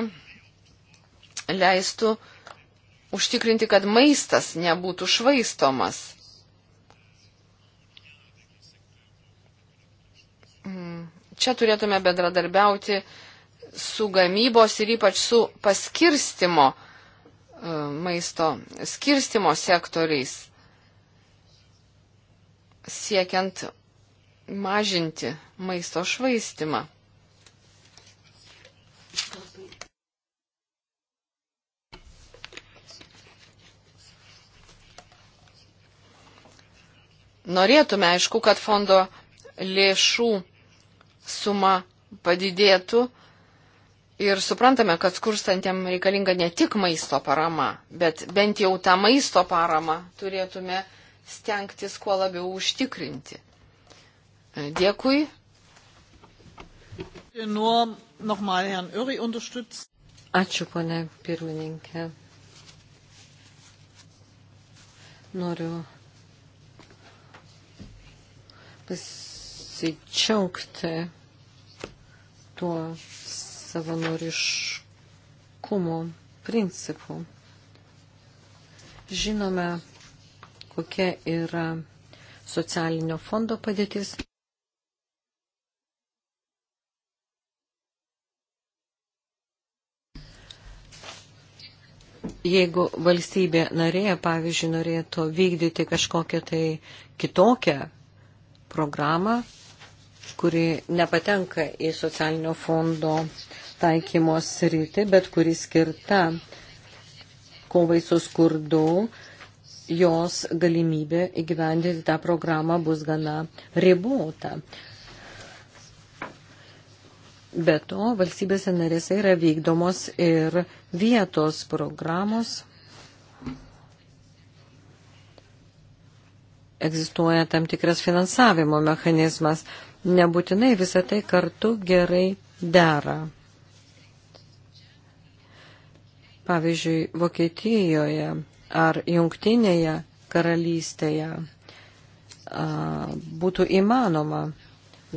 leistų užtikrinti, kad maistas nebūtų švaistomas. Čia turėtume bendradarbiauti su gamybos ir ypač su paskirstimo E, maisto skirstimo sektoriais, siekiant mažinti maisto švaistimą. Norėtume, aišku, kad fondo lėšų suma padidėtų, Ir suprantame, kad skurstantėm reikalinga ne tik maisto parama, bet bent jau tą maisto paramą turėtume stengtis kuo labiau užtikrinti. E, dėkui. Ačiū, ponė pirmininkė. Noriu pasidžiaugti tuo savanoriškumo principų. Žinome, kokia yra socialinio fondo padėtis. Jeigu valstybė narėje, pavyzdžiui, norėtų vykdyti kažkokią tai kitokią programą, kuri nepatenka į socialinio fondo taikymos rytį, bet kuri skirta kovai su skurdu, jos galimybė įgyvendinti tą programą bus gana ribota. Be to, valstybėse narėse yra vykdomos ir vietos programos. Egzistuoja tam tikras finansavimo mechanizmas. Nebūtinai visą tai kartu gerai dera. pavyzdžiui, Vokietijoje ar Jungtinėje karalystėje būtų įmanoma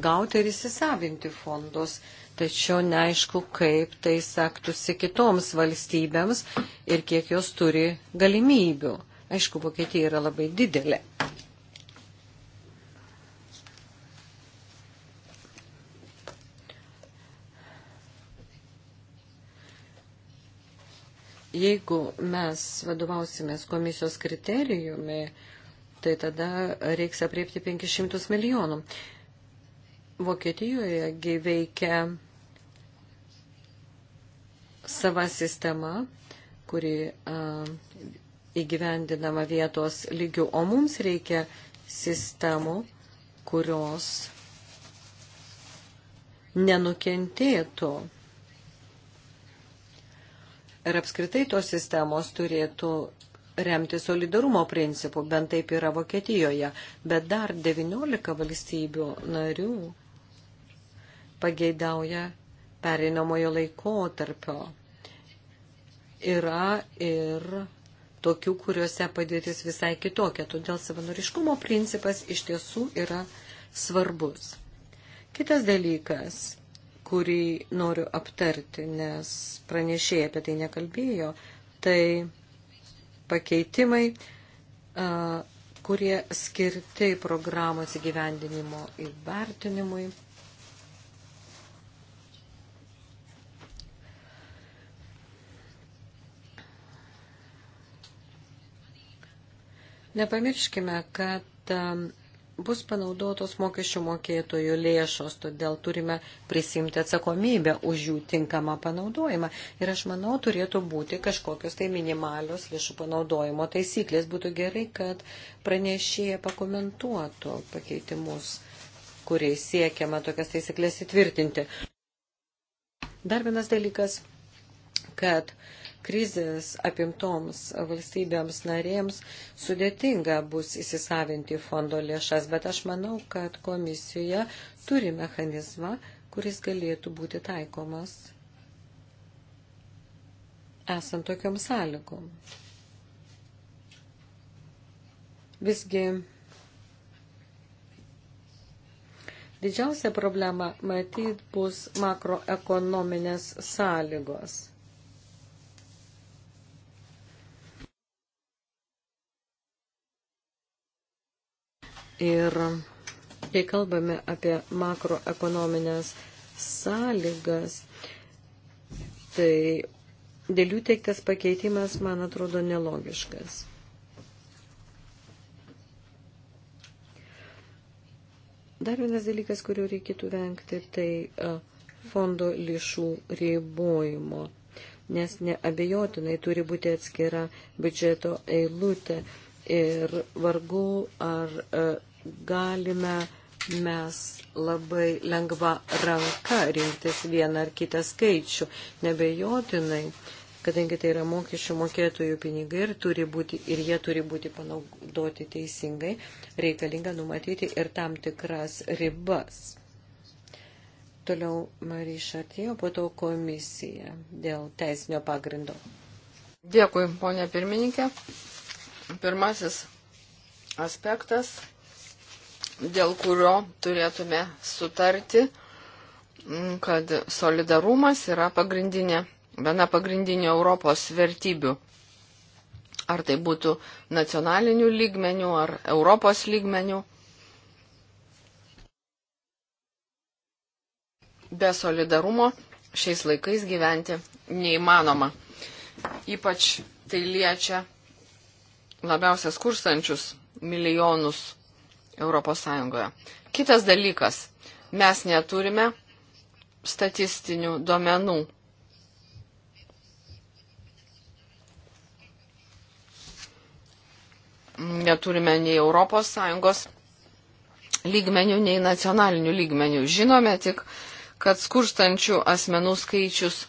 gauti ir įsisavinti fondus, tačiau neaišku, kaip tai sektųsi kitoms valstybėms ir kiek jos turi galimybių. Aišku, Vokietija yra labai didelė, Jeigu mes vadovausimės komisijos kriterijumi, tai tada reiks apriepti 500 milijonų. Vokietijoje veikia sava sistema, kuri a, įgyvendinama vietos lygių, o mums reikia sistemų, kurios nenukentėtų Ir apskritai tos sistemos turėtų remti solidarumo principu, bent taip yra Vokietijoje. Bet dar 19 valstybių narių pageidauja pereinamojo laikotarpio. Yra ir tokių, kuriuose padėtis visai kitokia. Todėl savanoriškumo principas iš tiesų yra svarbus. Kitas dalykas kurį noriu aptarti, nes pranešėjai apie tai nekalbėjo, tai pakeitimai, kurie skirti programos įgyvendinimo įvertinimui. Nepamirškime, kad bus panaudotos mokesčių mokėtojų lėšos, todėl turime prisimti atsakomybę už jų tinkamą panaudojimą. Ir aš manau, turėtų būti kažkokios tai minimalios lėšų panaudojimo taisyklės. Būtų gerai, kad pranešėja pakomentuotų pakeitimus, kuriais siekiama tokias taisyklės įtvirtinti. Dar vienas dalykas, kad uh, krizės apimtoms valstybėms narėms sudėtinga bus įsisavinti fondo lėšas, bet aš manau, kad komisijoje turi mechanizmą, kuris galėtų būti taikomas esant tokiom sąlygom. Visgi didžiausia problema matyt bus makroekonominės sąlygos Ir kai kalbame apie makroekonominės sąlygas, tai dėl jų teiktas pakeitimas, man atrodo, nelogiškas. Dar vienas dalykas, kurio reikėtų vengti, tai fondo lišų ribojimo, nes neabejotinai turi būti atskira biudžeto eilutė, ir vargu ar e, galime mes labai lengva ranka rinktis vieną ar kitą skaičių. Nebejotinai, kadangi tai yra mokesčių mokėtojų pinigai ir, turi būti, ir jie turi būti panaudoti teisingai, reikalinga numatyti ir tam tikras ribas. Toliau Marija Šartėjo, po to komisija dėl teisinio pagrindo. Dėkui, ponė pirmininkė. Pirmasis aspektas, dėl kurio turėtume sutarti, kad solidarumas yra pagrindinė, viena pagrindinių Europos vertybių. Ar tai būtų nacionalinių lygmenių ar Europos lygmenių. Be solidarumo šiais laikais gyventi neįmanoma. Ypač tai liečia labiausias kursančius milijonus ES. Kitas dalykas, mes neturime statistinių duomenų. Neturime nei ES lygmenių, nei nacionalinių lygmenių. Žinome tik, kad skurstančių asmenų skaičius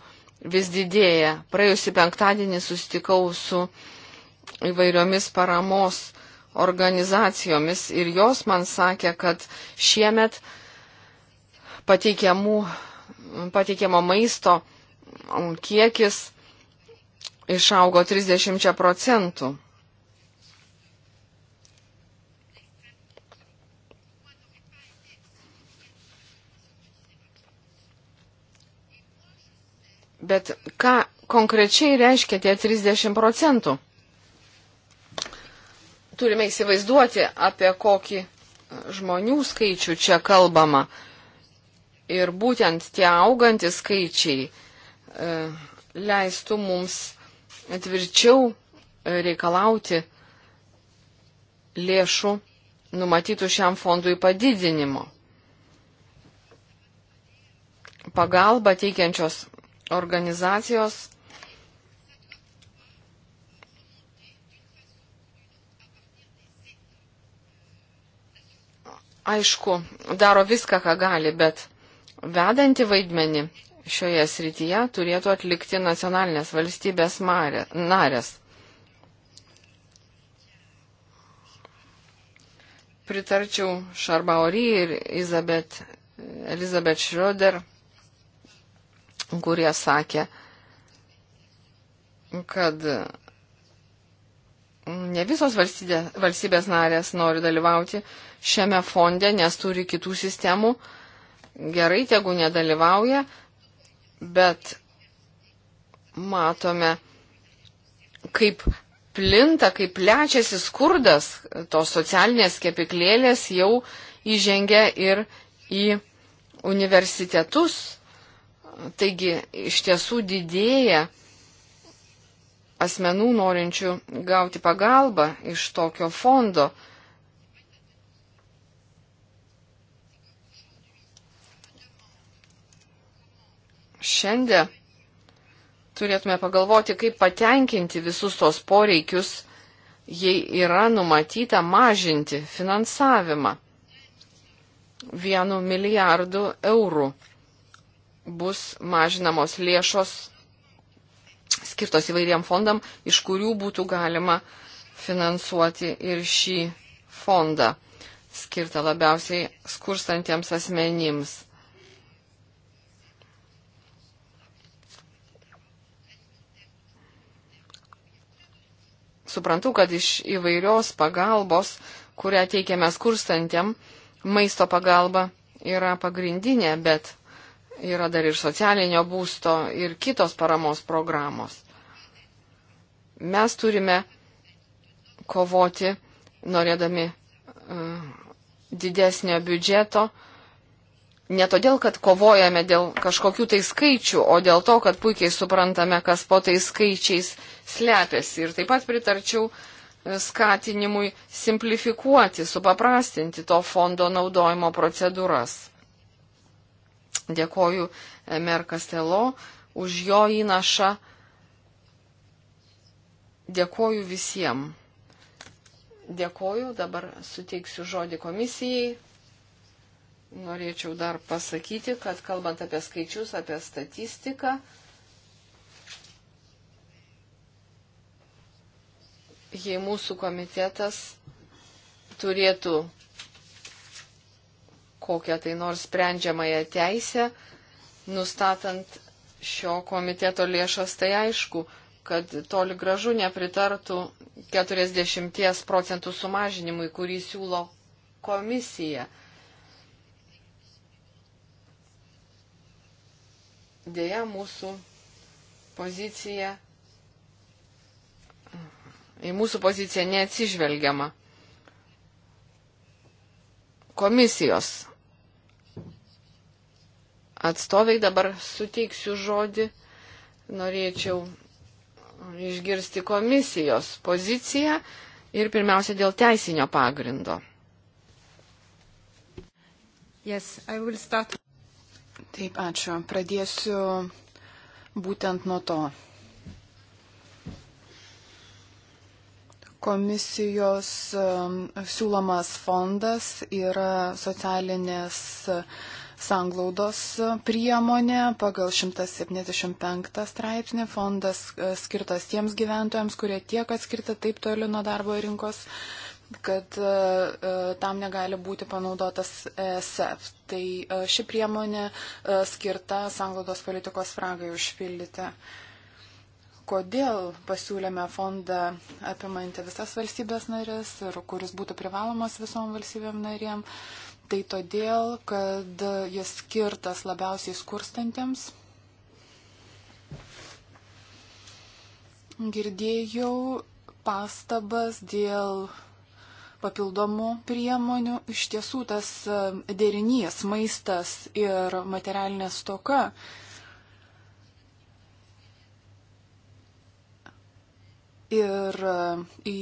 vis didėja. Praėjusį penktadienį sustikau su uh, įvairiomis paramos organizacijomis ir jos man sakė, kad šiemet pateikiamų, pateikiamo maisto kiekis išaugo 30 procentų. Bet ką konkrečiai reiškia tie 30 procentų? turime įsivaizduoti, apie kokį žmonių skaičių čia kalbama. Ir būtent tie augantys skaičiai e, leistų mums tvirčiau reikalauti lėšų numatytų šiam fondui padidinimo. Pagalba teikiančios organizacijos aišku, daro viską, ką gali, bet vedanti vaidmenį šioje srityje turėtų atlikti nacionalinės valstybės marė, narės. Pritarčiau Šarbaori ir Elizabeth, Elizabeth Schroeder, kurie sakė, kad ne visos valstybė, valstybės narės nori dalyvauti šiame fonde, nes turi kitų sistemų. Gerai, tegu nedalyvauja, bet matome, kaip plinta, kaip plečiasi skurdas, tos socialinės kepiklėlės jau įžengia ir į universitetus. Taigi iš tiesų didėja asmenų norinčių gauti pagalbą iš tokio fondo. Šiandien turėtume pagalvoti, kaip patenkinti visus tos poreikius, jei yra numatyta mažinti finansavimą. Vienu milijardu eurų bus mažinamos lėšos skirtos įvairiam fondam, iš kurių būtų galima finansuoti ir šį fondą, skirtą labiausiai skurstantiems asmenims. Suprantu, kad iš įvairios pagalbos, kurią teikiame skurstantiem, maisto pagalba yra pagrindinė, bet yra dar ir socialinio būsto ir kitos paramos programos mes turime kovoti, norėdami uh, didesnio biudžeto, ne todėl, kad kovojame dėl kažkokių tai skaičių, o dėl to, kad puikiai suprantame, kas po tais skaičiais slepiasi. Ir taip pat pritarčiau e, skatinimui simplifikuoti, supaprastinti to fondo naudojimo procedūras. Dėkoju Merkastelo už jo įnašą Dėkoju visiems. Dėkoju, dabar suteiksiu žodį komisijai. Norėčiau dar pasakyti, kad kalbant apie skaičius, apie statistiką, jei mūsų komitetas turėtų kokią tai nors sprendžiamąją teisę, nustatant šio komiteto lėšas, tai aišku, kad toli gražu nepritartų 40 procentų sumažinimui, kurį siūlo komisija. Dėja, mūsų pozicija, į mūsų poziciją neatsižvelgiama. Komisijos atstoviai dabar suteiksiu žodį norėčiau išgirsti komisijos poziciją ir pirmiausia dėl teisinio pagrindo. Yes, Taip, ačiū. Pradėsiu būtent nuo to. Komisijos um, siūlomas fondas yra socialinės uh, sanglaudos priemonė pagal 175 straipsnį fondas e, skirtas tiems gyventojams, kurie tiek atskirti taip toli nuo darbo rinkos, kad e, e, tam negali būti panaudotas ESF. Tai ši priemonė skirta sanglaudos politikos fragai užpildyti kodėl pasiūlėme fondą apimantį visas valstybės narės ir kuris būtų privalomas visom valstybėm narėm. Tai todėl, kad jis skirtas labiausiai skurstantiems. Girdėjau pastabas dėl papildomų priemonių. Iš tiesų tas e, derinys maistas ir materialinė stoka ir e, į,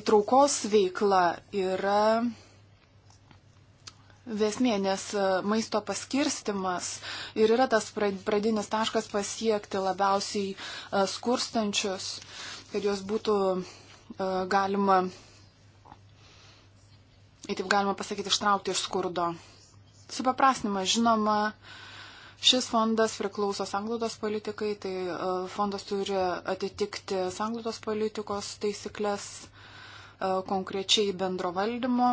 įtraukos veikla yra Vesmė, nes e, maisto paskirstimas ir yra tas pradinis taškas pasiekti labiausiai e, skurstančius, kad juos būtų e, galima, taip galima pasakyti, ištraukti iš skurdo. Supaprasnimas, žinoma, Šis fondas priklauso sanglaudos politikai, tai fondas turi atitikti sanglaudos politikos taisyklės. E, konkrečiai bendro valdymo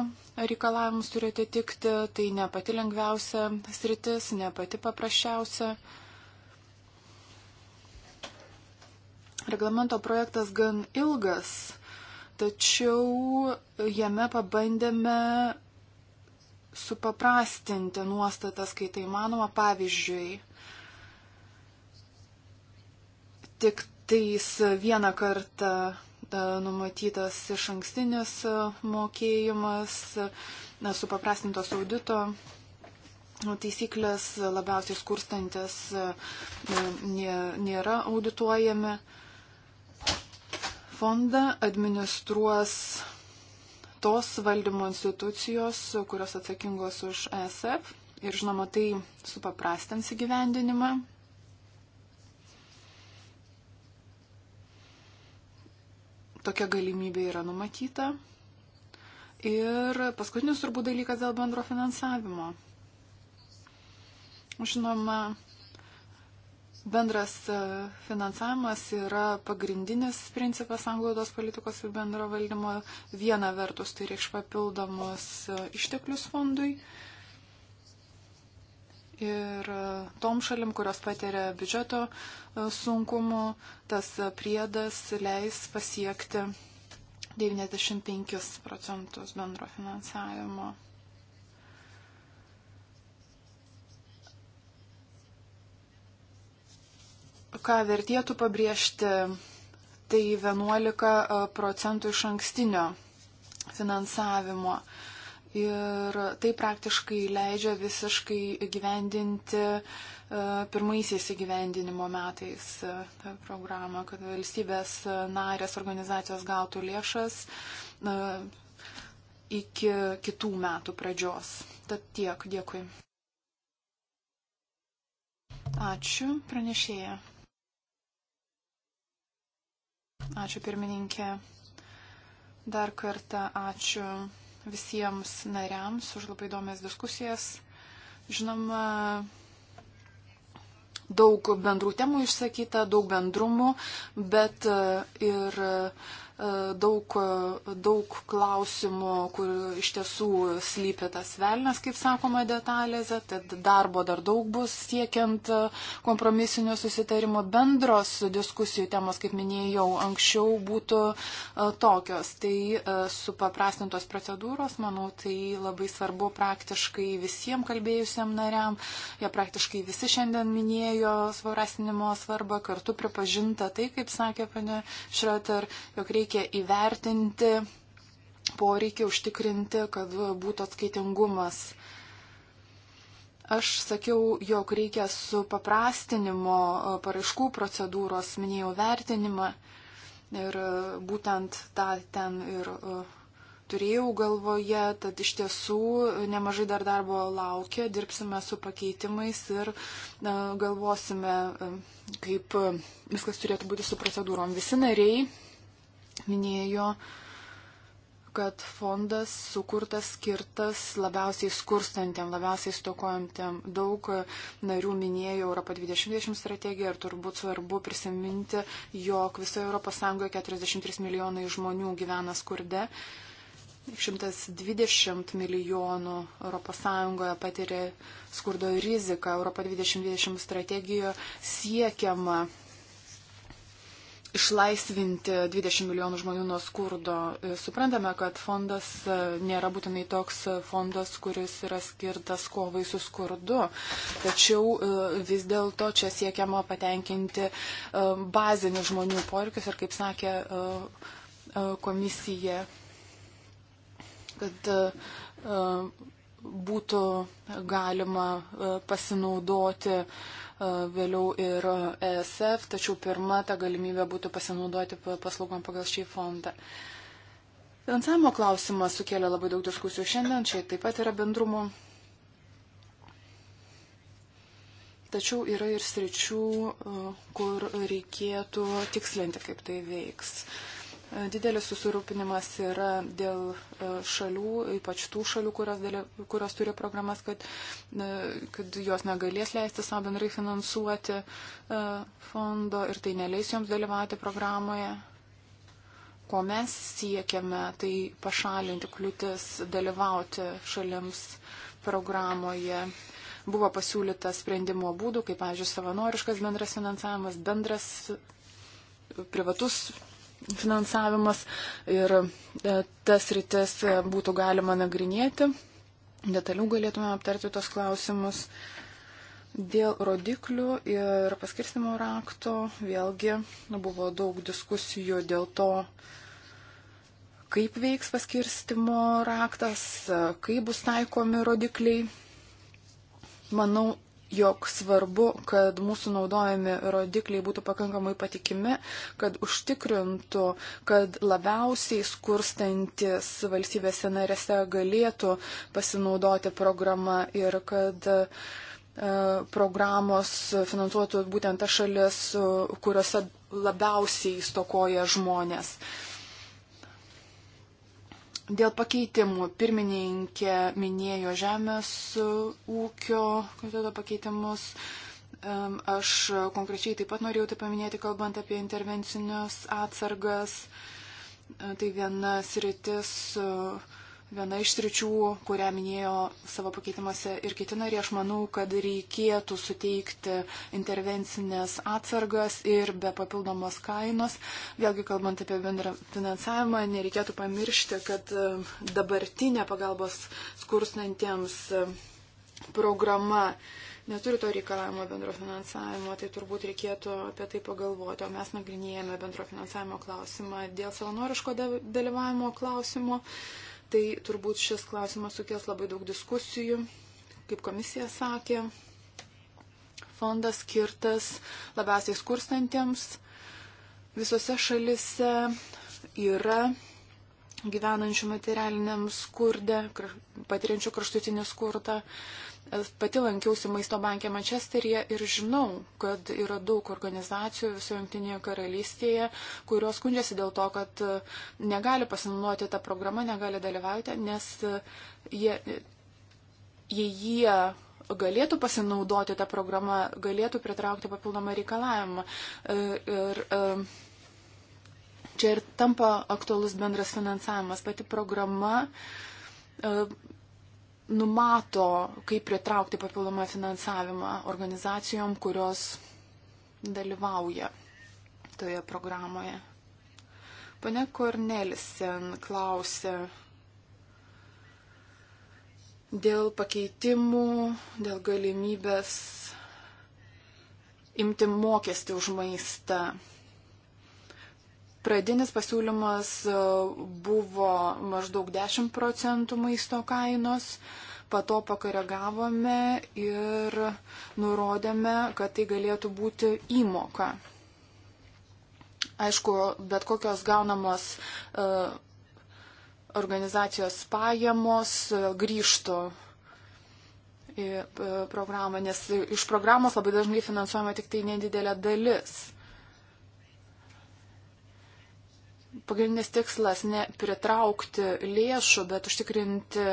reikalavimus turi atitikti. Tai ne pati lengviausia sritis, ne pati paprasčiausia. Reglamento projektas gan ilgas, tačiau jame pabandėme supaprastinti nuostatas, kai tai manoma, pavyzdžiui, tik tais vieną kartą E, numatytas iš ankstinis e, mokėjimas, e, supaprastintos audito taisyklės labiausiai skurstantis nėra audituojami. Fondą administruos tos valdymo institucijos, kurios atsakingos už ESF ir žinoma tai supaprastins įgyvendinimą tokia galimybė yra numatyta. Ir paskutinis turbūt dalykas dėl bendro finansavimo. Žinoma, bendras e, finansavimas yra pagrindinis principas anglodos politikos ir bendro valdymo. Viena vertus tai reikš papildomus e, išteklius fondui, Ir e, tom šalim, kurios patiria biudžeto e, sunkumų, tas priedas leis pasiekti 95 procentus bendro finansavimo. Ką vertėtų pabrėžti, tai 11 e, procentų iš ankstinio finansavimo. Ir tai praktiškai leidžia visiškai gyvendinti e, pirmaisiais įgyvendinimo metais e, programą, kad valstybės narės organizacijos gautų lėšas e, iki kitų metų pradžios. Tad tiek, dėkui. Ačiū, pranešėja. Ačiū, pirmininkė. Dar kartą ačiū visiems nariams už labai įdomias diskusijas. Žinoma, daug bendrų temų išsakyta, daug bendrumų, bet e, ir uh, daug, daug klausimų, kur iš tiesų slypi tas velnas, kaip sakoma, detalėse, tad darbo dar daug bus siekiant kompromisinio susitarimo bendros diskusijų temos, kaip minėjau, anksčiau būtų e, tokios. Tai e, supaprastintos procedūros, manau, tai labai svarbu praktiškai visiems kalbėjusiem nariam. Jie ja, praktiškai visi šiandien minėjo svarastinimo svarbą, kartu pripažinta tai, kaip sakė pane Šrater, jog reikia reikia įvertinti poreikį užtikrinti, kad būtų atskaitingumas. Aš sakiau, jog reikia su paprastinimo e, paraiškų procedūros, minėjau vertinimą ir e, būtent tą ten ir e, turėjau galvoje, tad iš tiesų nemažai dar darbo laukia, dirbsime su pakeitimais ir galvosime, kaip viskas turėtų būti su procedūrom. Visi nariai minėjo, kad fondas sukurtas skirtas labiausiai skurstantiem, labiausiai stokojantiem. Daug narių minėjo Europą 2020 strategiją ir turbūt svarbu prisiminti, jog visoje ES 43 milijonai žmonių gyvena skurde. 120 milijonų ES patiria skurdo riziką. Europą 2020 strategijoje siekiama išlaisvinti 20 milijonų žmonių nuo skurdo. E, suprantame, kad fondas e, nėra būtinai toks fondas, kuris yra skirtas kovai su skurdu, tačiau e, vis dėlto čia siekiama patenkinti bazinius žmonių poreikius ir, kaip sakė komisija, kad būtų galima pasinaudoti uh, vėliau ir ESF, tačiau pirma ta galimybė būtų pasinaudoti paslaugom pagal šį fondą. Finansavimo klausimas sukėlė labai daug diskusijų šiandien, čia taip pat yra bendrumų. Tačiau yra ir sričių, kur reikėtų tikslinti, kaip tai veiks. Uh, E, didelis susirūpinimas yra dėl e, šalių, ypač tų šalių, kurios, dėlė, kurios turi programas, kad, kad jos negalės leisti savo bendrai finansuoti e, fondo ir tai neleis joms dalyvauti programoje. Ko mes siekiame, tai pašalinti kliūtis dalyvauti šalims programoje buvo pasiūlyta sprendimo būdų, kaip, pavyzdžiui, savanoriškas bendras finansavimas, bendras privatus finansavimas ir e, tas rytis e, būtų galima nagrinėti. Detaliau galėtume aptarti tos klausimus. Dėl rodiklių ir paskirstimo rakto vėlgi buvo daug diskusijų dėl to, kaip veiks paskirstimo raktas, e, kaip bus taikomi rodikliai. Manau, jog svarbu, kad mūsų naudojami rodikliai būtų pakankamai patikimi, kad užtikrintų, kad labiausiai skurstantis valstybėse narėse galėtų pasinaudoti programą ir kad e, programos finansuotų būtent tas šalis, kuriuose labiausiai stokoja žmonės. Uh, Dėl pakeitimų pirmininkė minėjo žemės ūkio komiteto pakeitimus. Aš konkrečiai taip pat norėjau tai paminėti, kalbant apie intervencinius atsargas. E, tai viena sritis. Uh, viena iš sričių, kurią minėjo savo pakeitimuose ir kiti nariai, aš manau, kad reikėtų suteikti intervencinės atsargas ir be papildomos kainos. Vėlgi, kalbant apie bendrą finansavimą, nereikėtų pamiršti, kad e, dabartinė pagalbos skursnantiems e, programa neturi to reikalavimo bendro finansavimo, tai turbūt reikėtų apie tai pagalvoti, o mes nagrinėjame bendro finansavimo klausimą dėl savanoriško dalyvavimo klausimo. Uh, tai turbūt šis klausimas sukės labai daug diskusijų. Kaip komisija sakė, fondas skirtas labiausiai skurstantiems. Visose šalise yra gyvenančių materialiniam skurdė, patiriančių kraštutinį skurdą. Pati lankiausi maisto bankė Mančesteryje ir žinau, kad yra daug organizacijų viso Junktinėje karalystėje, kurios skundžiasi dėl to, kad e, negali pasinaudoti tą programą, negali dalyvauti, nes e, jie, jei jie galėtų pasinaudoti tą programą, galėtų pritraukti papildomą reikalavimą. E, ir, ir, čia ir tampa aktualus bendras finansavimas. Pati programa numato, kaip pritraukti papildomą finansavimą organizacijom, kurios dalyvauja toje programoje. Pane Kornelisen klausė dėl pakeitimų, dėl galimybės imti mokestį už maistą. Pradinis pasiūlymas e, buvo maždaug 10 procentų maisto kainos, pato pakoregavome ir nurodėme, kad tai galėtų būti įmoka. Aišku, bet kokios gaunamos e, organizacijos pajamos e, grįžtų į programą, nes iš programos labai dažnai finansuojama tik tai nedidelė dalis. pagrindinis tikslas ne pritraukti lėšų, bet užtikrinti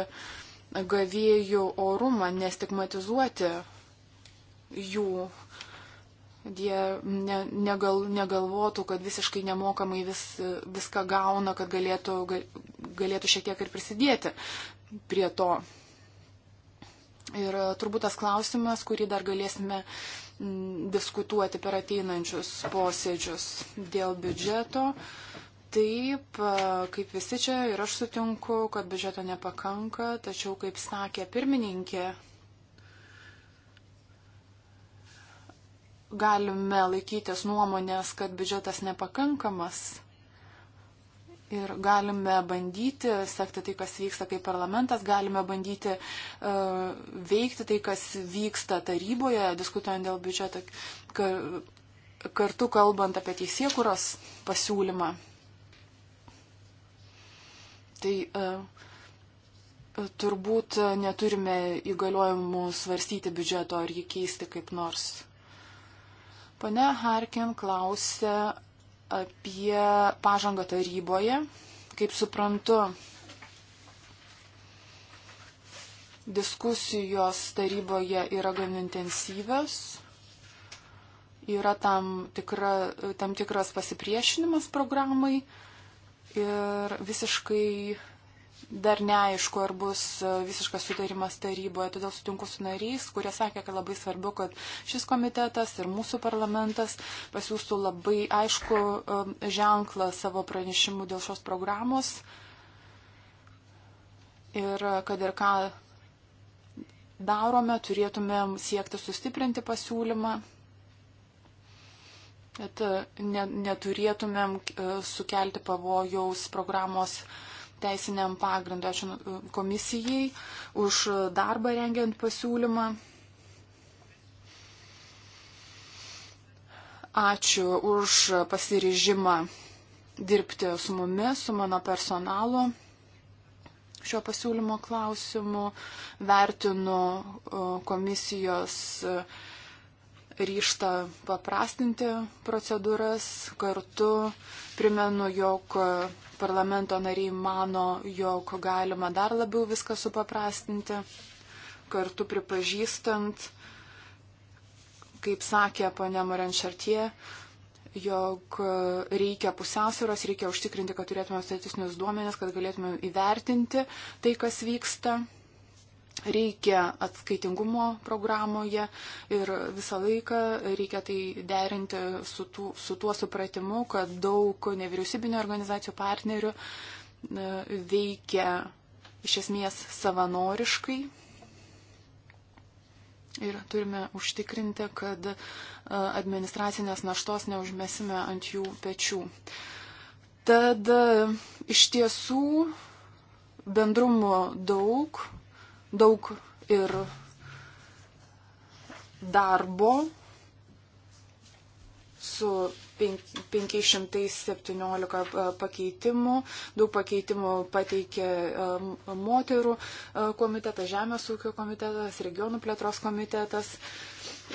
gavėjų orumą, nestigmatizuoti jų. Jie ne, negal, negalvotų, kad visiškai nemokamai vis, viską gauna, kad galėtų, galėtų šiek tiek ir prisidėti prie to. Ir turbūt tas klausimas, kurį dar galėsime mm, diskutuoti per ateinančius posėdžius dėl biudžeto, Taip, e, kaip visi čia ir aš sutinku, kad biudžeto nepakanka, tačiau, kaip sakė pirmininkė, galime laikytis nuomonės, kad biudžetas nepakankamas ir galime bandyti sekti tai, kas vyksta kaip parlamentas, galime bandyti uh, veikti tai, kas vyksta taryboje, diskutuojant dėl biudžeto, ka, kartu kalbant apie teisėkuros pasiūlymą. Tai e, e, turbūt neturime įgaliojimų svarstyti biudžeto ar jį keisti kaip nors. Pane Harkin klausė apie pažangą taryboje. Kaip suprantu, diskusijos taryboje yra gan intensyvios yra tam, tikra, tam tikras pasipriešinimas programai, ir visiškai dar neaišku, ar bus visiškas sutarimas taryboje. Todėl sutinku su nariais, kurie sakė, kad labai svarbu, kad šis komitetas ir mūsų parlamentas pasiūstų labai aišku um, ženklą savo pranešimų dėl šios programos. Ir kad ir ką darome, turėtumėm siekti sustiprinti pasiūlymą kad e, ne, neturėtumėm e, sukelti pavojaus programos teisiniam pagrindu. Ačiū e, komisijai už darbą rengiant pasiūlymą. Ačiū už pasiryžimą dirbti su mumis, su mano personalu šio pasiūlymo klausimu. Vertinu komisijos uh, ryštą paprastinti procedūras. Kartu primenu, jog parlamento nariai mano, jog galima dar labiau viską supaprastinti. Kartu pripažįstant, kaip sakė ponia Morenšartie, jog reikia pusiausvėros, reikia užtikrinti, kad turėtume statistinius duomenis, kad galėtume įvertinti tai, kas vyksta reikia atskaitingumo programoje ir visą laiką reikia tai derinti su, tų, su tuo supratimu, kad daug nevyriausybinio organizacijų partnerių e, veikia iš esmės savanoriškai. Ir turime užtikrinti, kad e, administracinės naštos neužmesime ant jų pečių. Tad e, iš tiesų bendrumo daug, daug ir darbo su 517 e, pakeitimų, daug pakeitimų pateikė e, moterų e, komitetas, Žemės ūkio komitetas, regionų plėtros komitetas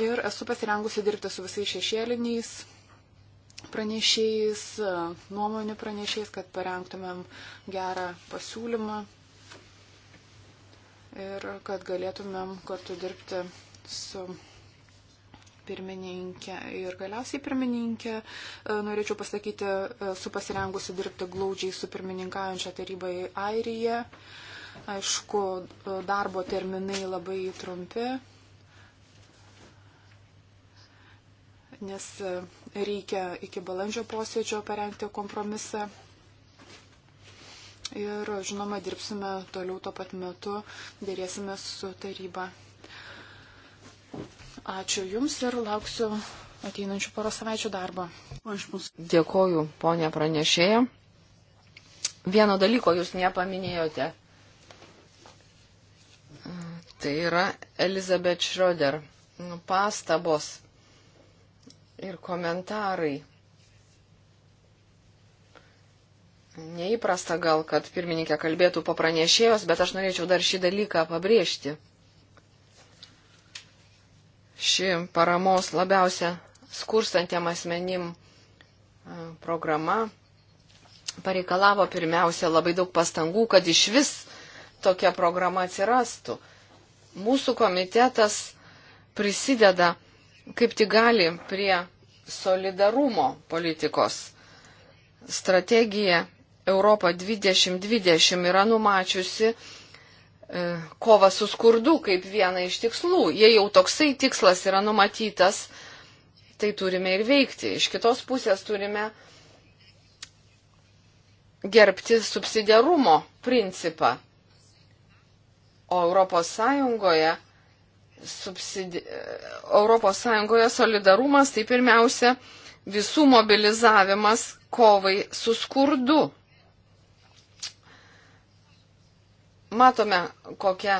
ir esu pasirengusi dirbti su visais šešėliniais pranešėjais, nuomonių pranešėjais, kad parengtumėm gerą pasiūlymą ir kad galėtumėm kartu dirbti su pirmininkė. Ir galiausiai pirmininkė, e, norėčiau pasakyti, e, su pasirengusi dirbti glaudžiai su pirmininkaujančia tarybai Airija. Aišku, e, darbo terminai labai trumpi, nes reikia iki balandžio posėdžio parengti kompromisą ir, žinoma, dirbsime toliau tuo pat metu, dėrėsime su taryba. Ačiū Jums ir lauksiu ateinančių poros savaičių darbo. Dėkoju, ponė pranešėja. Vieno dalyko Jūs nepaminėjote. Tai yra Elizabeth Schroeder nu, pastabos ir komentarai neįprasta gal, kad pirmininkė kalbėtų po pranešėjos, bet aš norėčiau dar šį dalyką pabrėžti. Ši paramos labiausia skurstantiem asmenim e, programa pareikalavo pirmiausia labai daug pastangų, kad iš vis tokia programa atsirastų. Mūsų komitetas prisideda kaip tik gali prie solidarumo politikos strategija Europa 2020 yra numačiusi e, kova su skurdu kaip vieną iš tikslų. Jei jau toksai tikslas yra numatytas, tai turime ir veikti. Iš kitos pusės turime gerbti subsidiarumo principą. O Europos Sąjungoje, subsidi... Europos Sąjungoje solidarumas tai pirmiausia visų mobilizavimas kovai su skurdu. Matome, kokia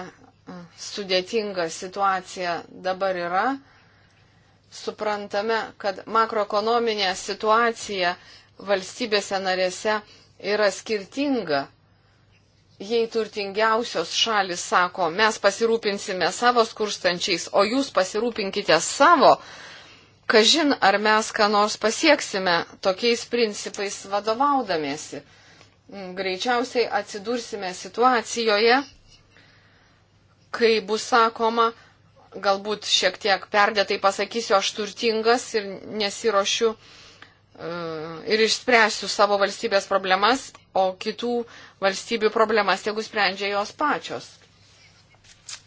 sudėtinga situacija dabar yra. Suprantame, kad makroekonominė situacija valstybėse narėse yra skirtinga. Jei turtingiausios šalis sako, mes pasirūpinsime savo skurstančiais, o jūs pasirūpinkite savo, kažin ar mes ką nors pasieksime tokiais principais vadovaudamiesi greičiausiai atsidursime situacijoje, kai bus sakoma, galbūt šiek tiek perdėtai pasakysiu, aš turtingas ir nesirošiu e, ir išspręsiu savo valstybės problemas, o kitų valstybių problemas tegu sprendžia jos pačios.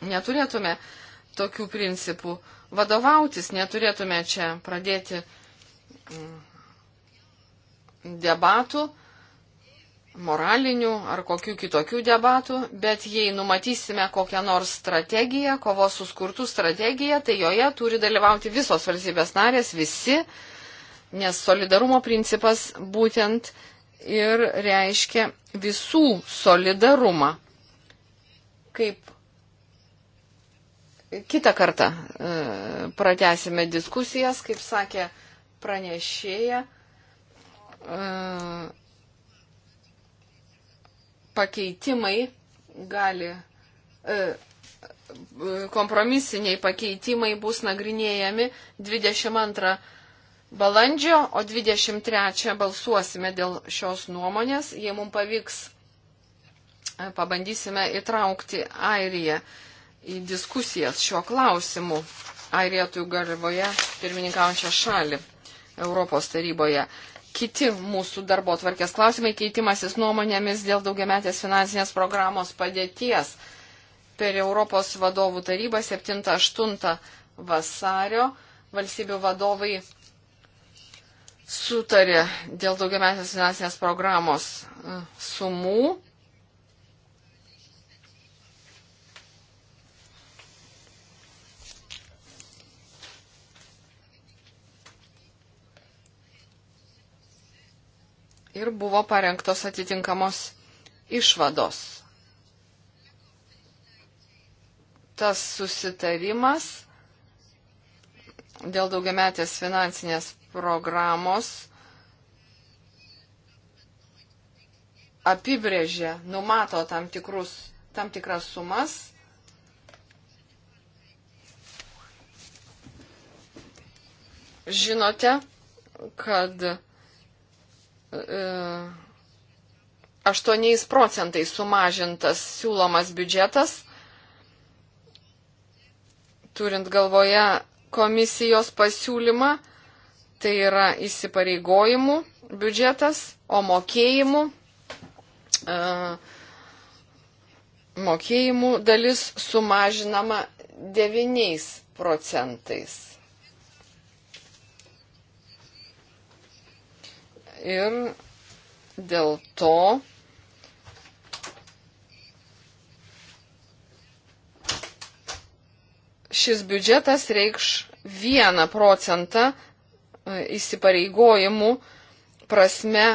Neturėtume tokių principų vadovautis, neturėtume čia pradėti mm, debatų moralinių ar kokių kitokių debatų, bet jei numatysime kokią nors strategiją, kovos su skurtu strategiją, tai joje turi dalyvauti visos valstybės narės, visi, nes solidarumo principas būtent ir reiškia visų solidarumą. Kaip kitą kartą e, pratesime diskusijas, kaip sakė pranešėja e, pakeitimai gali, e, kompromisiniai pakeitimai bus nagrinėjami 22 balandžio, o 23 balsuosime dėl šios nuomonės. Jei mums pavyks, e, pabandysime įtraukti Airiją į diskusijas šiuo klausimu. Airija turi galvoje pirmininkaujančią šalį Europos taryboje kiti mūsų darbo tvarkės klausimai, keitimasis nuomonėmis dėl daugiametės finansinės programos padėties per Europos vadovų tarybą 7-8 vasario valstybių vadovai sutarė dėl daugiametės finansinės programos e, sumų ir buvo parengtos atitinkamos išvados. Tas susitarimas dėl daugiametės finansinės programos apibrėžė, numato tam, tikrus, tam tikras sumas. Žinote, kad 8 e, procentais sumažintas siūlomas biudžetas, turint galvoje komisijos pasiūlymą, tai yra įsipareigojimų biudžetas, o mokėjimų, e, mokėjimų dalis sumažinama 9 procentais. ir dėl to šis biudžetas reikš vieną procentą e, įsipareigojimų prasme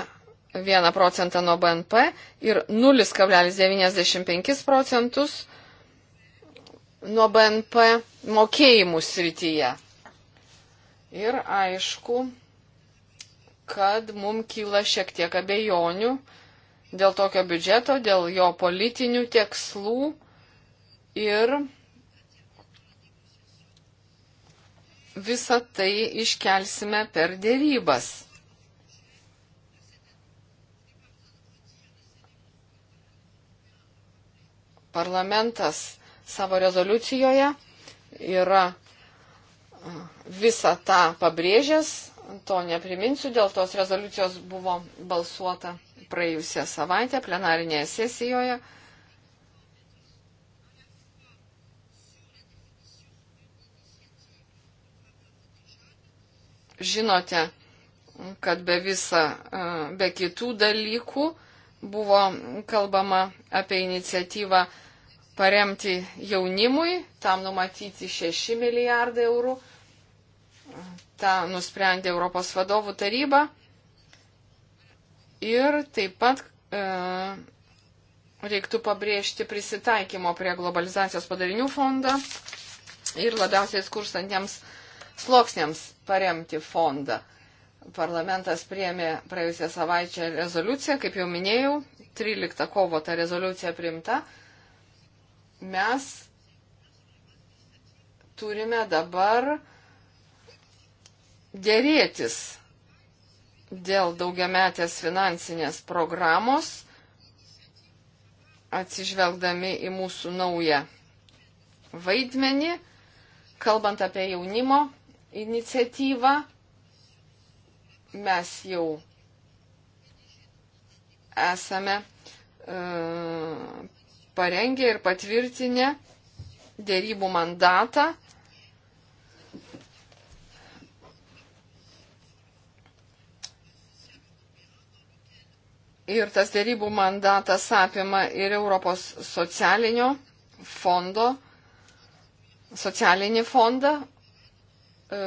1 procentą nuo BNP ir 0,95 procentus nuo BNP mokėjimų srityje. Ir aišku, kad mums kyla šiek tiek abejonių dėl tokio biudžeto, dėl jo politinių tikslų ir visą tai iškelsime per dėrybas. Parlamentas savo rezoliucijoje yra visą tą pabrėžęs, to nepriminsiu, dėl tos rezoliucijos buvo balsuota praėjusią savaitę plenarinėje sesijoje. Žinote, kad be visa, e, be kitų dalykų buvo kalbama apie iniciatyvą paremti jaunimui, tam numatyti 6 milijardai eurų tą nusprendė Europos vadovų taryba. Ir taip pat e, reiktų pabrėžti prisitaikymo prie globalizacijos padarinių fondą ir labiausiai skurstantiems sloksniams paremti fondą. Parlamentas priemė praėjusią savaitę rezoliuciją, kaip jau minėjau, 13 kovo ta rezoliucija priimta. Mes turime dabar uh, dėrėtis dėl daugiametės finansinės programos, atsižvelgdami į mūsų naują vaidmenį, kalbant apie jaunimo iniciatyvą, mes jau esame e, parengę ir patvirtinę dėrybų mandatą Ir tas dėrybų mandatas apima ir Europos socialinio fondo, socialinį fondą, e,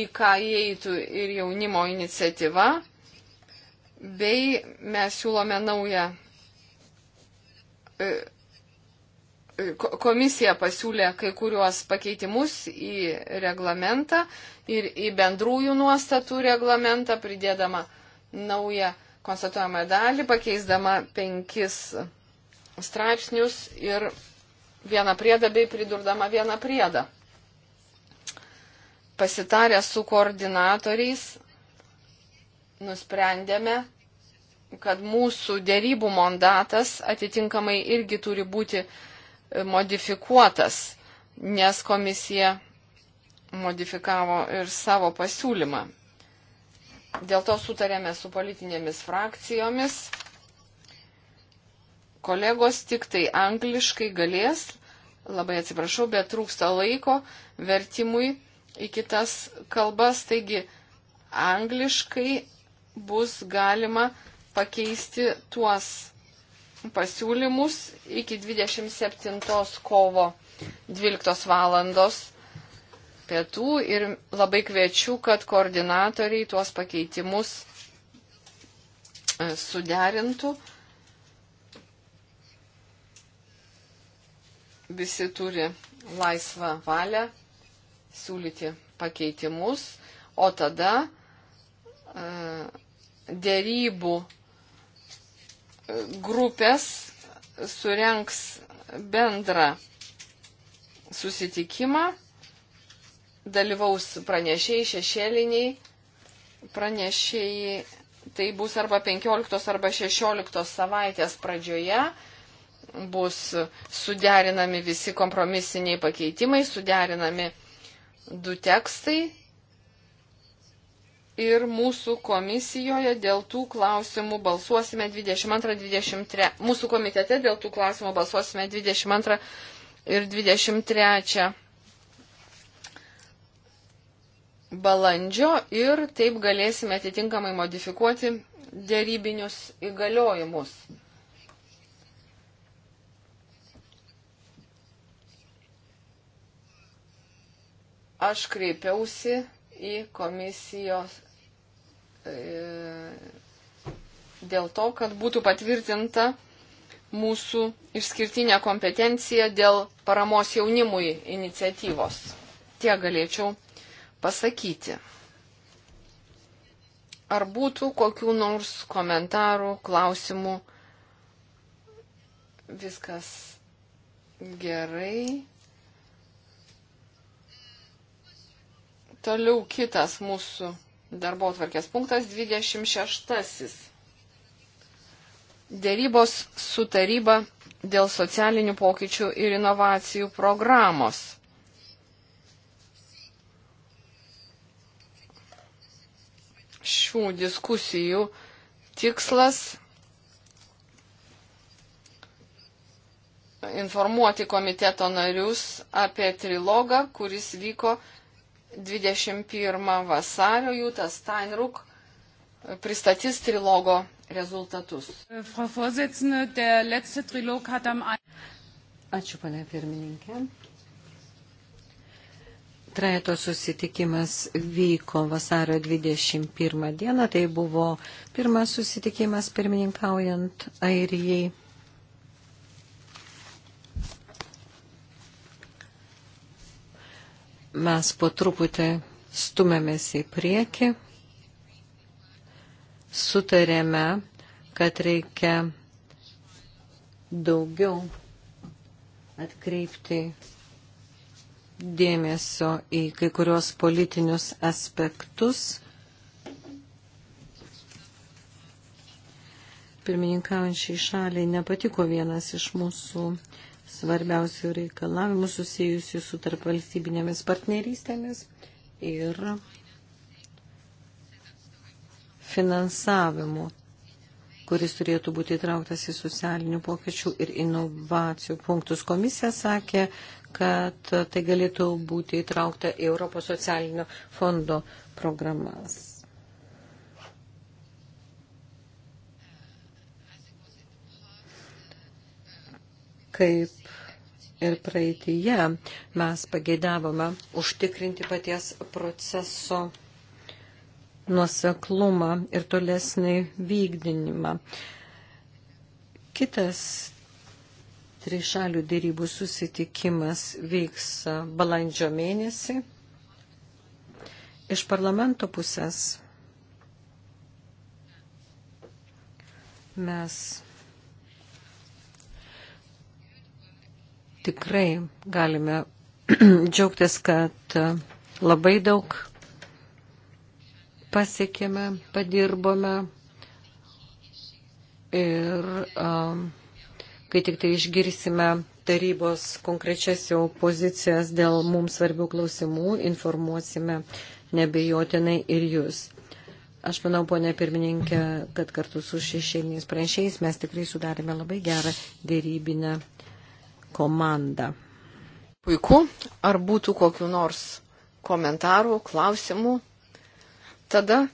į ką įeitų ir jaunimo iniciatyva, bei mes siūlome naują. E, e, komisija pasiūlė kai kuriuos pakeitimus į reglamentą ir į bendrųjų nuostatų reglamentą, pridėdama naują konstatuojamą dalį, pakeisdama penkis straipsnius ir vieną priedą bei pridurdama vieną priedą. Pasitarę su koordinatoriais nusprendėme, kad mūsų dėrybų mandatas atitinkamai irgi turi būti e, modifikuotas, nes komisija modifikavo ir savo pasiūlymą. Dėl to sutarėme su politinėmis frakcijomis. Kolegos tik tai angliškai galės, labai atsiprašau, bet trūksta laiko vertimui į kitas kalbas, taigi angliškai bus galima pakeisti tuos pasiūlymus iki 27 kovo 12 valandos pietų ir labai kviečiu, kad koordinatoriai tuos pakeitimus e, suderintų. Visi turi laisvą valią siūlyti pakeitimus, o tada e, dėrybų e, grupės surenks bendrą susitikimą dalyvaus pranešėjai, šešėliniai pranešėjai. Tai bus arba 15 arba 16 savaitės pradžioje bus suderinami visi kompromisiniai pakeitimai, suderinami du tekstai ir mūsų komisijoje dėl tų klausimų balsuosime 22-23. Mūsų komitete dėl tų klausimų balsuosime 22 ir 23 balandžio ir taip galėsime atitinkamai modifikuoti dėrybinius įgaliojimus. Aš kreipiausi į komisijos e, dėl to, kad būtų patvirtinta mūsų išskirtinė kompetencija dėl paramos jaunimui iniciatyvos. Tie galėčiau pasakyti. Ar būtų kokių nors komentarų, klausimų? Viskas gerai. Toliau kitas mūsų darbo atvarkės punktas 26. Dėrybos su taryba dėl socialinių pokyčių ir inovacijų programos. šių diskusijų tikslas informuoti komiteto narius apie trilogą, kuris vyko 21 vasario, Jūtas Steinruk pristatys trilogo rezultatus. Ačiū, pane pirmininkė. Trejato susitikimas vyko vasario 21 dieną, tai buvo pirmas susitikimas pirmininkaujant Airijai. Mes po truputį stumėmės į priekį, sutarėme, kad reikia daugiau atkreipti dėmesio į kai kurios politinius aspektus. Pirmininkaujančiai šaliai nepatiko vienas iš mūsų svarbiausių reikalavimų susijusių su tarp valstybinėmis partnerystėmis ir finansavimu, kuris turėtų būti įtrauktas į socialinių pokyčių ir inovacijų punktus. Komisija sakė, kad tai galėtų būti įtraukta į Europos socialinio fondo programas. Kaip ir praeitįje mes pageidavome užtikrinti paties proceso nuoseklumą ir tolesnį vykdinimą. Kitas trišalių dėrybų susitikimas vyks balandžio mėnesį. Iš parlamento pusės mes tikrai galime džiaugtis, kad labai daug pasiekėme, padirbome ir um, kai tik tai išgirsime tarybos konkrečias jau pozicijas dėl mums svarbių klausimų, informuosime nebejotinai ir jūs. Aš manau, ponė pirmininkė, kad kartu su šešėliniais pranešėjais mes tikrai sudarėme labai gerą dėrybinę komandą. Puiku, ar būtų kokiu nors komentarų, klausimų? Tada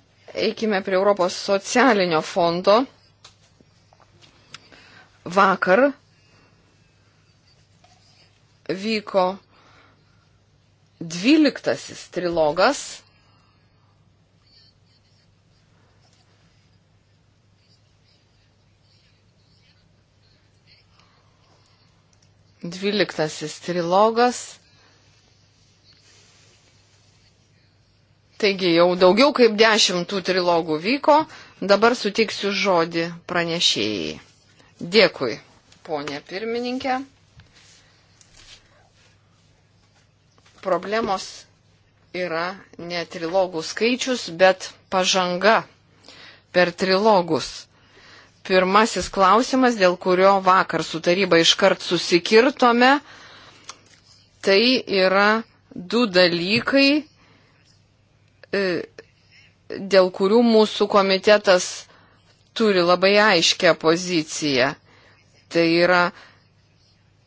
eikime prie Europos socialinio fondo Vakar vyko dvyliktasis trilogas. Dvyliktasis trilogas. Taigi jau daugiau kaip dešimtų trilogų vyko, dabar sutiksiu žodį pranešėjai. Dėkui, ponė pirmininkė. Problemos yra ne trilogų skaičius, bet pažanga per trilogus. Pirmasis klausimas, dėl kurio vakar su taryba iškart susikirtome, tai yra du dalykai, e, dėl kurių mūsų komitetas turi labai aiškę poziciją. Tai yra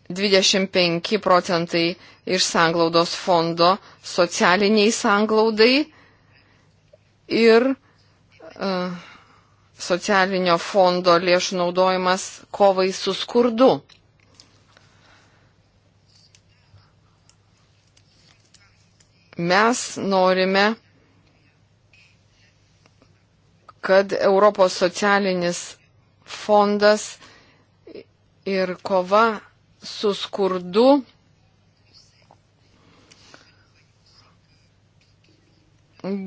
25 procentai iš sanglaudos fondo socialiniai sanglaudai ir uh, socialinio fondo lėšų naudojimas kovai su skurdu. Mes norime kad Europos socialinis fondas ir kova su skurdu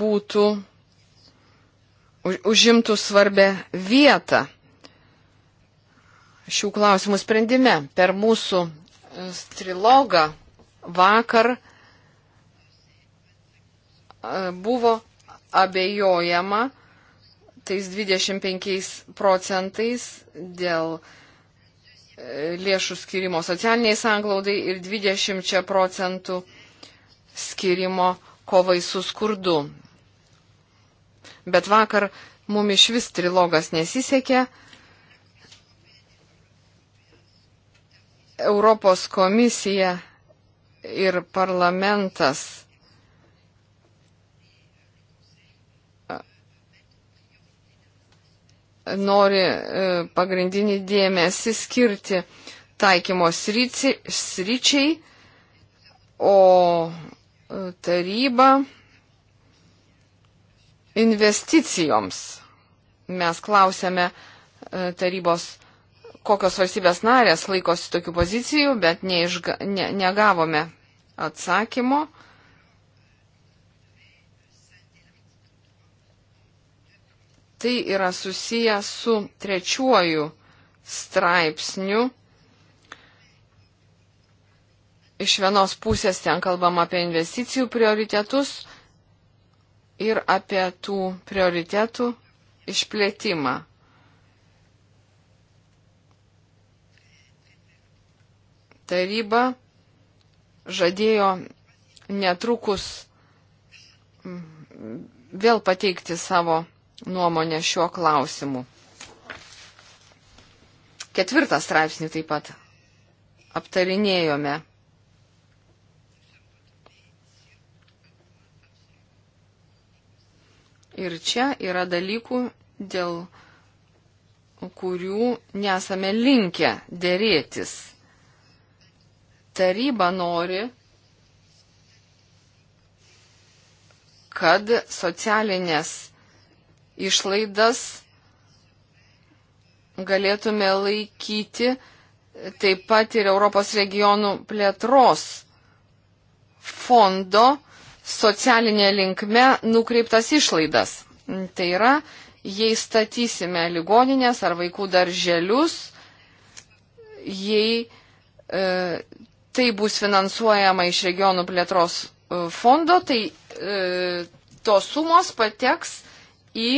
būtų užimtų svarbę vietą šių klausimų sprendime. Per mūsų e, trilogą vakar e, buvo abejojama, tais 25 procentais dėl e, lėšų skirimo socialiniai sanglaudai ir 20 procentų skirimo kovai su skurdu. Bet vakar mum iš vis trilogas nesisekė. Europos komisija ir parlamentas nori e, pagrindinį dėmesį skirti taikymo sryčiai, o e, taryba investicijoms. Mes klausėme e, tarybos, kokios valstybės narės laikosi tokių pozicijų, bet neišga, ne, negavome atsakymo. tai yra susiję su trečiuoju straipsniu. Iš vienos pusės ten kalbam apie investicijų prioritetus ir apie tų prioritetų išplėtimą. Taryba žadėjo netrukus mm, vėl pateikti savo nuomonę šiuo klausimu. Ketvirtą straipsnį taip pat aptarinėjome. Ir čia yra dalykų, dėl kurių nesame linkę dėrėtis. Taryba nori, kad socialinės išlaidas galėtume laikyti taip pat ir Europos regionų plėtros fondo socialinė linkme nukreiptas išlaidas. Tai yra, jei statysime ligoninės ar vaikų darželius, jei e, tai bus finansuojama iš regionų plėtros e, fondo, tai e, tos sumos pateks į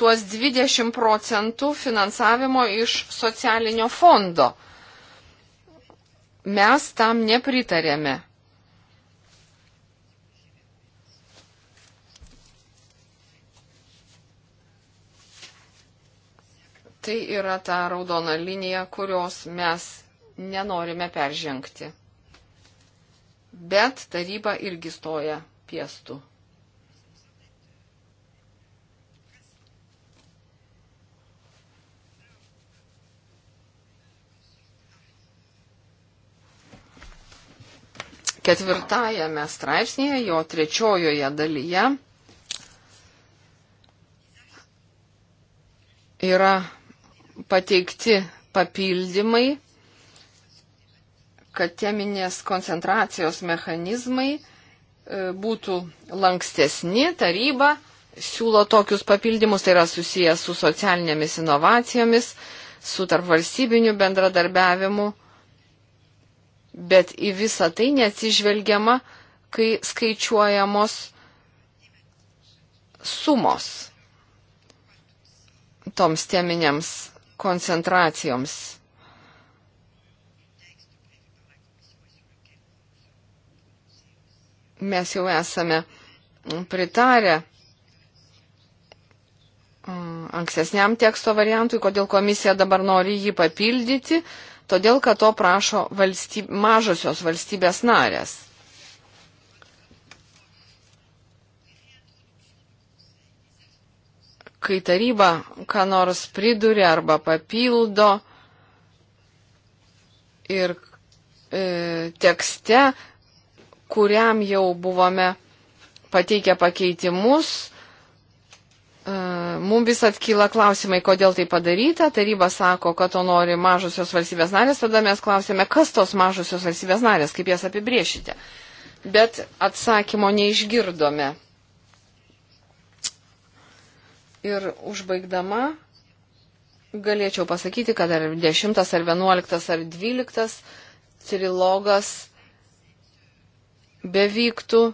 tuos 20 procentų finansavimo iš socialinio fondo. Mes tam nepritarėme. Tai yra ta raudona linija, kurios mes nenorime peržengti. Bet taryba irgi stoja piestų. ketvirtajame straipsnėje, jo trečiojoje dalyje yra pateikti papildymai, kad teminės koncentracijos mechanizmai e, būtų lankstesni, taryba siūlo tokius papildymus, tai yra susijęs su socialinėmis inovacijomis, su tarpvalstybiniu bendradarbiavimu Bet į visą tai neatsižvelgiama, kai skaičiuojamos sumos toms teminėms koncentracijoms. Mes jau esame pritarę mm, ankstesniam teksto variantui, kodėl komisija dabar nori jį papildyti Todėl, kad to prašo valstyb, mažosios valstybės narės. Kai taryba ką nors priduria arba papildo ir e, tekste, kuriam jau buvome pateikę pakeitimus, E, Mums vis atkyla klausimai, kodėl tai padaryta. Taryba sako, kad to nori mažosios valstybės narės, tada mes klausėme, kas tos mažosios valstybės narės, kaip jas apibriešite. Bet atsakymo neišgirdome. Ir užbaigdama galėčiau pasakyti, kad ar 10, ar 11, ar 12 trilogas bevyktų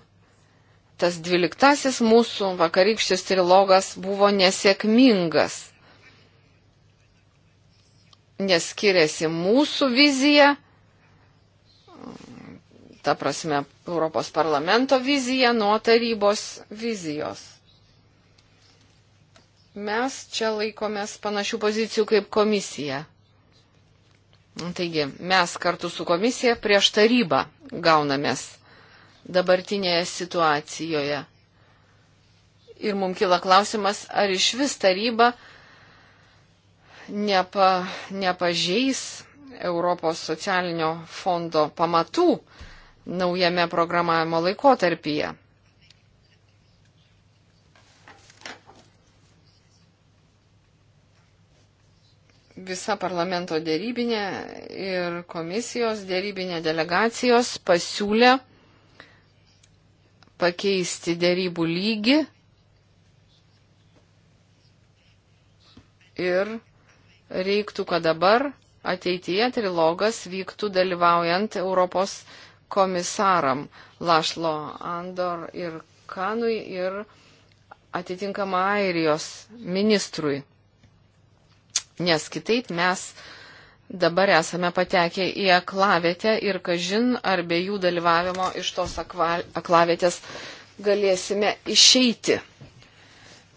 tas dvyliktasis mūsų vakarykštis trilogas buvo nesėkmingas, nes skiriasi mūsų vizija, ta prasme Europos parlamento vizija nuo tarybos vizijos. Mes čia laikomės panašių pozicijų kaip komisija. Taigi, mes kartu su komisija prieš tarybą gaunamės dabartinėje situacijoje. Ir mums kila klausimas, ar iš vis taryba nepa, nepažeis Europos socialinio fondo pamatų naujame programavimo laikotarpyje. visa parlamento dėrybinė ir komisijos dėrybinė delegacijos pasiūlė pakeisti dėrybų lygį ir reiktų, kad dabar ateityje trilogas vyktų dalyvaujant Europos komisaram Lašlo Andor ir Kanui ir atitinkama Airijos ministrui. Nes kitaip mes uh, Dabar esame patekę į aklavietę ir kažin ar be jų dalyvavimo iš tos aklavietės galėsime išeiti.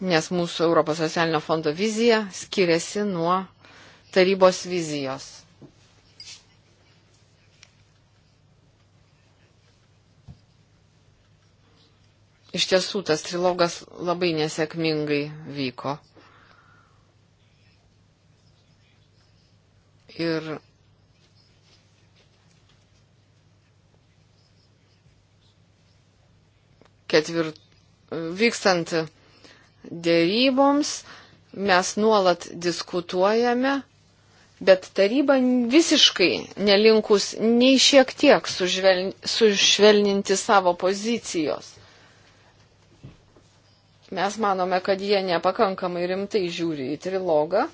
Nes mūsų Europos socialinio fondo vizija skiriasi nuo tarybos vizijos. Iš tiesų, tas trilogas labai nesėkmingai vyko. Ir ketvirt, vykstant dėryboms mes nuolat diskutuojame, bet taryba visiškai nelinkus nei šiek tiek sužveln, sušvelninti savo pozicijos. Mes manome, kad jie nepakankamai rimtai žiūri į trilogą.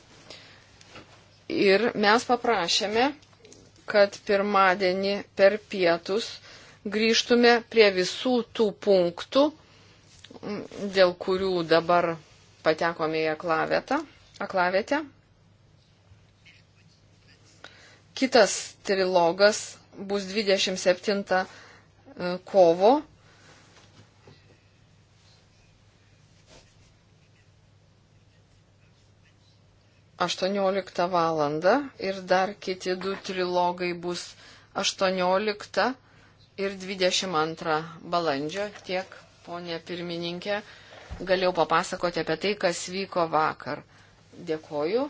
Ir mes paprašėme, kad pirmadienį per pietus grįžtume prie visų tų punktų, dėl kurių dabar patekome į aklavietą. aklavietę. Kitas trilogas bus 27 kovo 18 val. ir dar kiti du trilogai bus 18 ir 22 balandžio. Tiek, ponė pirmininkė, galėjau papasakoti apie tai, kas vyko vakar. Dėkoju.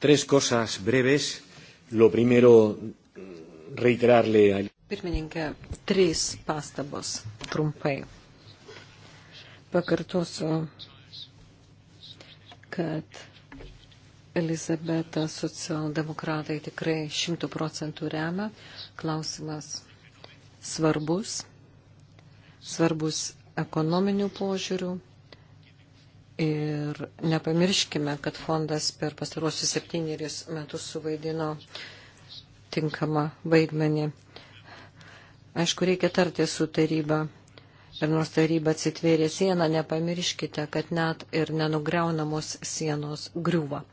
Tres cosas breves. Lo primero, reiterarle. Pirmininkė, trys pastabos trumpai. Pakartosiu, kad Elizabeta socialdemokratai tikrai šimtų procentų remia. Klausimas svarbus, svarbus ekonominių požiūrių. Ir nepamirškime, kad fondas per pastaruosius septynerius metus suvaidino tinkamą vaidmenį. Aišku, reikia tarti su taryba. Ir nors taryba atsitvėrė sieną, nepamirškite, kad net ir nenugriaunamos sienos griūva.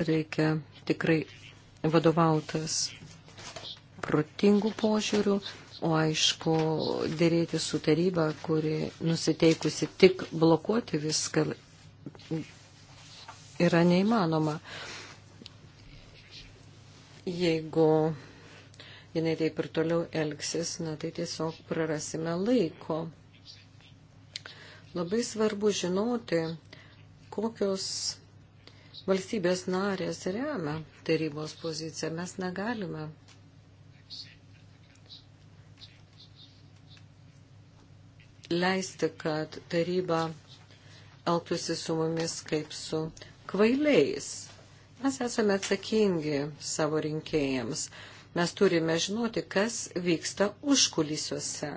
reikia tikrai vadovautas protingų požiūrių, o aišku, dėrėti su taryba, kuri nusiteikusi tik blokuoti viską, yra neįmanoma. Jeigu jinai taip ir toliau elgsis, na tai tiesiog prarasime laiko. Labai svarbu žinoti, kokios valstybės narės remia tarybos poziciją. Mes negalime leisti, kad taryba elgtųsi su mumis kaip su kvailiais. Mes esame atsakingi savo rinkėjams. Mes turime žinoti, kas vyksta užkulisiuose.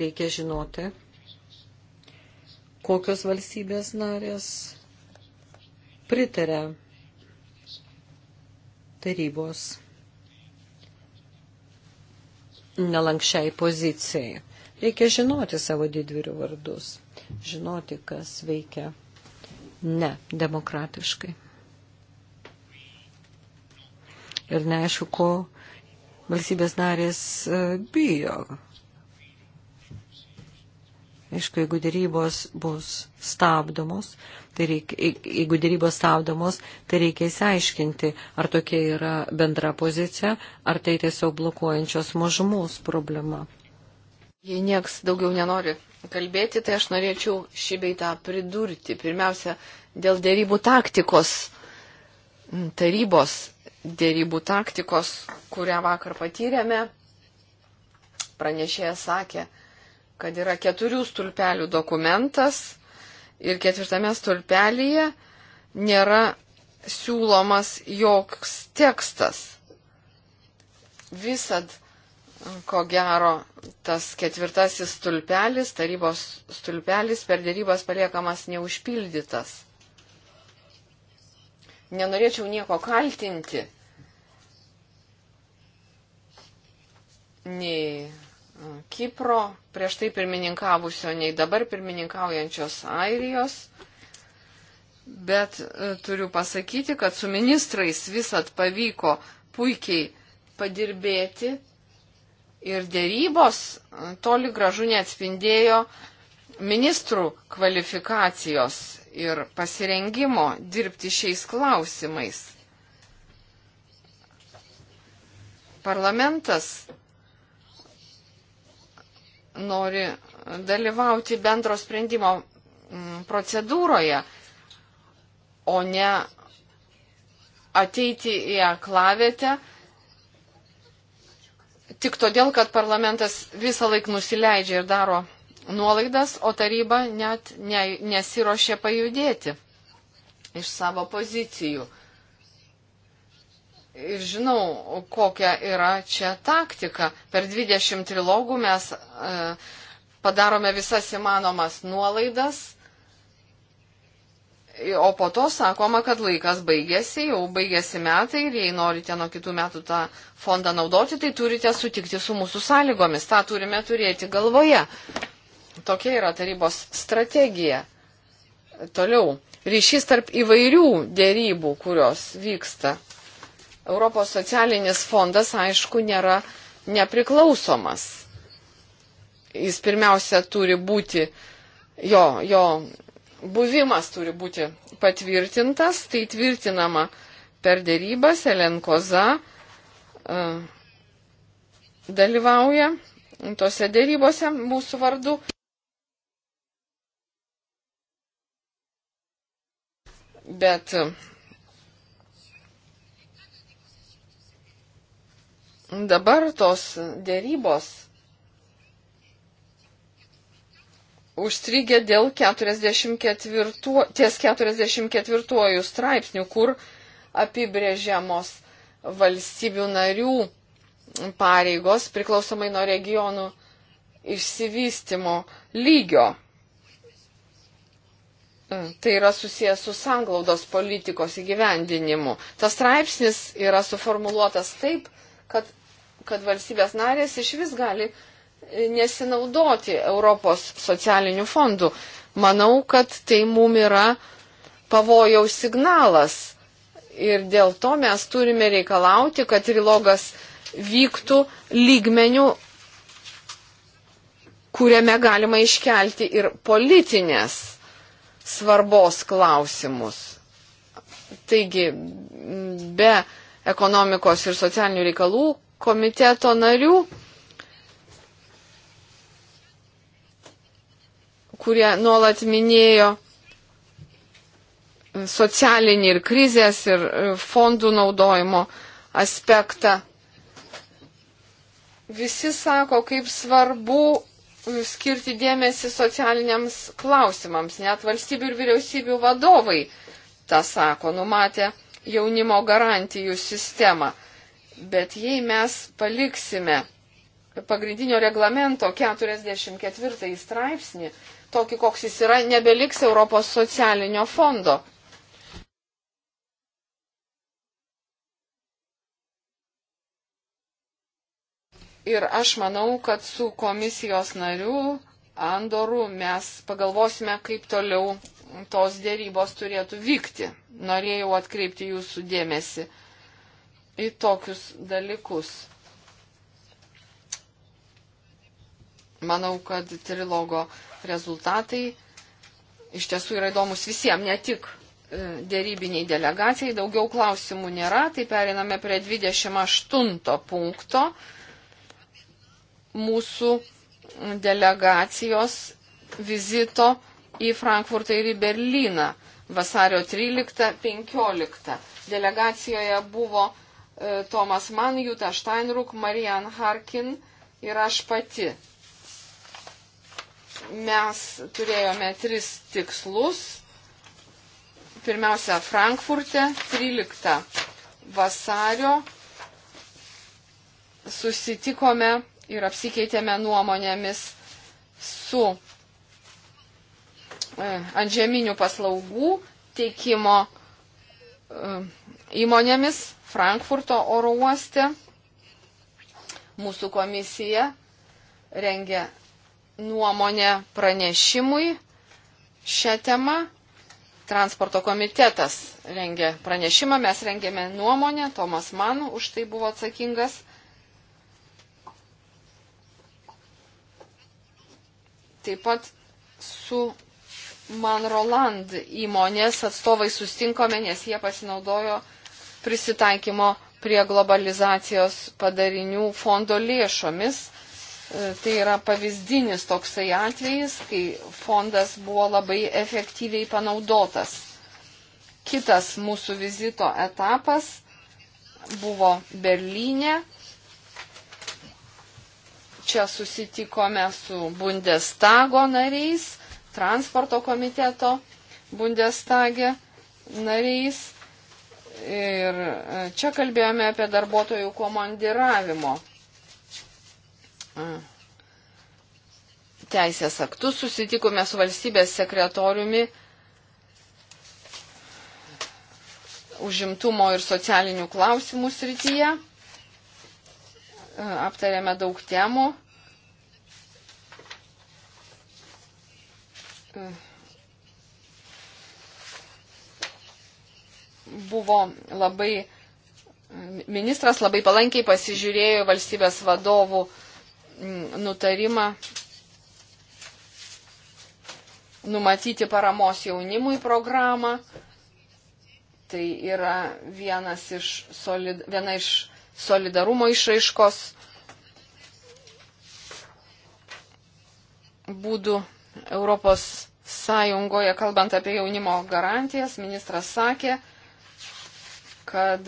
Reikia žinoti, kokios valstybės narės pritarė tarybos nelankščiai pozicijai. Reikia žinoti savo didvirių vardus, žinoti, kas veikia ne demokratiškai. Ir neaišku, ko valstybės narės e, bijo, Aišku, jeigu dėrybos bus stabdomos, tai reikia, jeigu dėrybos stabdomos, tai reikia įsiaiškinti, ar tokia yra bendra pozicija, ar tai tiesiog blokuojančios mažumos problema. Jei nieks daugiau nenori kalbėti, tai aš norėčiau šį beitą pridurti. Pirmiausia, dėl dėrybų taktikos, tarybos dėrybų taktikos, kurią vakar patyrėme, pranešėjas sakė, kad yra keturių stulpelių dokumentas ir ketvirtame stulpelyje nėra siūlomas joks tekstas. Visad, ko gero, tas ketvirtasis stulpelis, tarybos stulpelis per dėrybas paliekamas neužpildytas. Nenorėčiau nieko kaltinti. Nei Kipro, prieš tai pirmininkavusio, nei dabar pirmininkaujančios Airijos. Bet e, turiu pasakyti, kad su ministrais visat pavyko puikiai padirbėti ir dėrybos e, toli gražu neatspindėjo ministrų kvalifikacijos ir pasirengimo dirbti šiais klausimais. Parlamentas nori dalyvauti bendro sprendimo mm, procedūroje, o ne ateiti į aklavietę tik todėl, kad parlamentas visą laiką nusileidžia ir daro nuolaidas, o taryba net ne, nesirošia pajudėti iš savo pozicijų ir žinau, kokia yra čia taktika. Per 20 trilogų mes e, padarome visas įmanomas nuolaidas, o po to sakoma, kad laikas baigėsi, jau baigėsi metai ir jei norite nuo kitų metų tą fondą naudoti, tai turite sutikti su mūsų sąlygomis. Ta turime turėti galvoje. Tokia yra tarybos strategija. Toliau. Ryšys tarp įvairių dėrybų, kurios vyksta Europos socialinis fondas, aišku, nėra nepriklausomas. Jis pirmiausia turi būti, jo, jo buvimas turi būti patvirtintas, tai tvirtinama per dėrybas, Elenkoza uh, e, dalyvauja tose dėrybose mūsų vardu. Bet uh, dabar tos dėrybos užstrigė dėl 44, ties 44 straipsnių, kur apibrėžiamos valstybių narių pareigos priklausomai nuo regionų išsivystimo lygio. Tai yra susijęs su sanglaudos politikos įgyvendinimu. Tas straipsnis yra suformuluotas taip, kad kad valstybės narės iš vis gali nesinaudoti Europos socialinių fondų. Manau, kad tai mum yra pavojaus signalas. Ir dėl to mes turime reikalauti, kad trilogas vyktų lygmenių, kuriame galima iškelti ir politinės svarbos klausimus. Taigi, be ekonomikos ir socialinių reikalų komiteto narių, kurie nuolat minėjo socialinį ir krizės ir fondų naudojimo aspektą. Visi sako, kaip svarbu skirti dėmesį socialiniams klausimams. Net valstybių ir vyriausybių vadovai tą sako, numatė jaunimo garantijų sistemą. Bet jei mes paliksime pagrindinio reglamento 44 straipsnį, tokį koks jis yra, nebeliks Europos socialinio fondo. Ir aš manau, kad su komisijos nariu Andoru mes pagalvosime, kaip toliau tos dėrybos turėtų vykti. Norėjau atkreipti jūsų dėmesį į tokius dalykus. Manau, kad trilogo rezultatai iš tiesų yra įdomus visiems, ne tik e, dėrybiniai delegacijai. Daugiau klausimų nėra, tai periname prie 28 punkto. Mūsų delegacijos vizito į Frankfurtą ir į Berliną vasario 13-15. Delegacijoje buvo E, Tomas Mann, Jutta Steinruk, Marian Harkin ir aš pati. Mes turėjome tris tikslus. Pirmiausia, Frankfurte 13 vasario susitikome ir apsikeitėme nuomonėmis su e, antžeminių paslaugų teikimo e, įmonėmis Frankfurto oro uoste. Mūsų komisija rengia nuomonę pranešimui šią temą. Transporto komitetas rengia pranešimą, mes rengėme nuomonę, Tomas Man už tai buvo atsakingas. Taip pat su Man Roland įmonės atstovai sustinkome, nes jie pasinaudojo prisitaikymo prie globalizacijos padarinių fondo lėšomis. E, tai yra pavyzdinis toksai atvejis, kai fondas buvo labai efektyviai panaudotas. Kitas mūsų vizito etapas buvo Berlyne. Čia susitikome su Bundestago nariais, transporto komiteto Bundestage nariais Ir e, čia kalbėjome apie darbuotojų komandiravimo e, teisės aktus, susitikome su valstybės sekretoriumi užimtumo ir socialinių klausimų srityje, e, aptarėme daug temų. buvo labai, ministras labai palankiai pasižiūrėjo valstybės vadovų mm, nutarimą numatyti paramos jaunimui programą. Tai yra vienas iš solid, viena iš solidarumo išraiškos būdų Europos Sąjungoje, kalbant apie jaunimo garantijas, ministras sakė, kad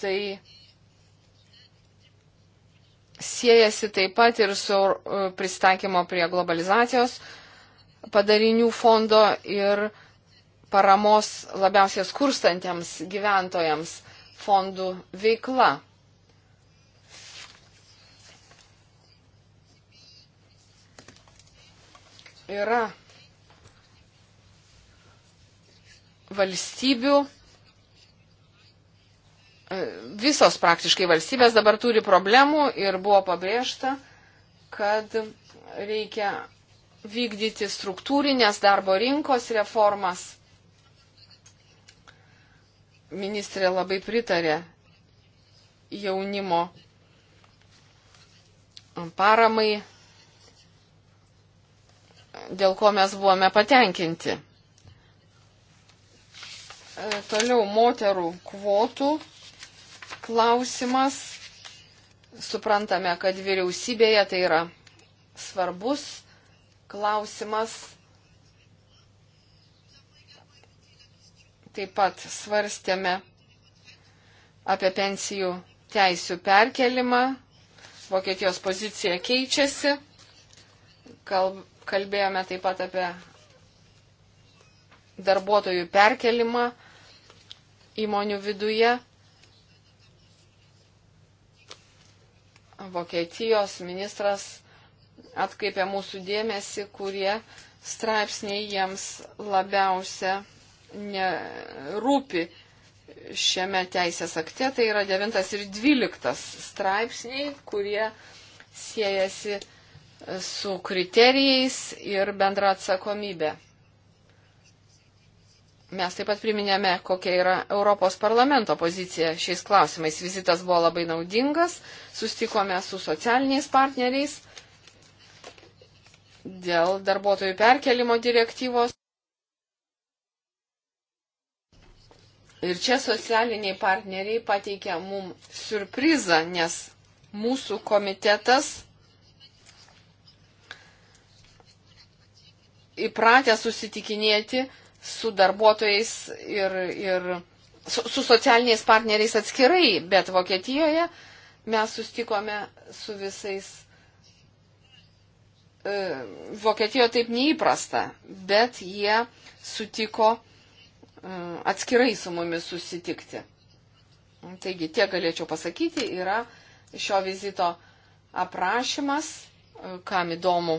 tai siejasi taip pat ir su e, pristatymo prie globalizacijos padarinių fondo ir paramos labiausiai skurstantiems gyventojams fondų veikla. Yra valstybių, e, visos praktiškai valstybės dabar turi problemų ir buvo pabrėžta, kad reikia vykdyti struktūrinės darbo rinkos reformas. Ministrė labai pritarė jaunimo paramai, dėl ko mes buvome patenkinti. E, toliau moterų kvotų klausimas. Suprantame, kad vyriausybėje tai yra svarbus klausimas. Taip pat svarstėme apie pensijų teisių perkelimą. Vokietijos pozicija keičiasi. Kalbėjome taip pat apie darbuotojų perkelimą įmonių viduje. Vokietijos ministras atkreipė mūsų dėmesį, kurie straipsniai jiems labiausia rūpi šiame teisės akte. Tai yra 9 ir 12 straipsniai, kurie siejasi su kriterijais ir bendra atsakomybė. Mes taip pat priminėme, kokia yra Europos parlamento pozicija šiais klausimais. Vizitas buvo labai naudingas, sustikome su socialiniais partneriais dėl darbuotojų perkelimo direktyvos. Ir čia socialiniai partneriai pateikė mum surprizą, nes mūsų komitetas įpratę susitikinėti su darbuotojais ir, ir su, su socialiniais partneriais atskirai, bet Vokietijoje mes sustikome su visais. E, Vokietijoje taip neįprasta, bet jie sutiko e, atskirai su mumis susitikti. Taigi tiek galėčiau pasakyti, yra šio vizito aprašymas, e, kam įdomu